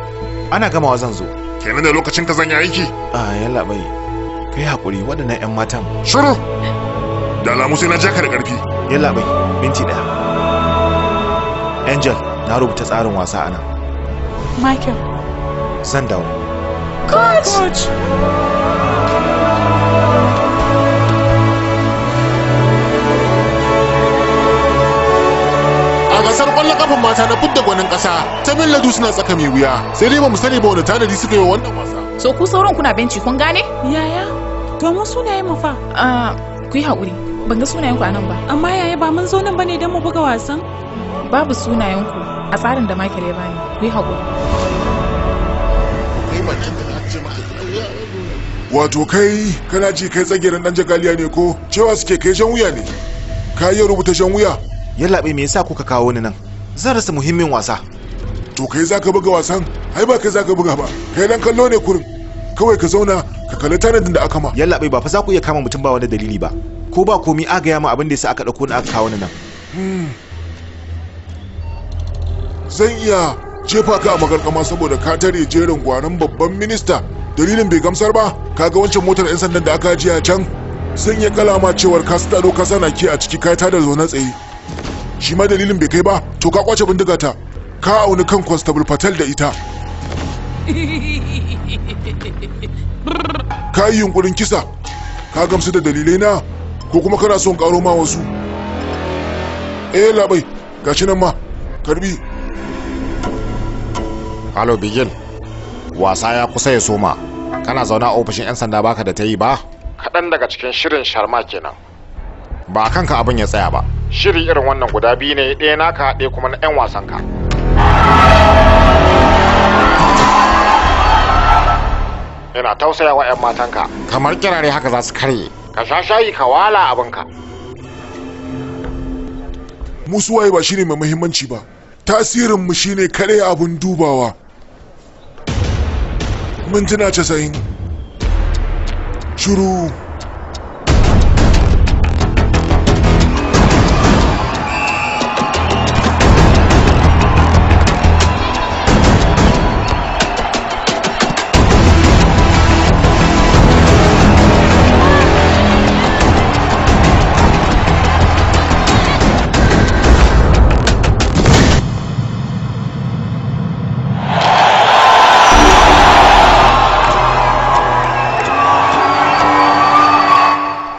B: ana gamawa zan zo kenan da lokacin ka zan yi aiki a ah, ya labai kai hakuri waɗannan 'yan matan shiru da alamu sai na jaka da karfi ya labai minti ɗaya angel na rubuta tsarin wasa a nan michael zan dawo
I: Koç! Koç!
B: A gasar kwallon kafin mata na fudda gwanin ƙasa, ta Ladu suna tsaka mai wuya, sai dai ba mu sani ba wani tanadi suka yi wannan wasa.
I: So ku sauran kuna benci kun gane? Yaya, to mu sunayen mu fa. Ah, ku yi haƙuri, ban ga sunayen ku a nan ba. Amma yaya ba mun zo nan ba ne don mu buga wasan? Babu sunayen ku a tsarin da Michael bani, ku yi haƙuri.
B: wato kai kana ji kai tsagirin dan jagaliya ne ko cewa suke kai shan wuya ne ka iya rubuta shan wuya yallaɓe me yasa kuka kawo ni nan zan rasa muhimmin wasa to kai zaka buga wasan ai ba kai zaka buga ba kai dan kallo ne kurin kawai ka zauna ka kalli tanadin da aka ma yallaɓe ba fa za ku iya kama mutum ba wani dalili ba ko ba komi a gaya ma abin da yasa aka ɗauko ni aka kawo ni nan
A: hmm. zan iya
B: jefa ka a magarkama saboda ka tare jerin gwaran babban minista dalilin bai gamsar ba kaga wancan motar 'yan sandan da aka jiya can sun yi kalama cewar ka tsaro kasa na ki a ciki kai ta da zaune tsaye shi ma dalilin bai kai ba to ka kwace bindiga ta ka auni kan constable patel da ita ka yi yunkurin kisa ka gamsu da dalilai na ko kuma kana son karo ma wasu eh labai gashi nan ma karbi halo bigil wasa ya kusa ya soma kana zaune a ofishin 'yan sanda baka da ta yi ba kaɗan daga cikin shirin sharma kenan ba a kanka abin ya tsaya ba shiri irin wannan guda biyu ne ɗaya naka ɗaya kuma na 'yan wasan ka ina tausaya wa 'yan matanka kamar kirare haka za su karye ka sha shayi ka wala abinka waye ba shine mai muhimmanci ba tasirin tasirinmu shine kare abin dubawa mintuna casa'in shuru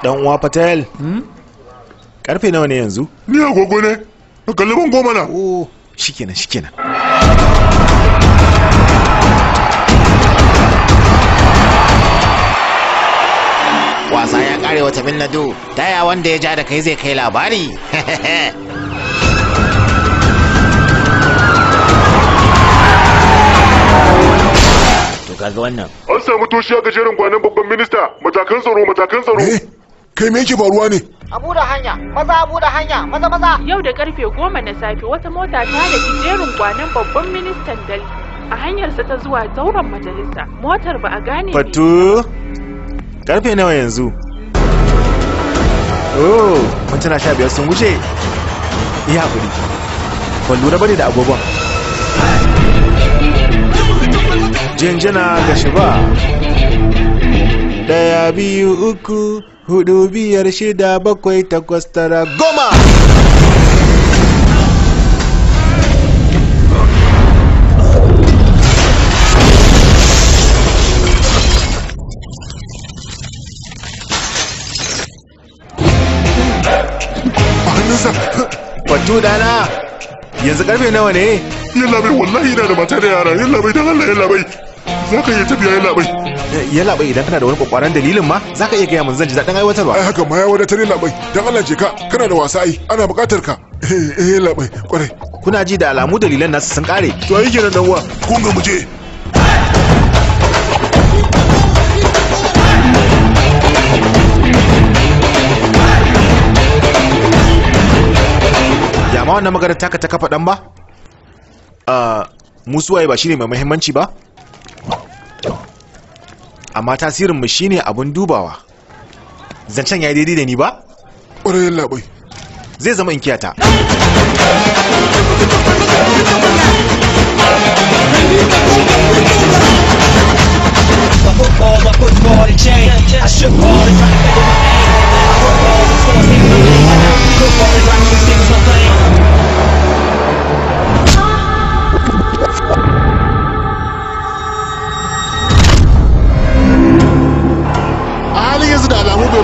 B: dan uwa patel hmm? karfe nawa ne yanzu ni agogo ne a kallon goma na oh shikenan shikenan
F: wasa ya kare wata min nado taya wanda ya ja da kai zai kai labari
H: to kaga
B: wannan an samu toshiya a gajeren gwanan babban minista matakan tsaro matakan tsaro kai me yake faruwa ne
F: a bude hanya maza a bude
G: hanya maza maza yau da karfe goma na safe wata mota ta da jerin kwanan babban ministan Dali. a hanyarsa ta zuwa zauren majalisa motar ba a gane
B: fatu karfe nawa yanzu oh mintuna sha biyar sun wuce iya hakuri ban lura bane da agogon jinjina ga shi ba daya biyu uku hudu biyar shida bakwai takwas tara goma Wato dana yanzu karfe nawa ne? Yin labai wallahi na da
D: mata da yara yin labai don Allah yin labai.
B: za ka iya tafiya ya labai ya labai idan kana da wani kwakwaran dalilin ma za ka iya gaya min zan ji daɗin aiwatarwa ai haka ma ya wadatar ya labai don allah je ka kana da wasa ai ana buƙatar ka eh, eh labai kwarai kuna ji da alamu dalilan nasu sun kare to ai kenan dan uwa kun ga mu je ya ma wannan magana taka ta kafa dan ba ah, musuwaye ba shine mai muhimmanci ba amma tasirin mu shine abun dubawa zancen ya yi daidai da ni ba? ƙwararren labai zai zama in kiyata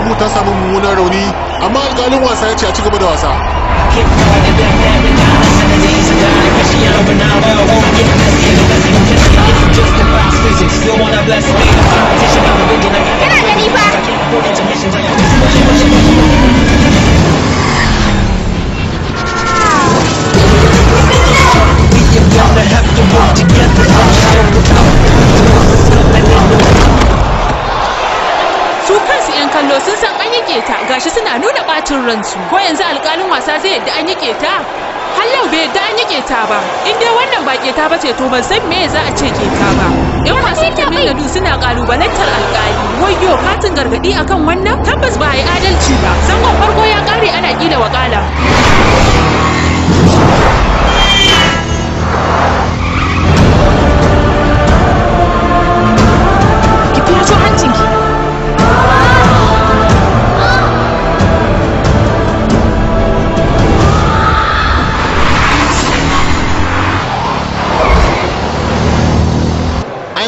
B: mu ta samu mummunan rauni amma alƙalin wasa ya ce a ci gaba da wasa
G: Together, I'm sure without kansu yan kallo sun san an yake ta gashi suna nuna bacin ransu ko yanzu alƙalin wasa zai yadda an yake ta har yau bai yadda an yake ta ba in dai wannan ba ta ba ce to ban san me za a ce keta ba yan wasan tamil nadu suna kalubalantar alƙali. Wayyo, katin gargadi akan wannan tabbas ba a yi adalci ba zangon farko ya kare ana kila wakala
I: ki fito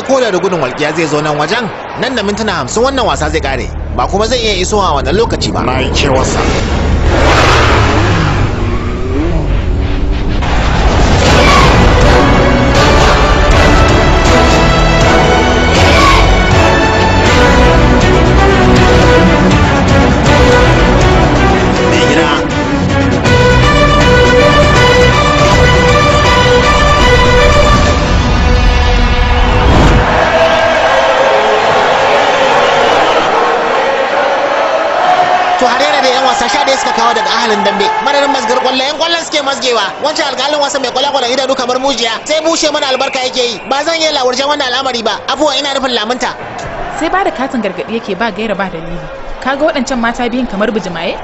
F: ko da gudun walƙiya zai zo nan wajen nan da mintuna hamsin wannan wasa zai kare ba kuma zai iya isowa wannan lokaci ba na yi wasa. gogewa wancan alƙalin wasan mai kwalakwalan idanu kamar mujiya sai bushe mana albarka yake yi ba zan yi lawurje wannan al'amari ba abuwa ina nufin lamunta sai ba da katin gargadi
I: yake ba gaira ba dalili kaga waɗancan mata biyun kamar bijimaye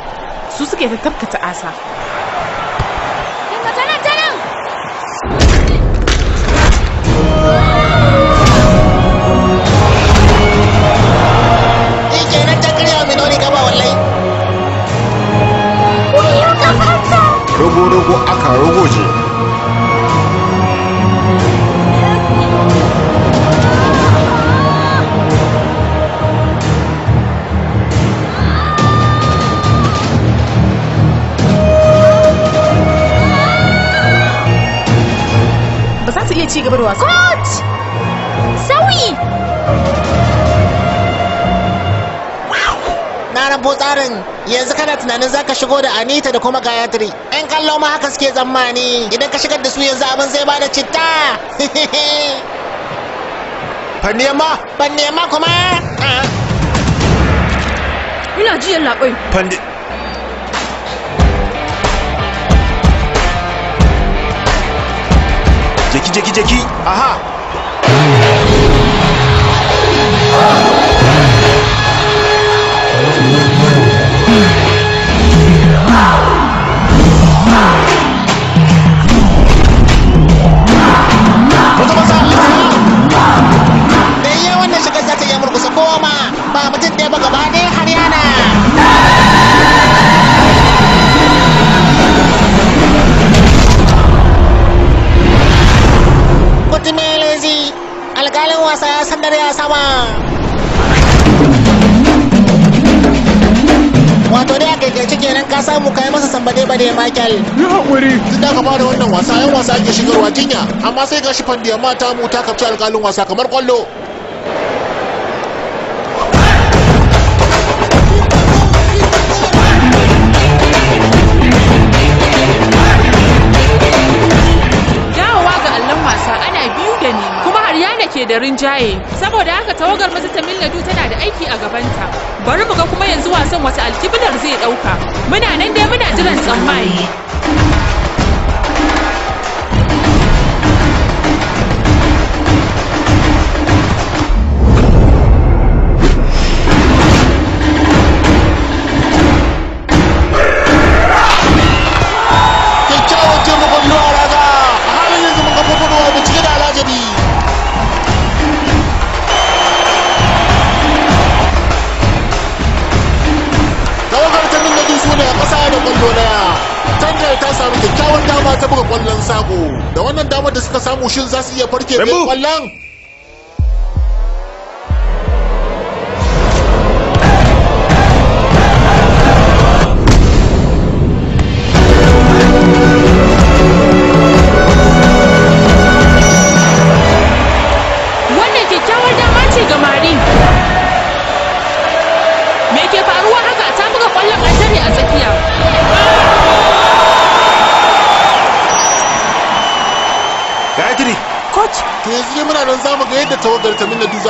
I: su suke ta tabkata asa
B: rugu-rugu aka ruguje
I: ba za su iya ci gaba da
F: wasu sauyi na rabo tsarin yanzu kana tunanin zaka shigo da anita da kuma gayatri kallo ma haka suke tsammani idan ka shigar da su yanzu abin ba bada citta ban nema ban kuma ina ji yalla bai
B: jeki jeki jeki aha Oh!
F: mutum sa da iya wannan shigar ta yi murkusa kowa ma ba mutum ɗaya ba takaice kenan ka samu kai masa sambade ba da makel yi hakuri tun da ka fara wannan wasa yan wasa ke shigarwa jinya amma sai gashi fandiya mata mu ta kafce alƙalin wasa kamar kwallo
A: ga allon wasa ana
G: biyu da kuma ke da rinjaye saboda haka tawagar masu ta Sanadu tana da aiki a gabanta. Bari mu ga kuma yanzu wasan wata alkiblar zai ɗauka. Muna nan dai muna jiran tsammani.
F: mushin za su iya
B: farke
D: mai kwallon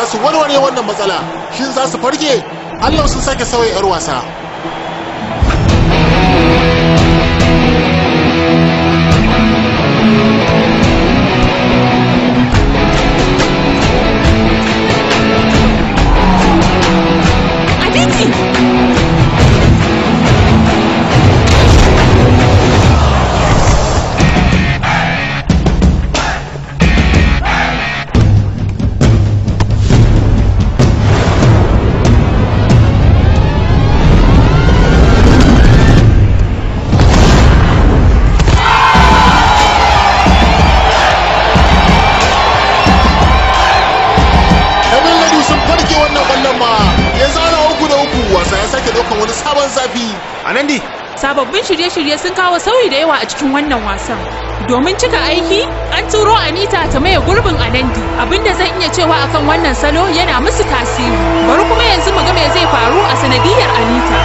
F: za su warware wannan matsala shin za su farke
C: allah sun sake sauya 'yar wasa
G: shirye sun kawo sauyi da yawa a cikin wannan wasan domin cika aiki an turo anita ta maye gurbin anandi abinda zan iya cewa akan wannan salo yana musu tasiri bari kuma yanzu mu ga me zai faru a sanadiyar anita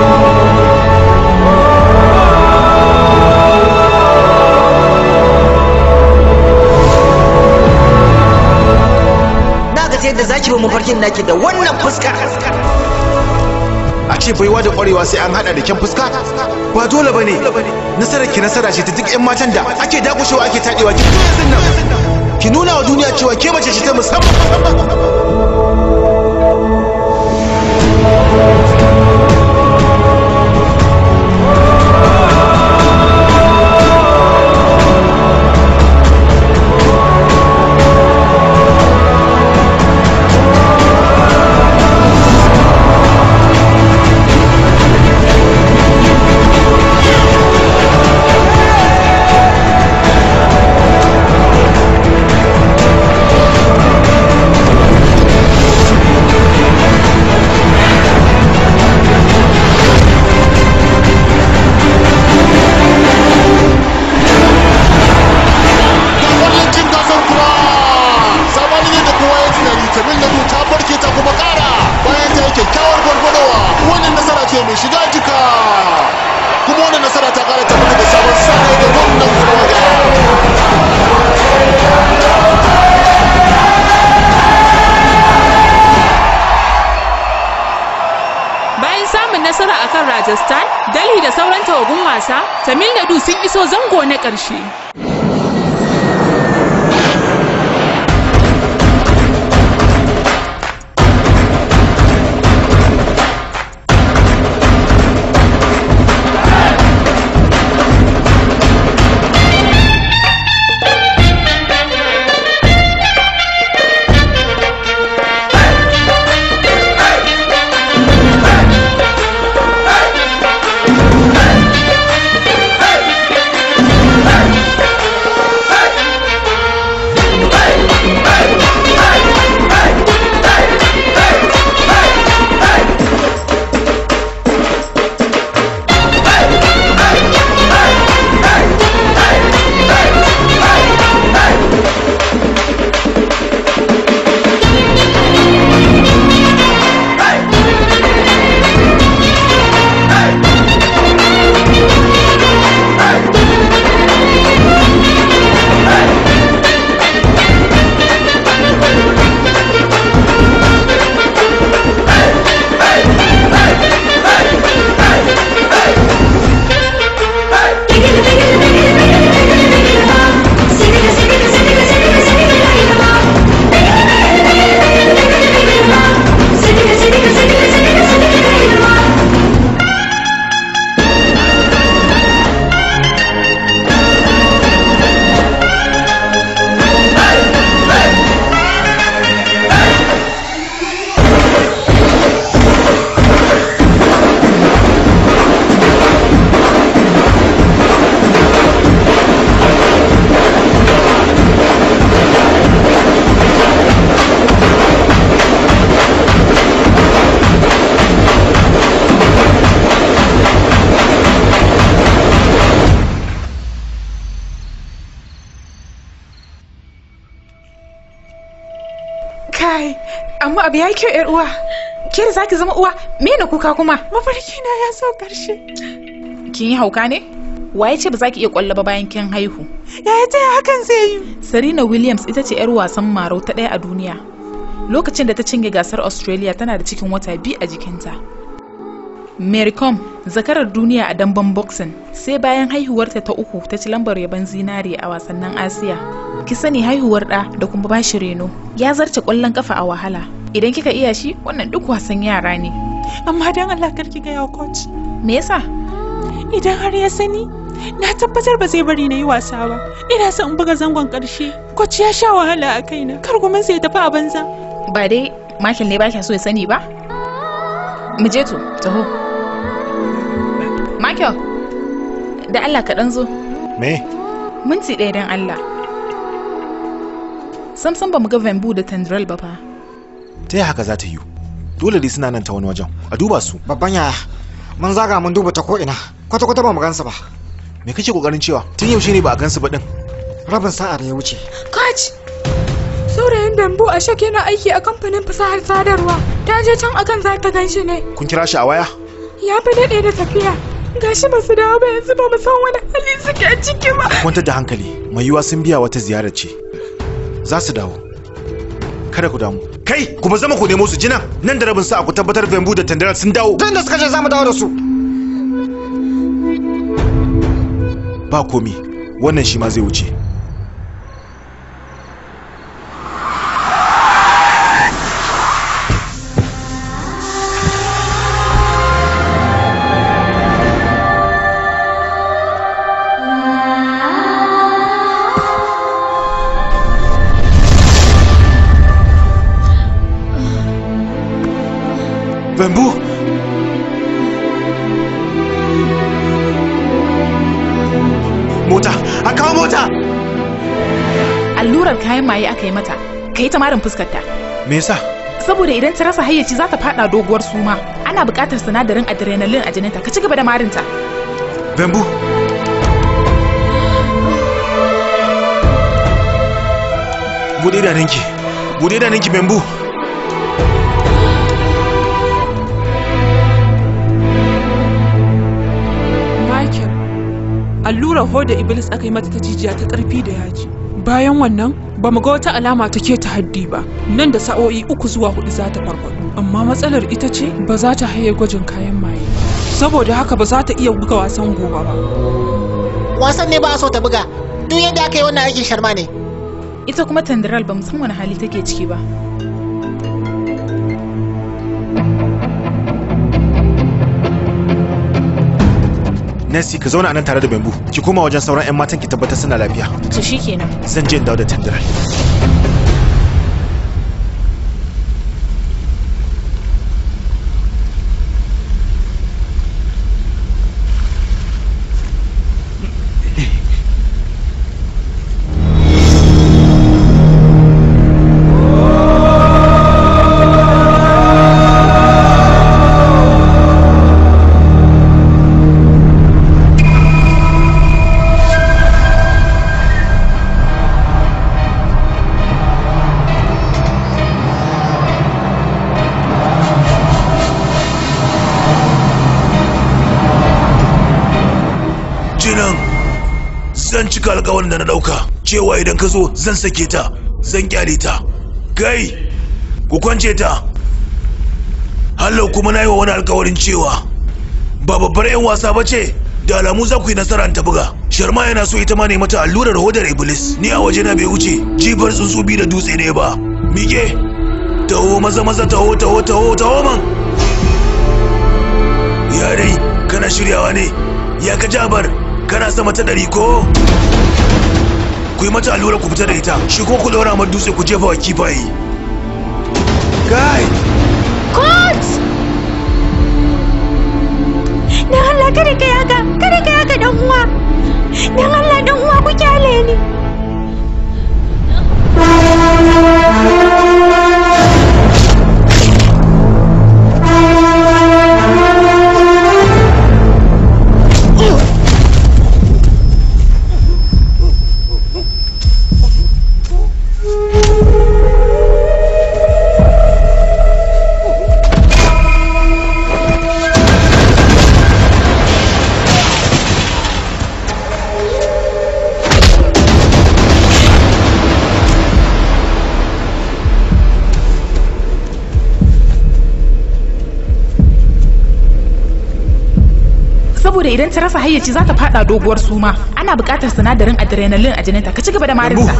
A: Thank
F: yadda zaki ba mafarkin naki da wannan fuska
B: a ce baiwa da kwarewa sai an hada da kyan fuska ba dole bane nasarar ki nasara ce ta duk yan matan da ake dakushewa ake tadewa ki fito yanzu nan ki nuna wa duniya cewa ke mace ce ta musamman
G: Tamil Nadu sun iso zango na ƙarshe.
I: dole zaki zama uwa me na kuka kuma mafarki na ya karshe kin yi hauka ne waye ce ba za ki iya kwallo ba bayan kin haihu yaya ta hakan zai yi sarina williams ita ce yar wasan marau ta ɗaya a duniya lokacin da ta cinye gasar australia tana da cikin wata biyu a jikinta mary zakarar duniya a damben boxing sai bayan haihuwarta ta uku ta ci lambar yaban zinare a wasannin asiya ki sani haihuwar ɗa da kuma bashi reno ya zarce kwallon kafa a wahala idan kika iya shi wannan duk wasan yara ne amma don allah karki gaya coach me yasa idan har ya sani na tabbatar ba zai bari na yi wasa ba ina son in buga zangon karshe coach ya sha wahala a kaina kar kuma sai tafi a banza ba dai mashin ne ba so ya sani ba mu je to taho Michael da Allah ka dan zo me minti ɗaya don Allah samsam ba mu ga Vembu da Tendrel ba fa
B: ta yi haka za ta yiwu dole dai suna nan ta wani wajen a duba su babban yaya mun zaga mun duba ta ko'ina kwata-kwata ba mu gansu ba me kake kokarin cewa tun yaushe ne ba a gansu ba din
H: rabin sa'a da ya wuce kaci saurayin dambu a shak yana aiki a kamfanin fasahar sadarwa ta je can akan
C: za ta gan shi ne
B: kun kira shi a waya
C: ya fi daɗe da tafiya gashi ba su dawo ba yanzu ba mu san wani hali suke ciki ba
B: kwantar da hankali mai yiwuwa sun biya wata ziyarar ce za su dawo kada ku damu kai kuma zama ku nemo su jina nan da rabin sa'a ku tabbatar bambu da tandara sun dawo
F: tun da suka ce zamu dawo da su
B: ba komi wannan shi ma zai wuce
I: maye aka yi mata ka yi ta marin fuskarta me yasa saboda idan ta rasa hayyaci za ta fada doguwar suma ana buƙatar sinadarin adrenaline a jininta ka ci gaba da marinta
B: bambu bude idanunki bude idanunki bambu
G: allura hoda iblis aka yi mata ta jijiya ta ƙarfi da yaji bayan wannan ba mu ga wata alama ta ke ta haddi ba nan da sa'o'i uku zuwa hudu za ta farko amma matsalar ita
F: ce ba za ta haye gwajin kayan maye saboda haka ba za ta iya buga wasan gobe ba wasan ne ba a so ta buga duk yadda aka yi wannan aikin sharma ne ita kuma
I: tandiral ba mu san wani hali take ciki ba
B: Nancy ka zauna nan tare da Bambu. Ki koma wajen sauran 'yan matan ki tabbatar suna lafiya. To shikenan. Zan je in dawo da tandiral. cewa idan ka zo zan sake ta zan kyale ta kai ku kwance ta hallau kuma na yi wa wani alkawarin cewa ba babbar 'yan wasa ba ce da alamu za ku yi nasara ta buga sharma yana so ita ma ne mata allurar hodar iblis ni a waje na bai wuce jibar tsuntsu biyu da dutse ne ba mike taho maza maza taho taho taho taho man yare kana shiryawa ne ya ka jabar kana sama ta ɗari ko ku yi mata allura ku fita da ita shi ko ku daura mar dutse ku jefa wa kifaye
A: kai kot
E: na Allah kada ka haka kada ka haka dan uwa dan Allah dan uwa ku kyale ni
I: ta rasa hayyaci za ta fada doguwar suma ana bukatar sinadarin adrenaline a jininta ka ci gaba da marinsa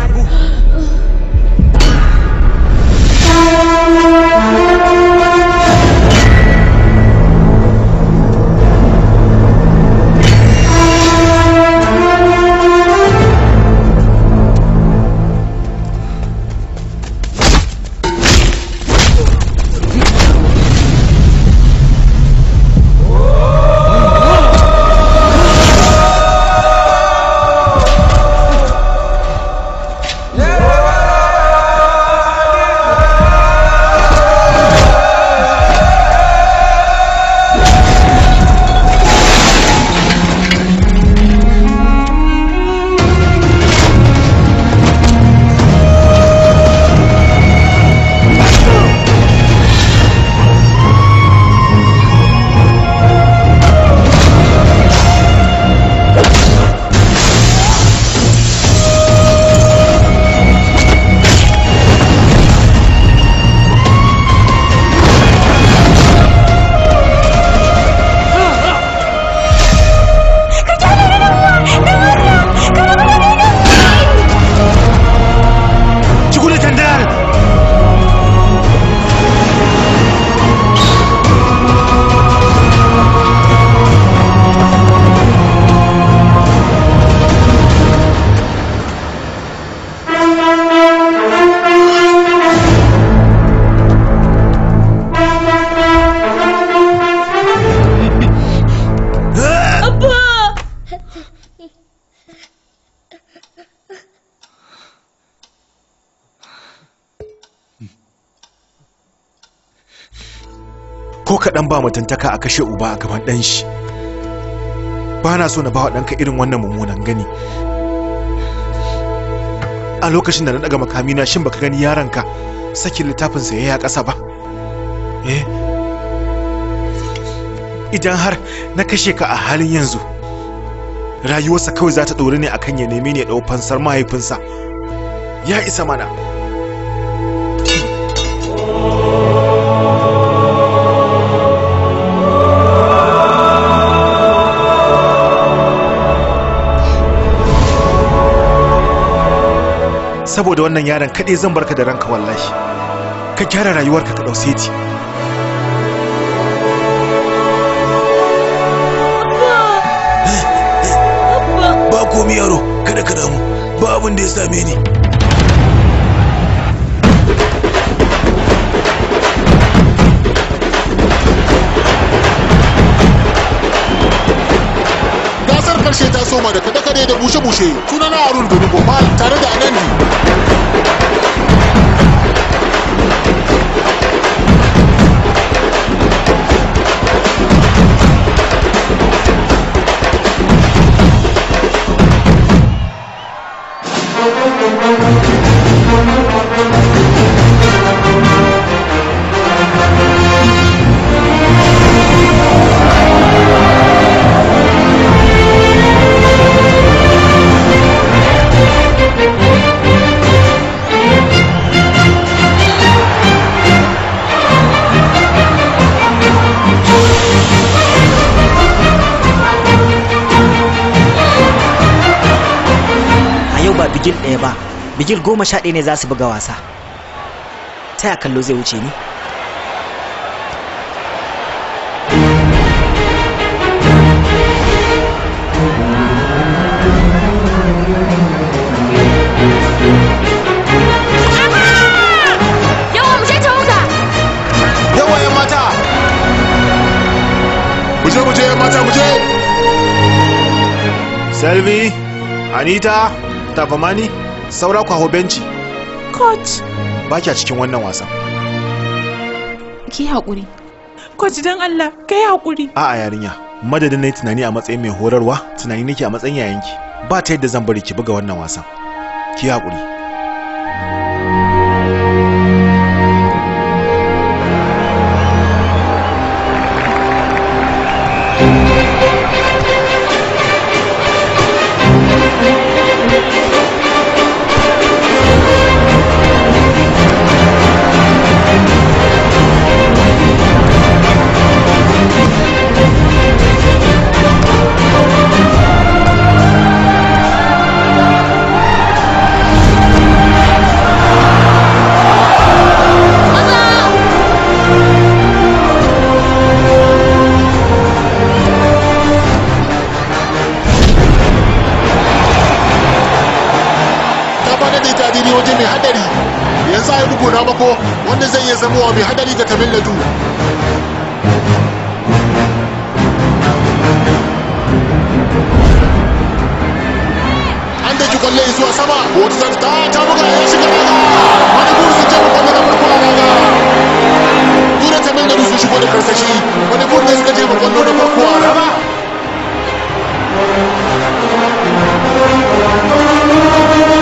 B: ba mutuntaka a kashe uba a gaban ɗan shi ba na so na ba wa ɗanka irin wannan mummunan gani a lokacin da na ɗaga makami na shin baka gani yaronka sakin littafinsa ya yi a ƙasa ba eh idan har na kashe ka a halin yanzu rayuwarsa kawai za ta ɗori ne akan ya neme ne ya ɗau fansar mahaifinsa ya isa mana saboda wannan yaron kaɗai zan barka da ranka wallahi ka gyara rayuwarka ka ɗauke ti ba komi yaro kada ka damu ba abin da ya same ni gasar karshe ta soma da kada-kade da bushe-bushe sunana arun dunubu mal tare da anandi
F: bigil goma sha ɗaya ne za su buga wasa ta ya kallo zai wuce ni
B: Selvi, Anita, Tavamani. saura kwaho benci coach ba kya cikin wannan wasan ki haƙuri coach don allah ka yi haƙuri a'a yarinya madadin na yi tunani a matsayin mai horarwa tunani nake a matsayin yayanki ba ta yadda zan bari ki buga wannan wasan ki haƙuri hadari yanzu ai bugu na bako wanda zai iya zama wa mai hadari ga tabillatu
C: an
A: da kwalle zuwa sama wata zata ta ta buga ya shiga daga wani buru sun jefa kwalle na farko a daga dole tabillatu sun shigo da karsashi
D: wani buru ne suka jefa kwallo na farko a daga Thank you.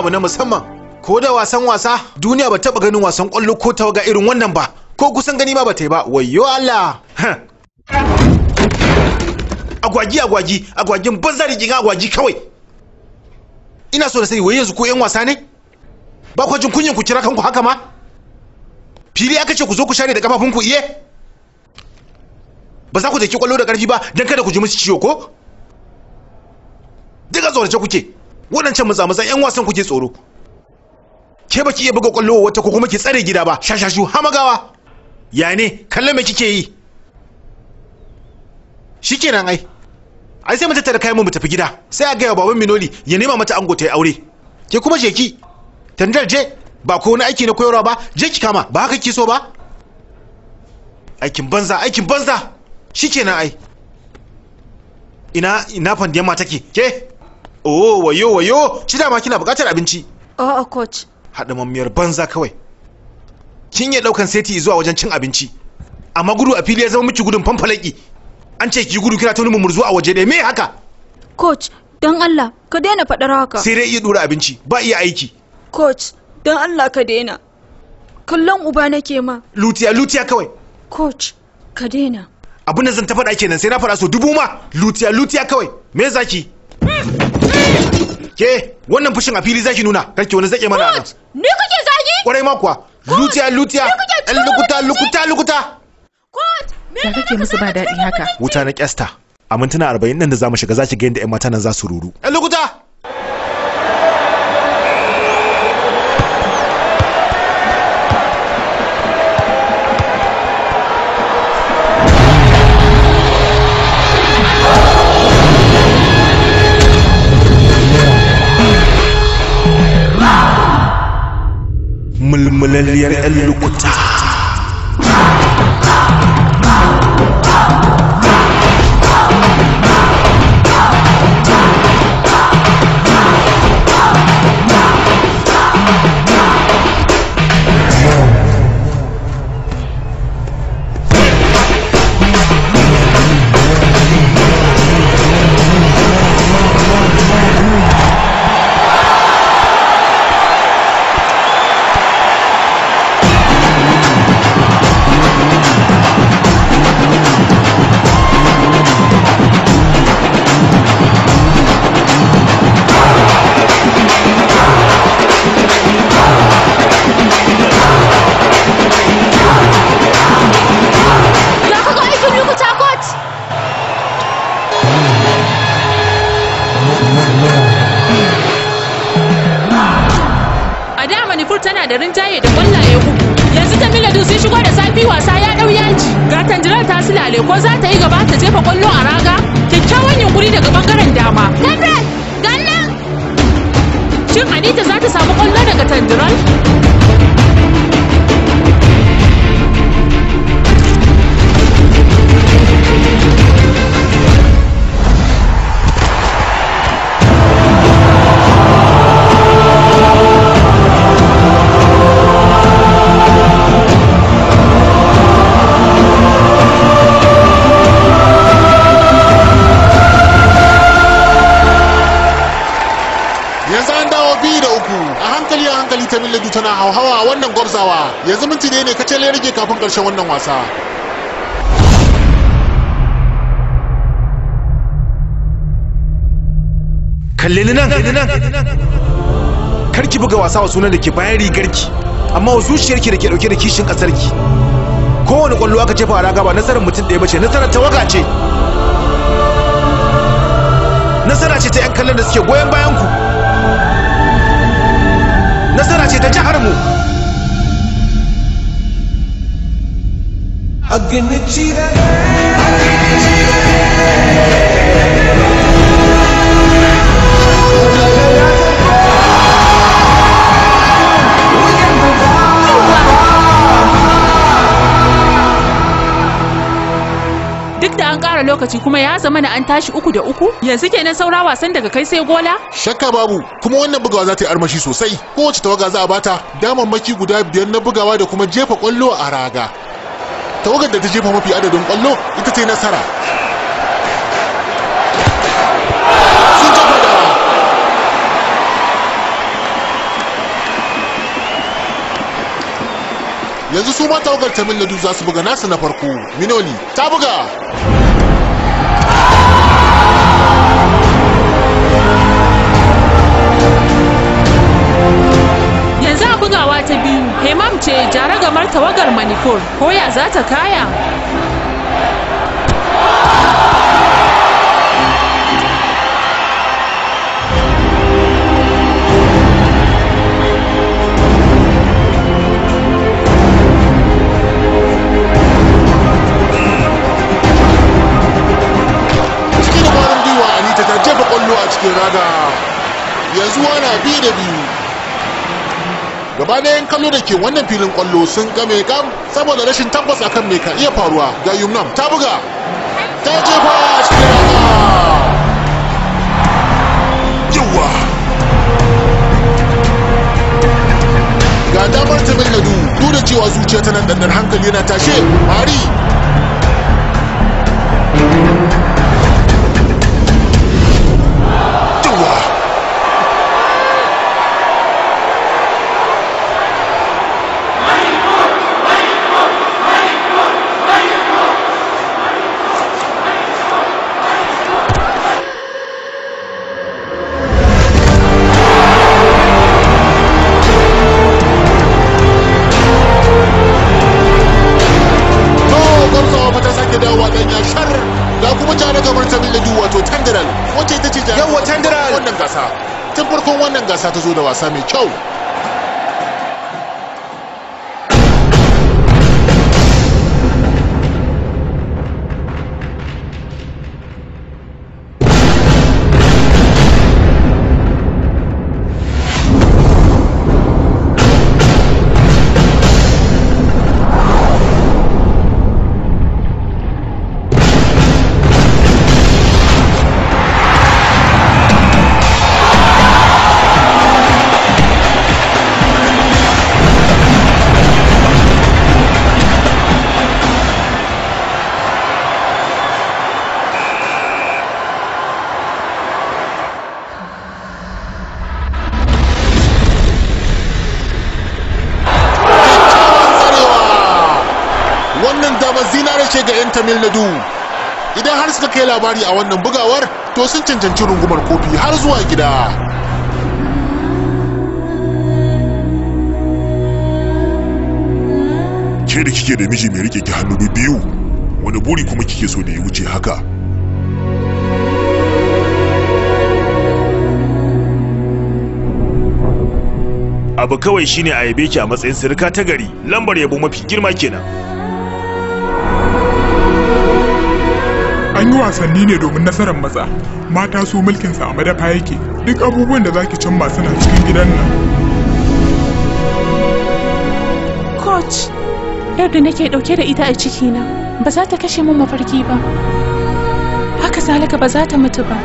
B: abu na musamman ko da wasan wasa duniya ba taba ganin wasan kwallo ko tawaga irin wannan ba ko kusan gani ma ba ta yi ba wayo Allah agwagi agwagi agwagin banza rigin agwagi kawai ina so da sani wai yanzu ko yan wasa ne ba ku jin kunyan ku kira kanku haka ma fili aka ce ku zo ku share da kafafun ku iye ba za ku ki kwallo da karfi ba don kada ku ji musu ciwo ko da ce kuke waɗancan mutsamutsan yan wasan kuke tsoro ke baki iya buga kwallo wata ko kuma ki tsare gida ba shashashu hamagawa ya ne kallon me kike yi shikenan ai ai sai mu tattara kayan mu tafi gida sai a gaya baban minoli ya nema mata ango ta yi aure ke kuma sheki tandar je ba ko wani aiki na koyarwa ba je ki kama ba haka ki so ba aikin banza aikin banza shikenan ai ina ina fandiyan ma take ke oh wayo wayo shi dama kina buƙatar abinci oh coach haɗa mammiyar banza kawai kin iya ɗaukan seti zuwa wajen cin abinci amma gudu a fili ya zama miki gudun fanfalaki an ce ki gudu kira ta wani mumurzu a waje ɗaya me haka
E: coach don Allah ka daina faɗar haka sai dai
B: iya ɗora abinci ba iya aiki
E: coach don Allah ka daina kallon uba nake ma
B: lutiya lutiya kawai
E: coach ka daina
B: abin da zan ta faɗa kenan sai na faɗa so dubu ma lutiya lutiya kawai me zaki ke wannan fushin a fili zaki nuna karki wani zake mana nan ni kuke zagi kwarai ma kuwa lutiya lutiya ɗan lukuta lukuta lukuta ya kake musu ba daɗi haka wuta na kyasta a mintuna arba'in nan da za mu shiga za ki ga yadda 'yan mata nan za su ruru ɗan lukuta mulmulalliyar 'yan lukuta yanzu minti ne ne kacal ya rage kafin ƙarshen wannan wasa kalle ni nan karki buga wasa wa sunan da ke bayan rigarki amma wa zuciyarki da ke dauke da kishin ki kowane kwallo aka jefa a raga ba nasarar mutum ɗaya bace nasarar tawaga ce nasara ce ta 'yan kallon da suke goyon bayan ku
D: nasara ce ta jiharmu mu
A: duk da an
G: ƙara lokaci kuma ya zama na an tashi uku da uku yanzu kenan saura wasan daga kai sai gola shakka babu
B: kuma wannan bugawa za ta yi armashi sosai kowace tawaga za a bata damammaki guda biyar na bugawa da kuma jefa kwallo a raga tawagar da ta jefa mafi adadin kwallo ita ce nasara sun yanzu su ma tawagar tamil nadu za su buga nasu na farko minoli ta buga
G: yanzu a bugawa ta biyu hemam ce jaragamar tawagar manipur koya za ta kaya
D: cikin raga
B: yanzu wana biyu da biyu gaba ɗayan kallo da ke wannan filin kwallo sun game kam saboda rashin tabbas akan me ka iya faruwa ga yumnam ta buga ta jefa a cikin rana yawa ga damar ta mai ladu duk da cewa zuciya ta dandan hankali yana tashe mari Sammy chao! labari a wannan bugawar to sun cancanci rungumar kofi har zuwa gida ke da kike da miji mai rike ki hannu biyu wani buri kuma kike so da ya wuce haka abu kawai shine a yabe ki a matsayin sirka ta gari lambar yabo
C: mafi girma kenan an yi wasanni ne domin nasarar maza mata su mulkinsa a madafa yake duk abubuwan da zaki cimma na cikin gidan nan coach
I: yadda da nake dauke da ita a ciki na ba za ta kashe min mafarki ba haka zalika ba za ta mutu ba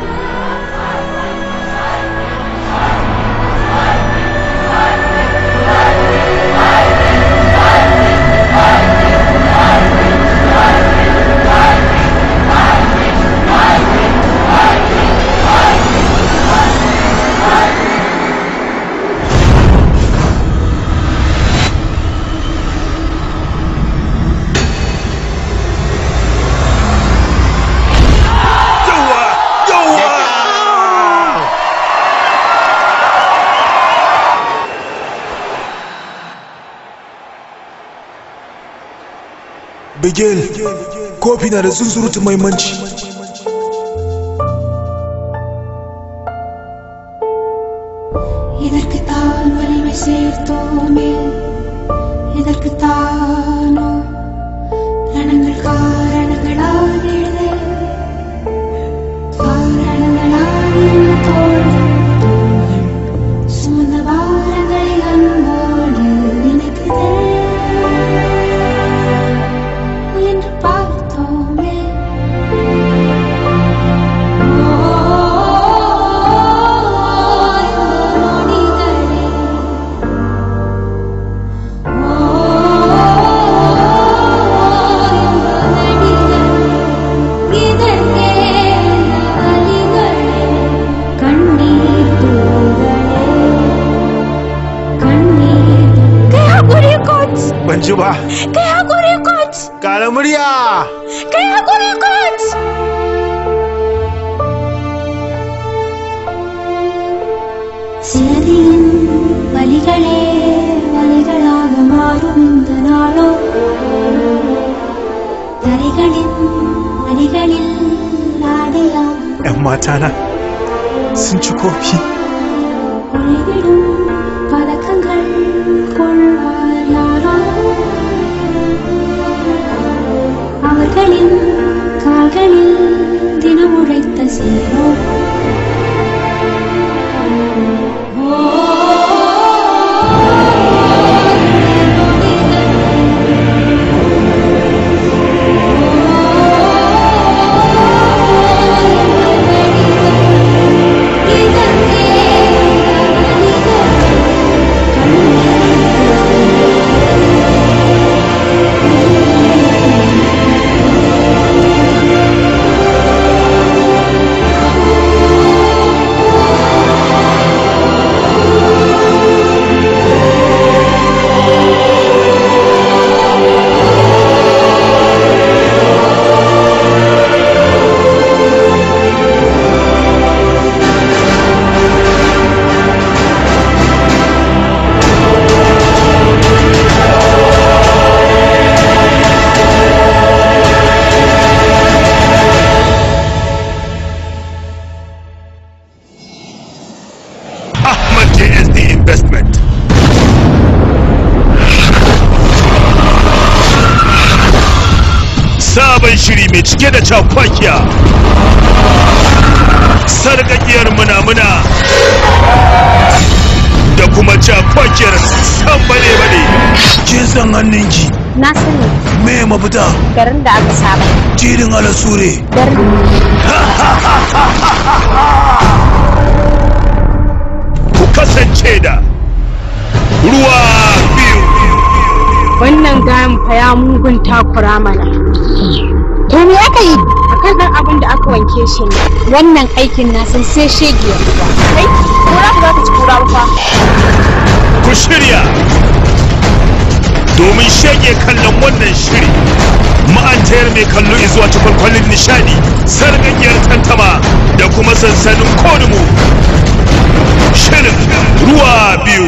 B: begin kofi na da zunzurutun maimanci juba. a
A: q u e hago en el coche? e c a l a m a r i a q u e hago en el coche? சதியின் வழிகளே வழிகளாக மாறும் இந்த நாளோ தரைகளின் வழிகளில் நாடையாகும்
B: எம்மாச்சானா 신축호 희
A: பகலில் காகலில் தினம் உழைத்த சீரோ
E: na sani
B: me mafita
E: garin da aka saba
B: jirin alasu ne garin ku
D: kasance da ruwa biyu wannan
H: gayan fa ya mugun takura mana to me aka yi akan dan abin da
E: aka wanke shi ne wannan aikin na san sai shege ya kai kura ba za ku ci kura ba
D: ku shirya domin shege
B: kallon wannan shiri ma'antayar mai kallo zuwa kwallon nishadi
D: sarganyar tantama da kuma sansanin konimo shirin ruwa biyu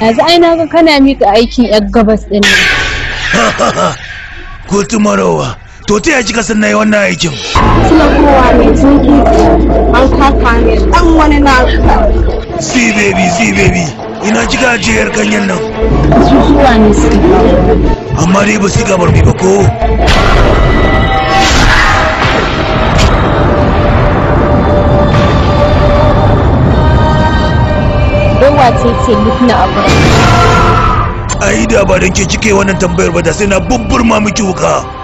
E: yanzu ai na ga kana mika aikin yan gabas din
B: nan ko marowa to ta yaji kasan na yi wannan aikin
A: kowa mai tunki an kafa ne dan wani na si baby si baby ina ji gajiyar ganyen nan zuwa ne
D: amma dai ba su gabar mai ba ko
B: Aida ce ce ba don ke cike wannan tambayar ba da sai na bubburma miki wuka.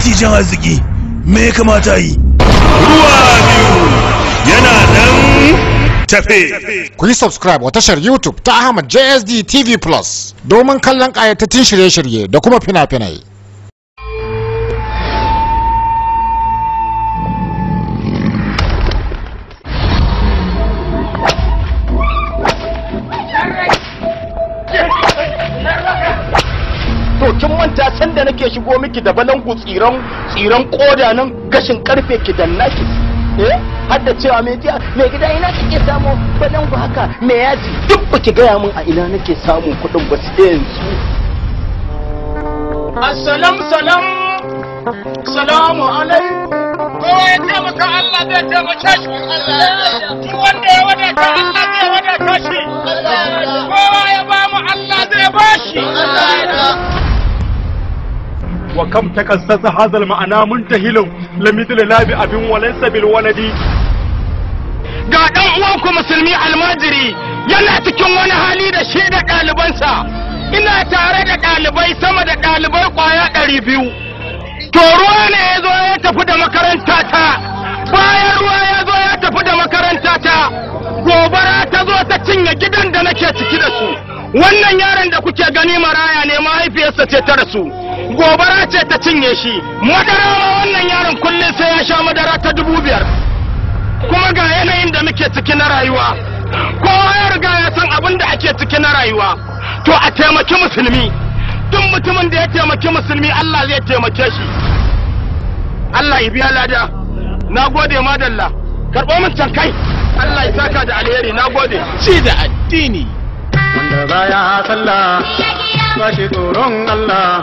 B: macijin arziki me ya kamata yi ruwa biyu yana nan tafe ku yi subscribe wa tashar youtube ta ahmad jsd tv plus domin kallon ƙayatattun shirye-shirye da kuma fina-finai
D: yake shigo miki da balangu tsiran tsiran koda nan gashin karfe ki danna ki eh har da cewa me jiya me gida ina kike samu balangu haka me yaji duk ba baki gaya min a ina nake samun kuɗin ba sai yanzu assalam salam salamu alaikum ko ya taimaka Allah zai taimaka shi Allah ki wanda ya
A: wadata Allah zai wadata shi Allah ko ya ba mu Allah zai ba shi Allah
B: wa kam takassasa hazal ma'ana muntahilun lamithli labi abin walaysa bil waladi
D: ga dan uwanku musulmi almajiri yana cikin wani hali da shi da ɗalibansa ina tare da ɗalibai sama da ɗalibai kwaya ɗari biyu to ruwa ne ya zo ya tafi da makaranta ta bayan ruwa ya zo ya tafi da makaranta ta gobara ta zo ta cinye gidan da nake ciki da su wannan yaron da kuke gani maraya ne mahaifiyarsa ce ta rasu gobara ce ta cinye shi madara ma wannan yaron kullum sai ya sha madara ta dubu biyar kuma ga yanayin da muke ciki na rayuwa kowa ya riga ya san abin da ake ciki na rayuwa to a taimaki musulmi duk mutumin da ya taimaki musulmi Allah zai taimake shi Allah ya biya lada na gode madalla karɓo min can Allah ya saka da alheri na gode ci da addini wanda baya sallah ba shi tsoron Allah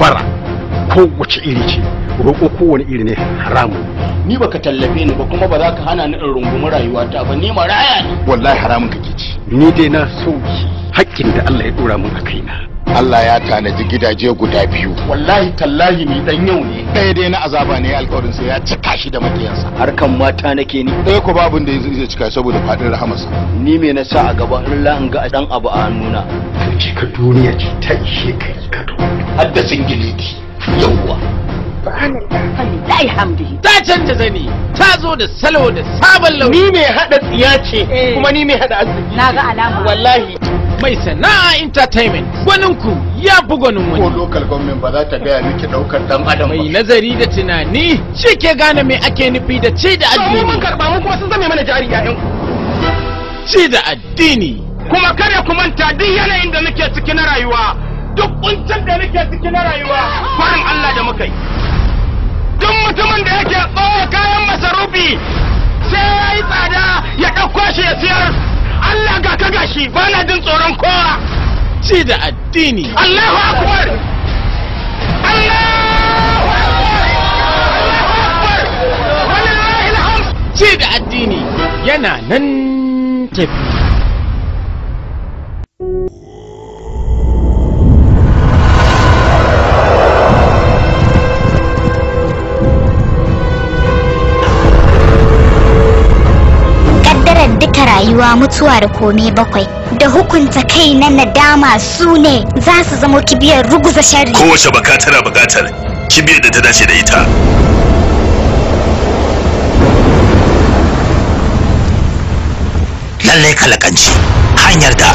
D: bara ko wace iri ce roƙo wani iri ne haramun ni ba ka tallafe ni ba kuma ba za ka hana ni in rungumi rayuwata ba ni maraya ne wallahi haramun kake ci ni dai na sauki haƙƙin da Allah ya dora min a kaina Allah ya tanaji gidaje guda biyu wallahi tallahi ni dan yau ne ɗaya dai na azaba ne alƙawarin sai ya cika shi da makiyansa harkan mata nake ni ɗaya ko babun da zai cika saboda faɗin rahamarsa ni me na sa a gaba in la in ga dan abu a hannuna ka cika duniya ce ta ishe kai ka to har da singiliti yawwa Ta canja zani, ta zo da salo da sabon launi. Ni mai haɗa tsiya ce, eh. kuma ni mai haɗa arziki. Na ga alama. Wallahi. mai sana'a entertainment gwaninku ya fi gwanin wani ko local government ba za ta gaya miki daukar dan adam mai nazari da tunani shi ke gane me ake nufi da ci da addini mun karba mu kuma sun zame mana jari yayan ci da addini kuma kare ku manta duk yanayin da nake ciki na rayuwa duk kuncin da nake ciki na rayuwa farin Allah da muka yi duk mutumin da yake tsawo kayan masarufi sai ya yi tsada ya ɗauko shi ya siyar Allah ga ka gashi ba na jin tsoron kowa ci da addini Allahu akbar Allahu akbar Allahu akbar ci da addini yana nan
A: tafi
C: rayuwa mutuwa da kome bakwai da hukunta kai na nadama su ne za su zamo kibiyar ruguza shari kowace
B: bakatara a kibiyar da ta dace da ita
F: lallai kalakanci hanyar da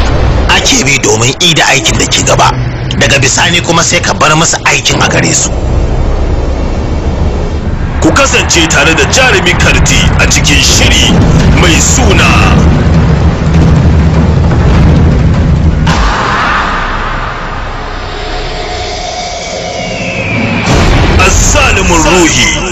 F: ake bi domin ida aikin da ke gaba
B: daga bisani kuma sai ka bar masa aikin a gare su ku kasance tare da jarumi karti a cikin shiri mai suna Assalamu ruhi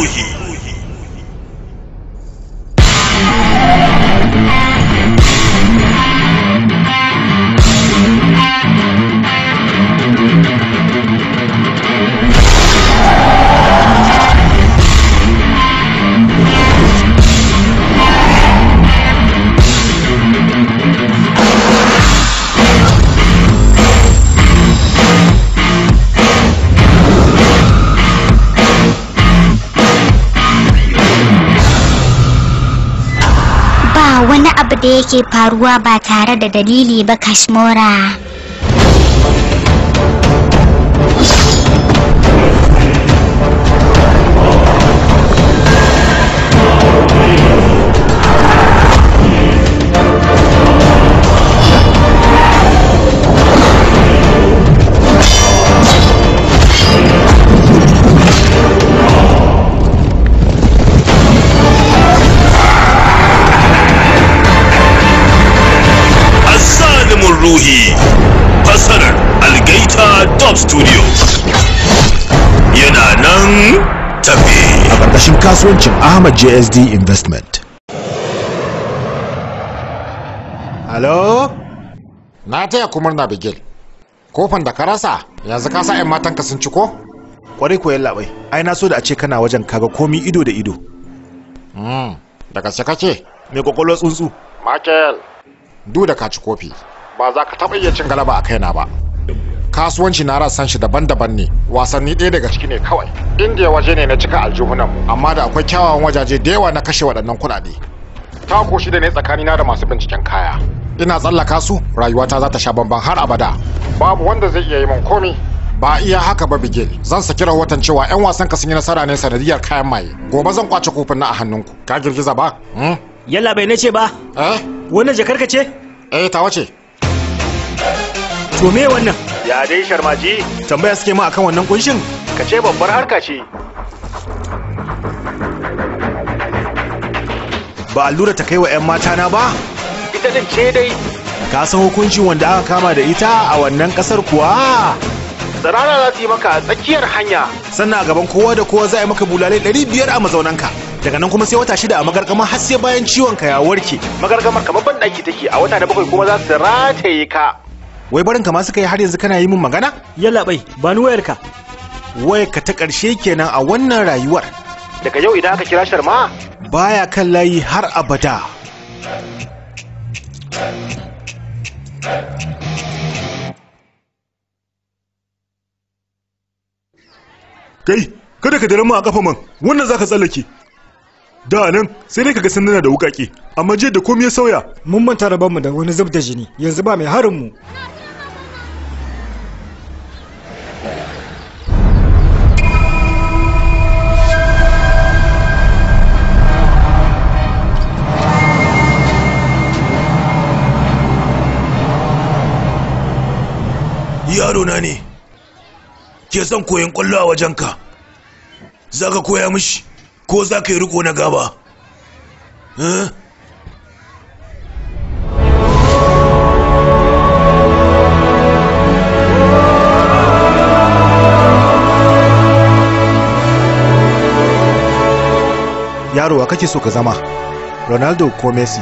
C: yake faruwa ba tare da dalili ba kashmora
B: kasuwancin Ahmad JSD Investment. Halo? Na taya kumar na bigil. Kofan da ka rasa yanzu ka sa 'yan matanka sun ci ko? Kwarai ko yin labai, ai na so da a ce kana wajen kaga komi ido da ido. Hmm, daga gaske kake? Me kwakwalwar tsuntsu? Michael, du da ka ci kofi, ba za ka taɓa iya cin galaba a kaina ba. kasuwanci na rasan shi daban-daban ne wasanni ɗaya daga ciki ne kawai indiya waje ne na cika aljihunan mu amma da akwai kyawawan wajaje da yawa na kashe waɗannan kuɗaɗe tako shida ne tsakanina da masu binciken kaya ina tsallaka su rayuwata za ta sha bamban har abada babu wanda zai iya yi min komi ba iya haka ba bigil zan saki rahoton cewa 'yan wasan ka sun yi nasara ne sanadiyar kayan maye gobe zan kwace kofin na a hannunku ka girgiza ba
F: hmm? yalla bai nace ba eh wannan
B: jakar ka ce eh tawa ce to me wannan ya dai sharmaji tambaya suke ma akan wannan kunshin ka ce babbar harka ce ba allura ta kai wa 'yan mata na ba
F: ita din ce dai
B: ka san hukuncin wanda aka kama da ita a wannan kasar kuwa zarara za su yi maka tsakiyar hanya sannan a gaban kowa da kowa za a yi maka ɗari biyar a mazaunanka daga nan kuma sai wata shida a magargama har sai bayan ciwon ka ya warke magargamar kamar ban take a wata da bakwai kuma za su rataye ka wai barin ka ma suka yi har yanzu kana yi min magana yalla bai ba ni wayarka wayarka ta ƙarshe kenan a wannan rayuwar
F: daga yau idan aka kira sharma
B: baya kan layi har abada kai kada ka dare mu a kafa man wannan zaka tsallake da nan sai dai kaga sanduna da wukaƙe, amma jiya da komai ya sauya mun manta rabanmu da wani zub da jini yanzu ba mai harin mu yaro na ne ke son koyon kwallo a wajenka za ka koya mishi ko za ka yi riko na gaba eh? yaro wa kake so ka zama ronaldo ko messi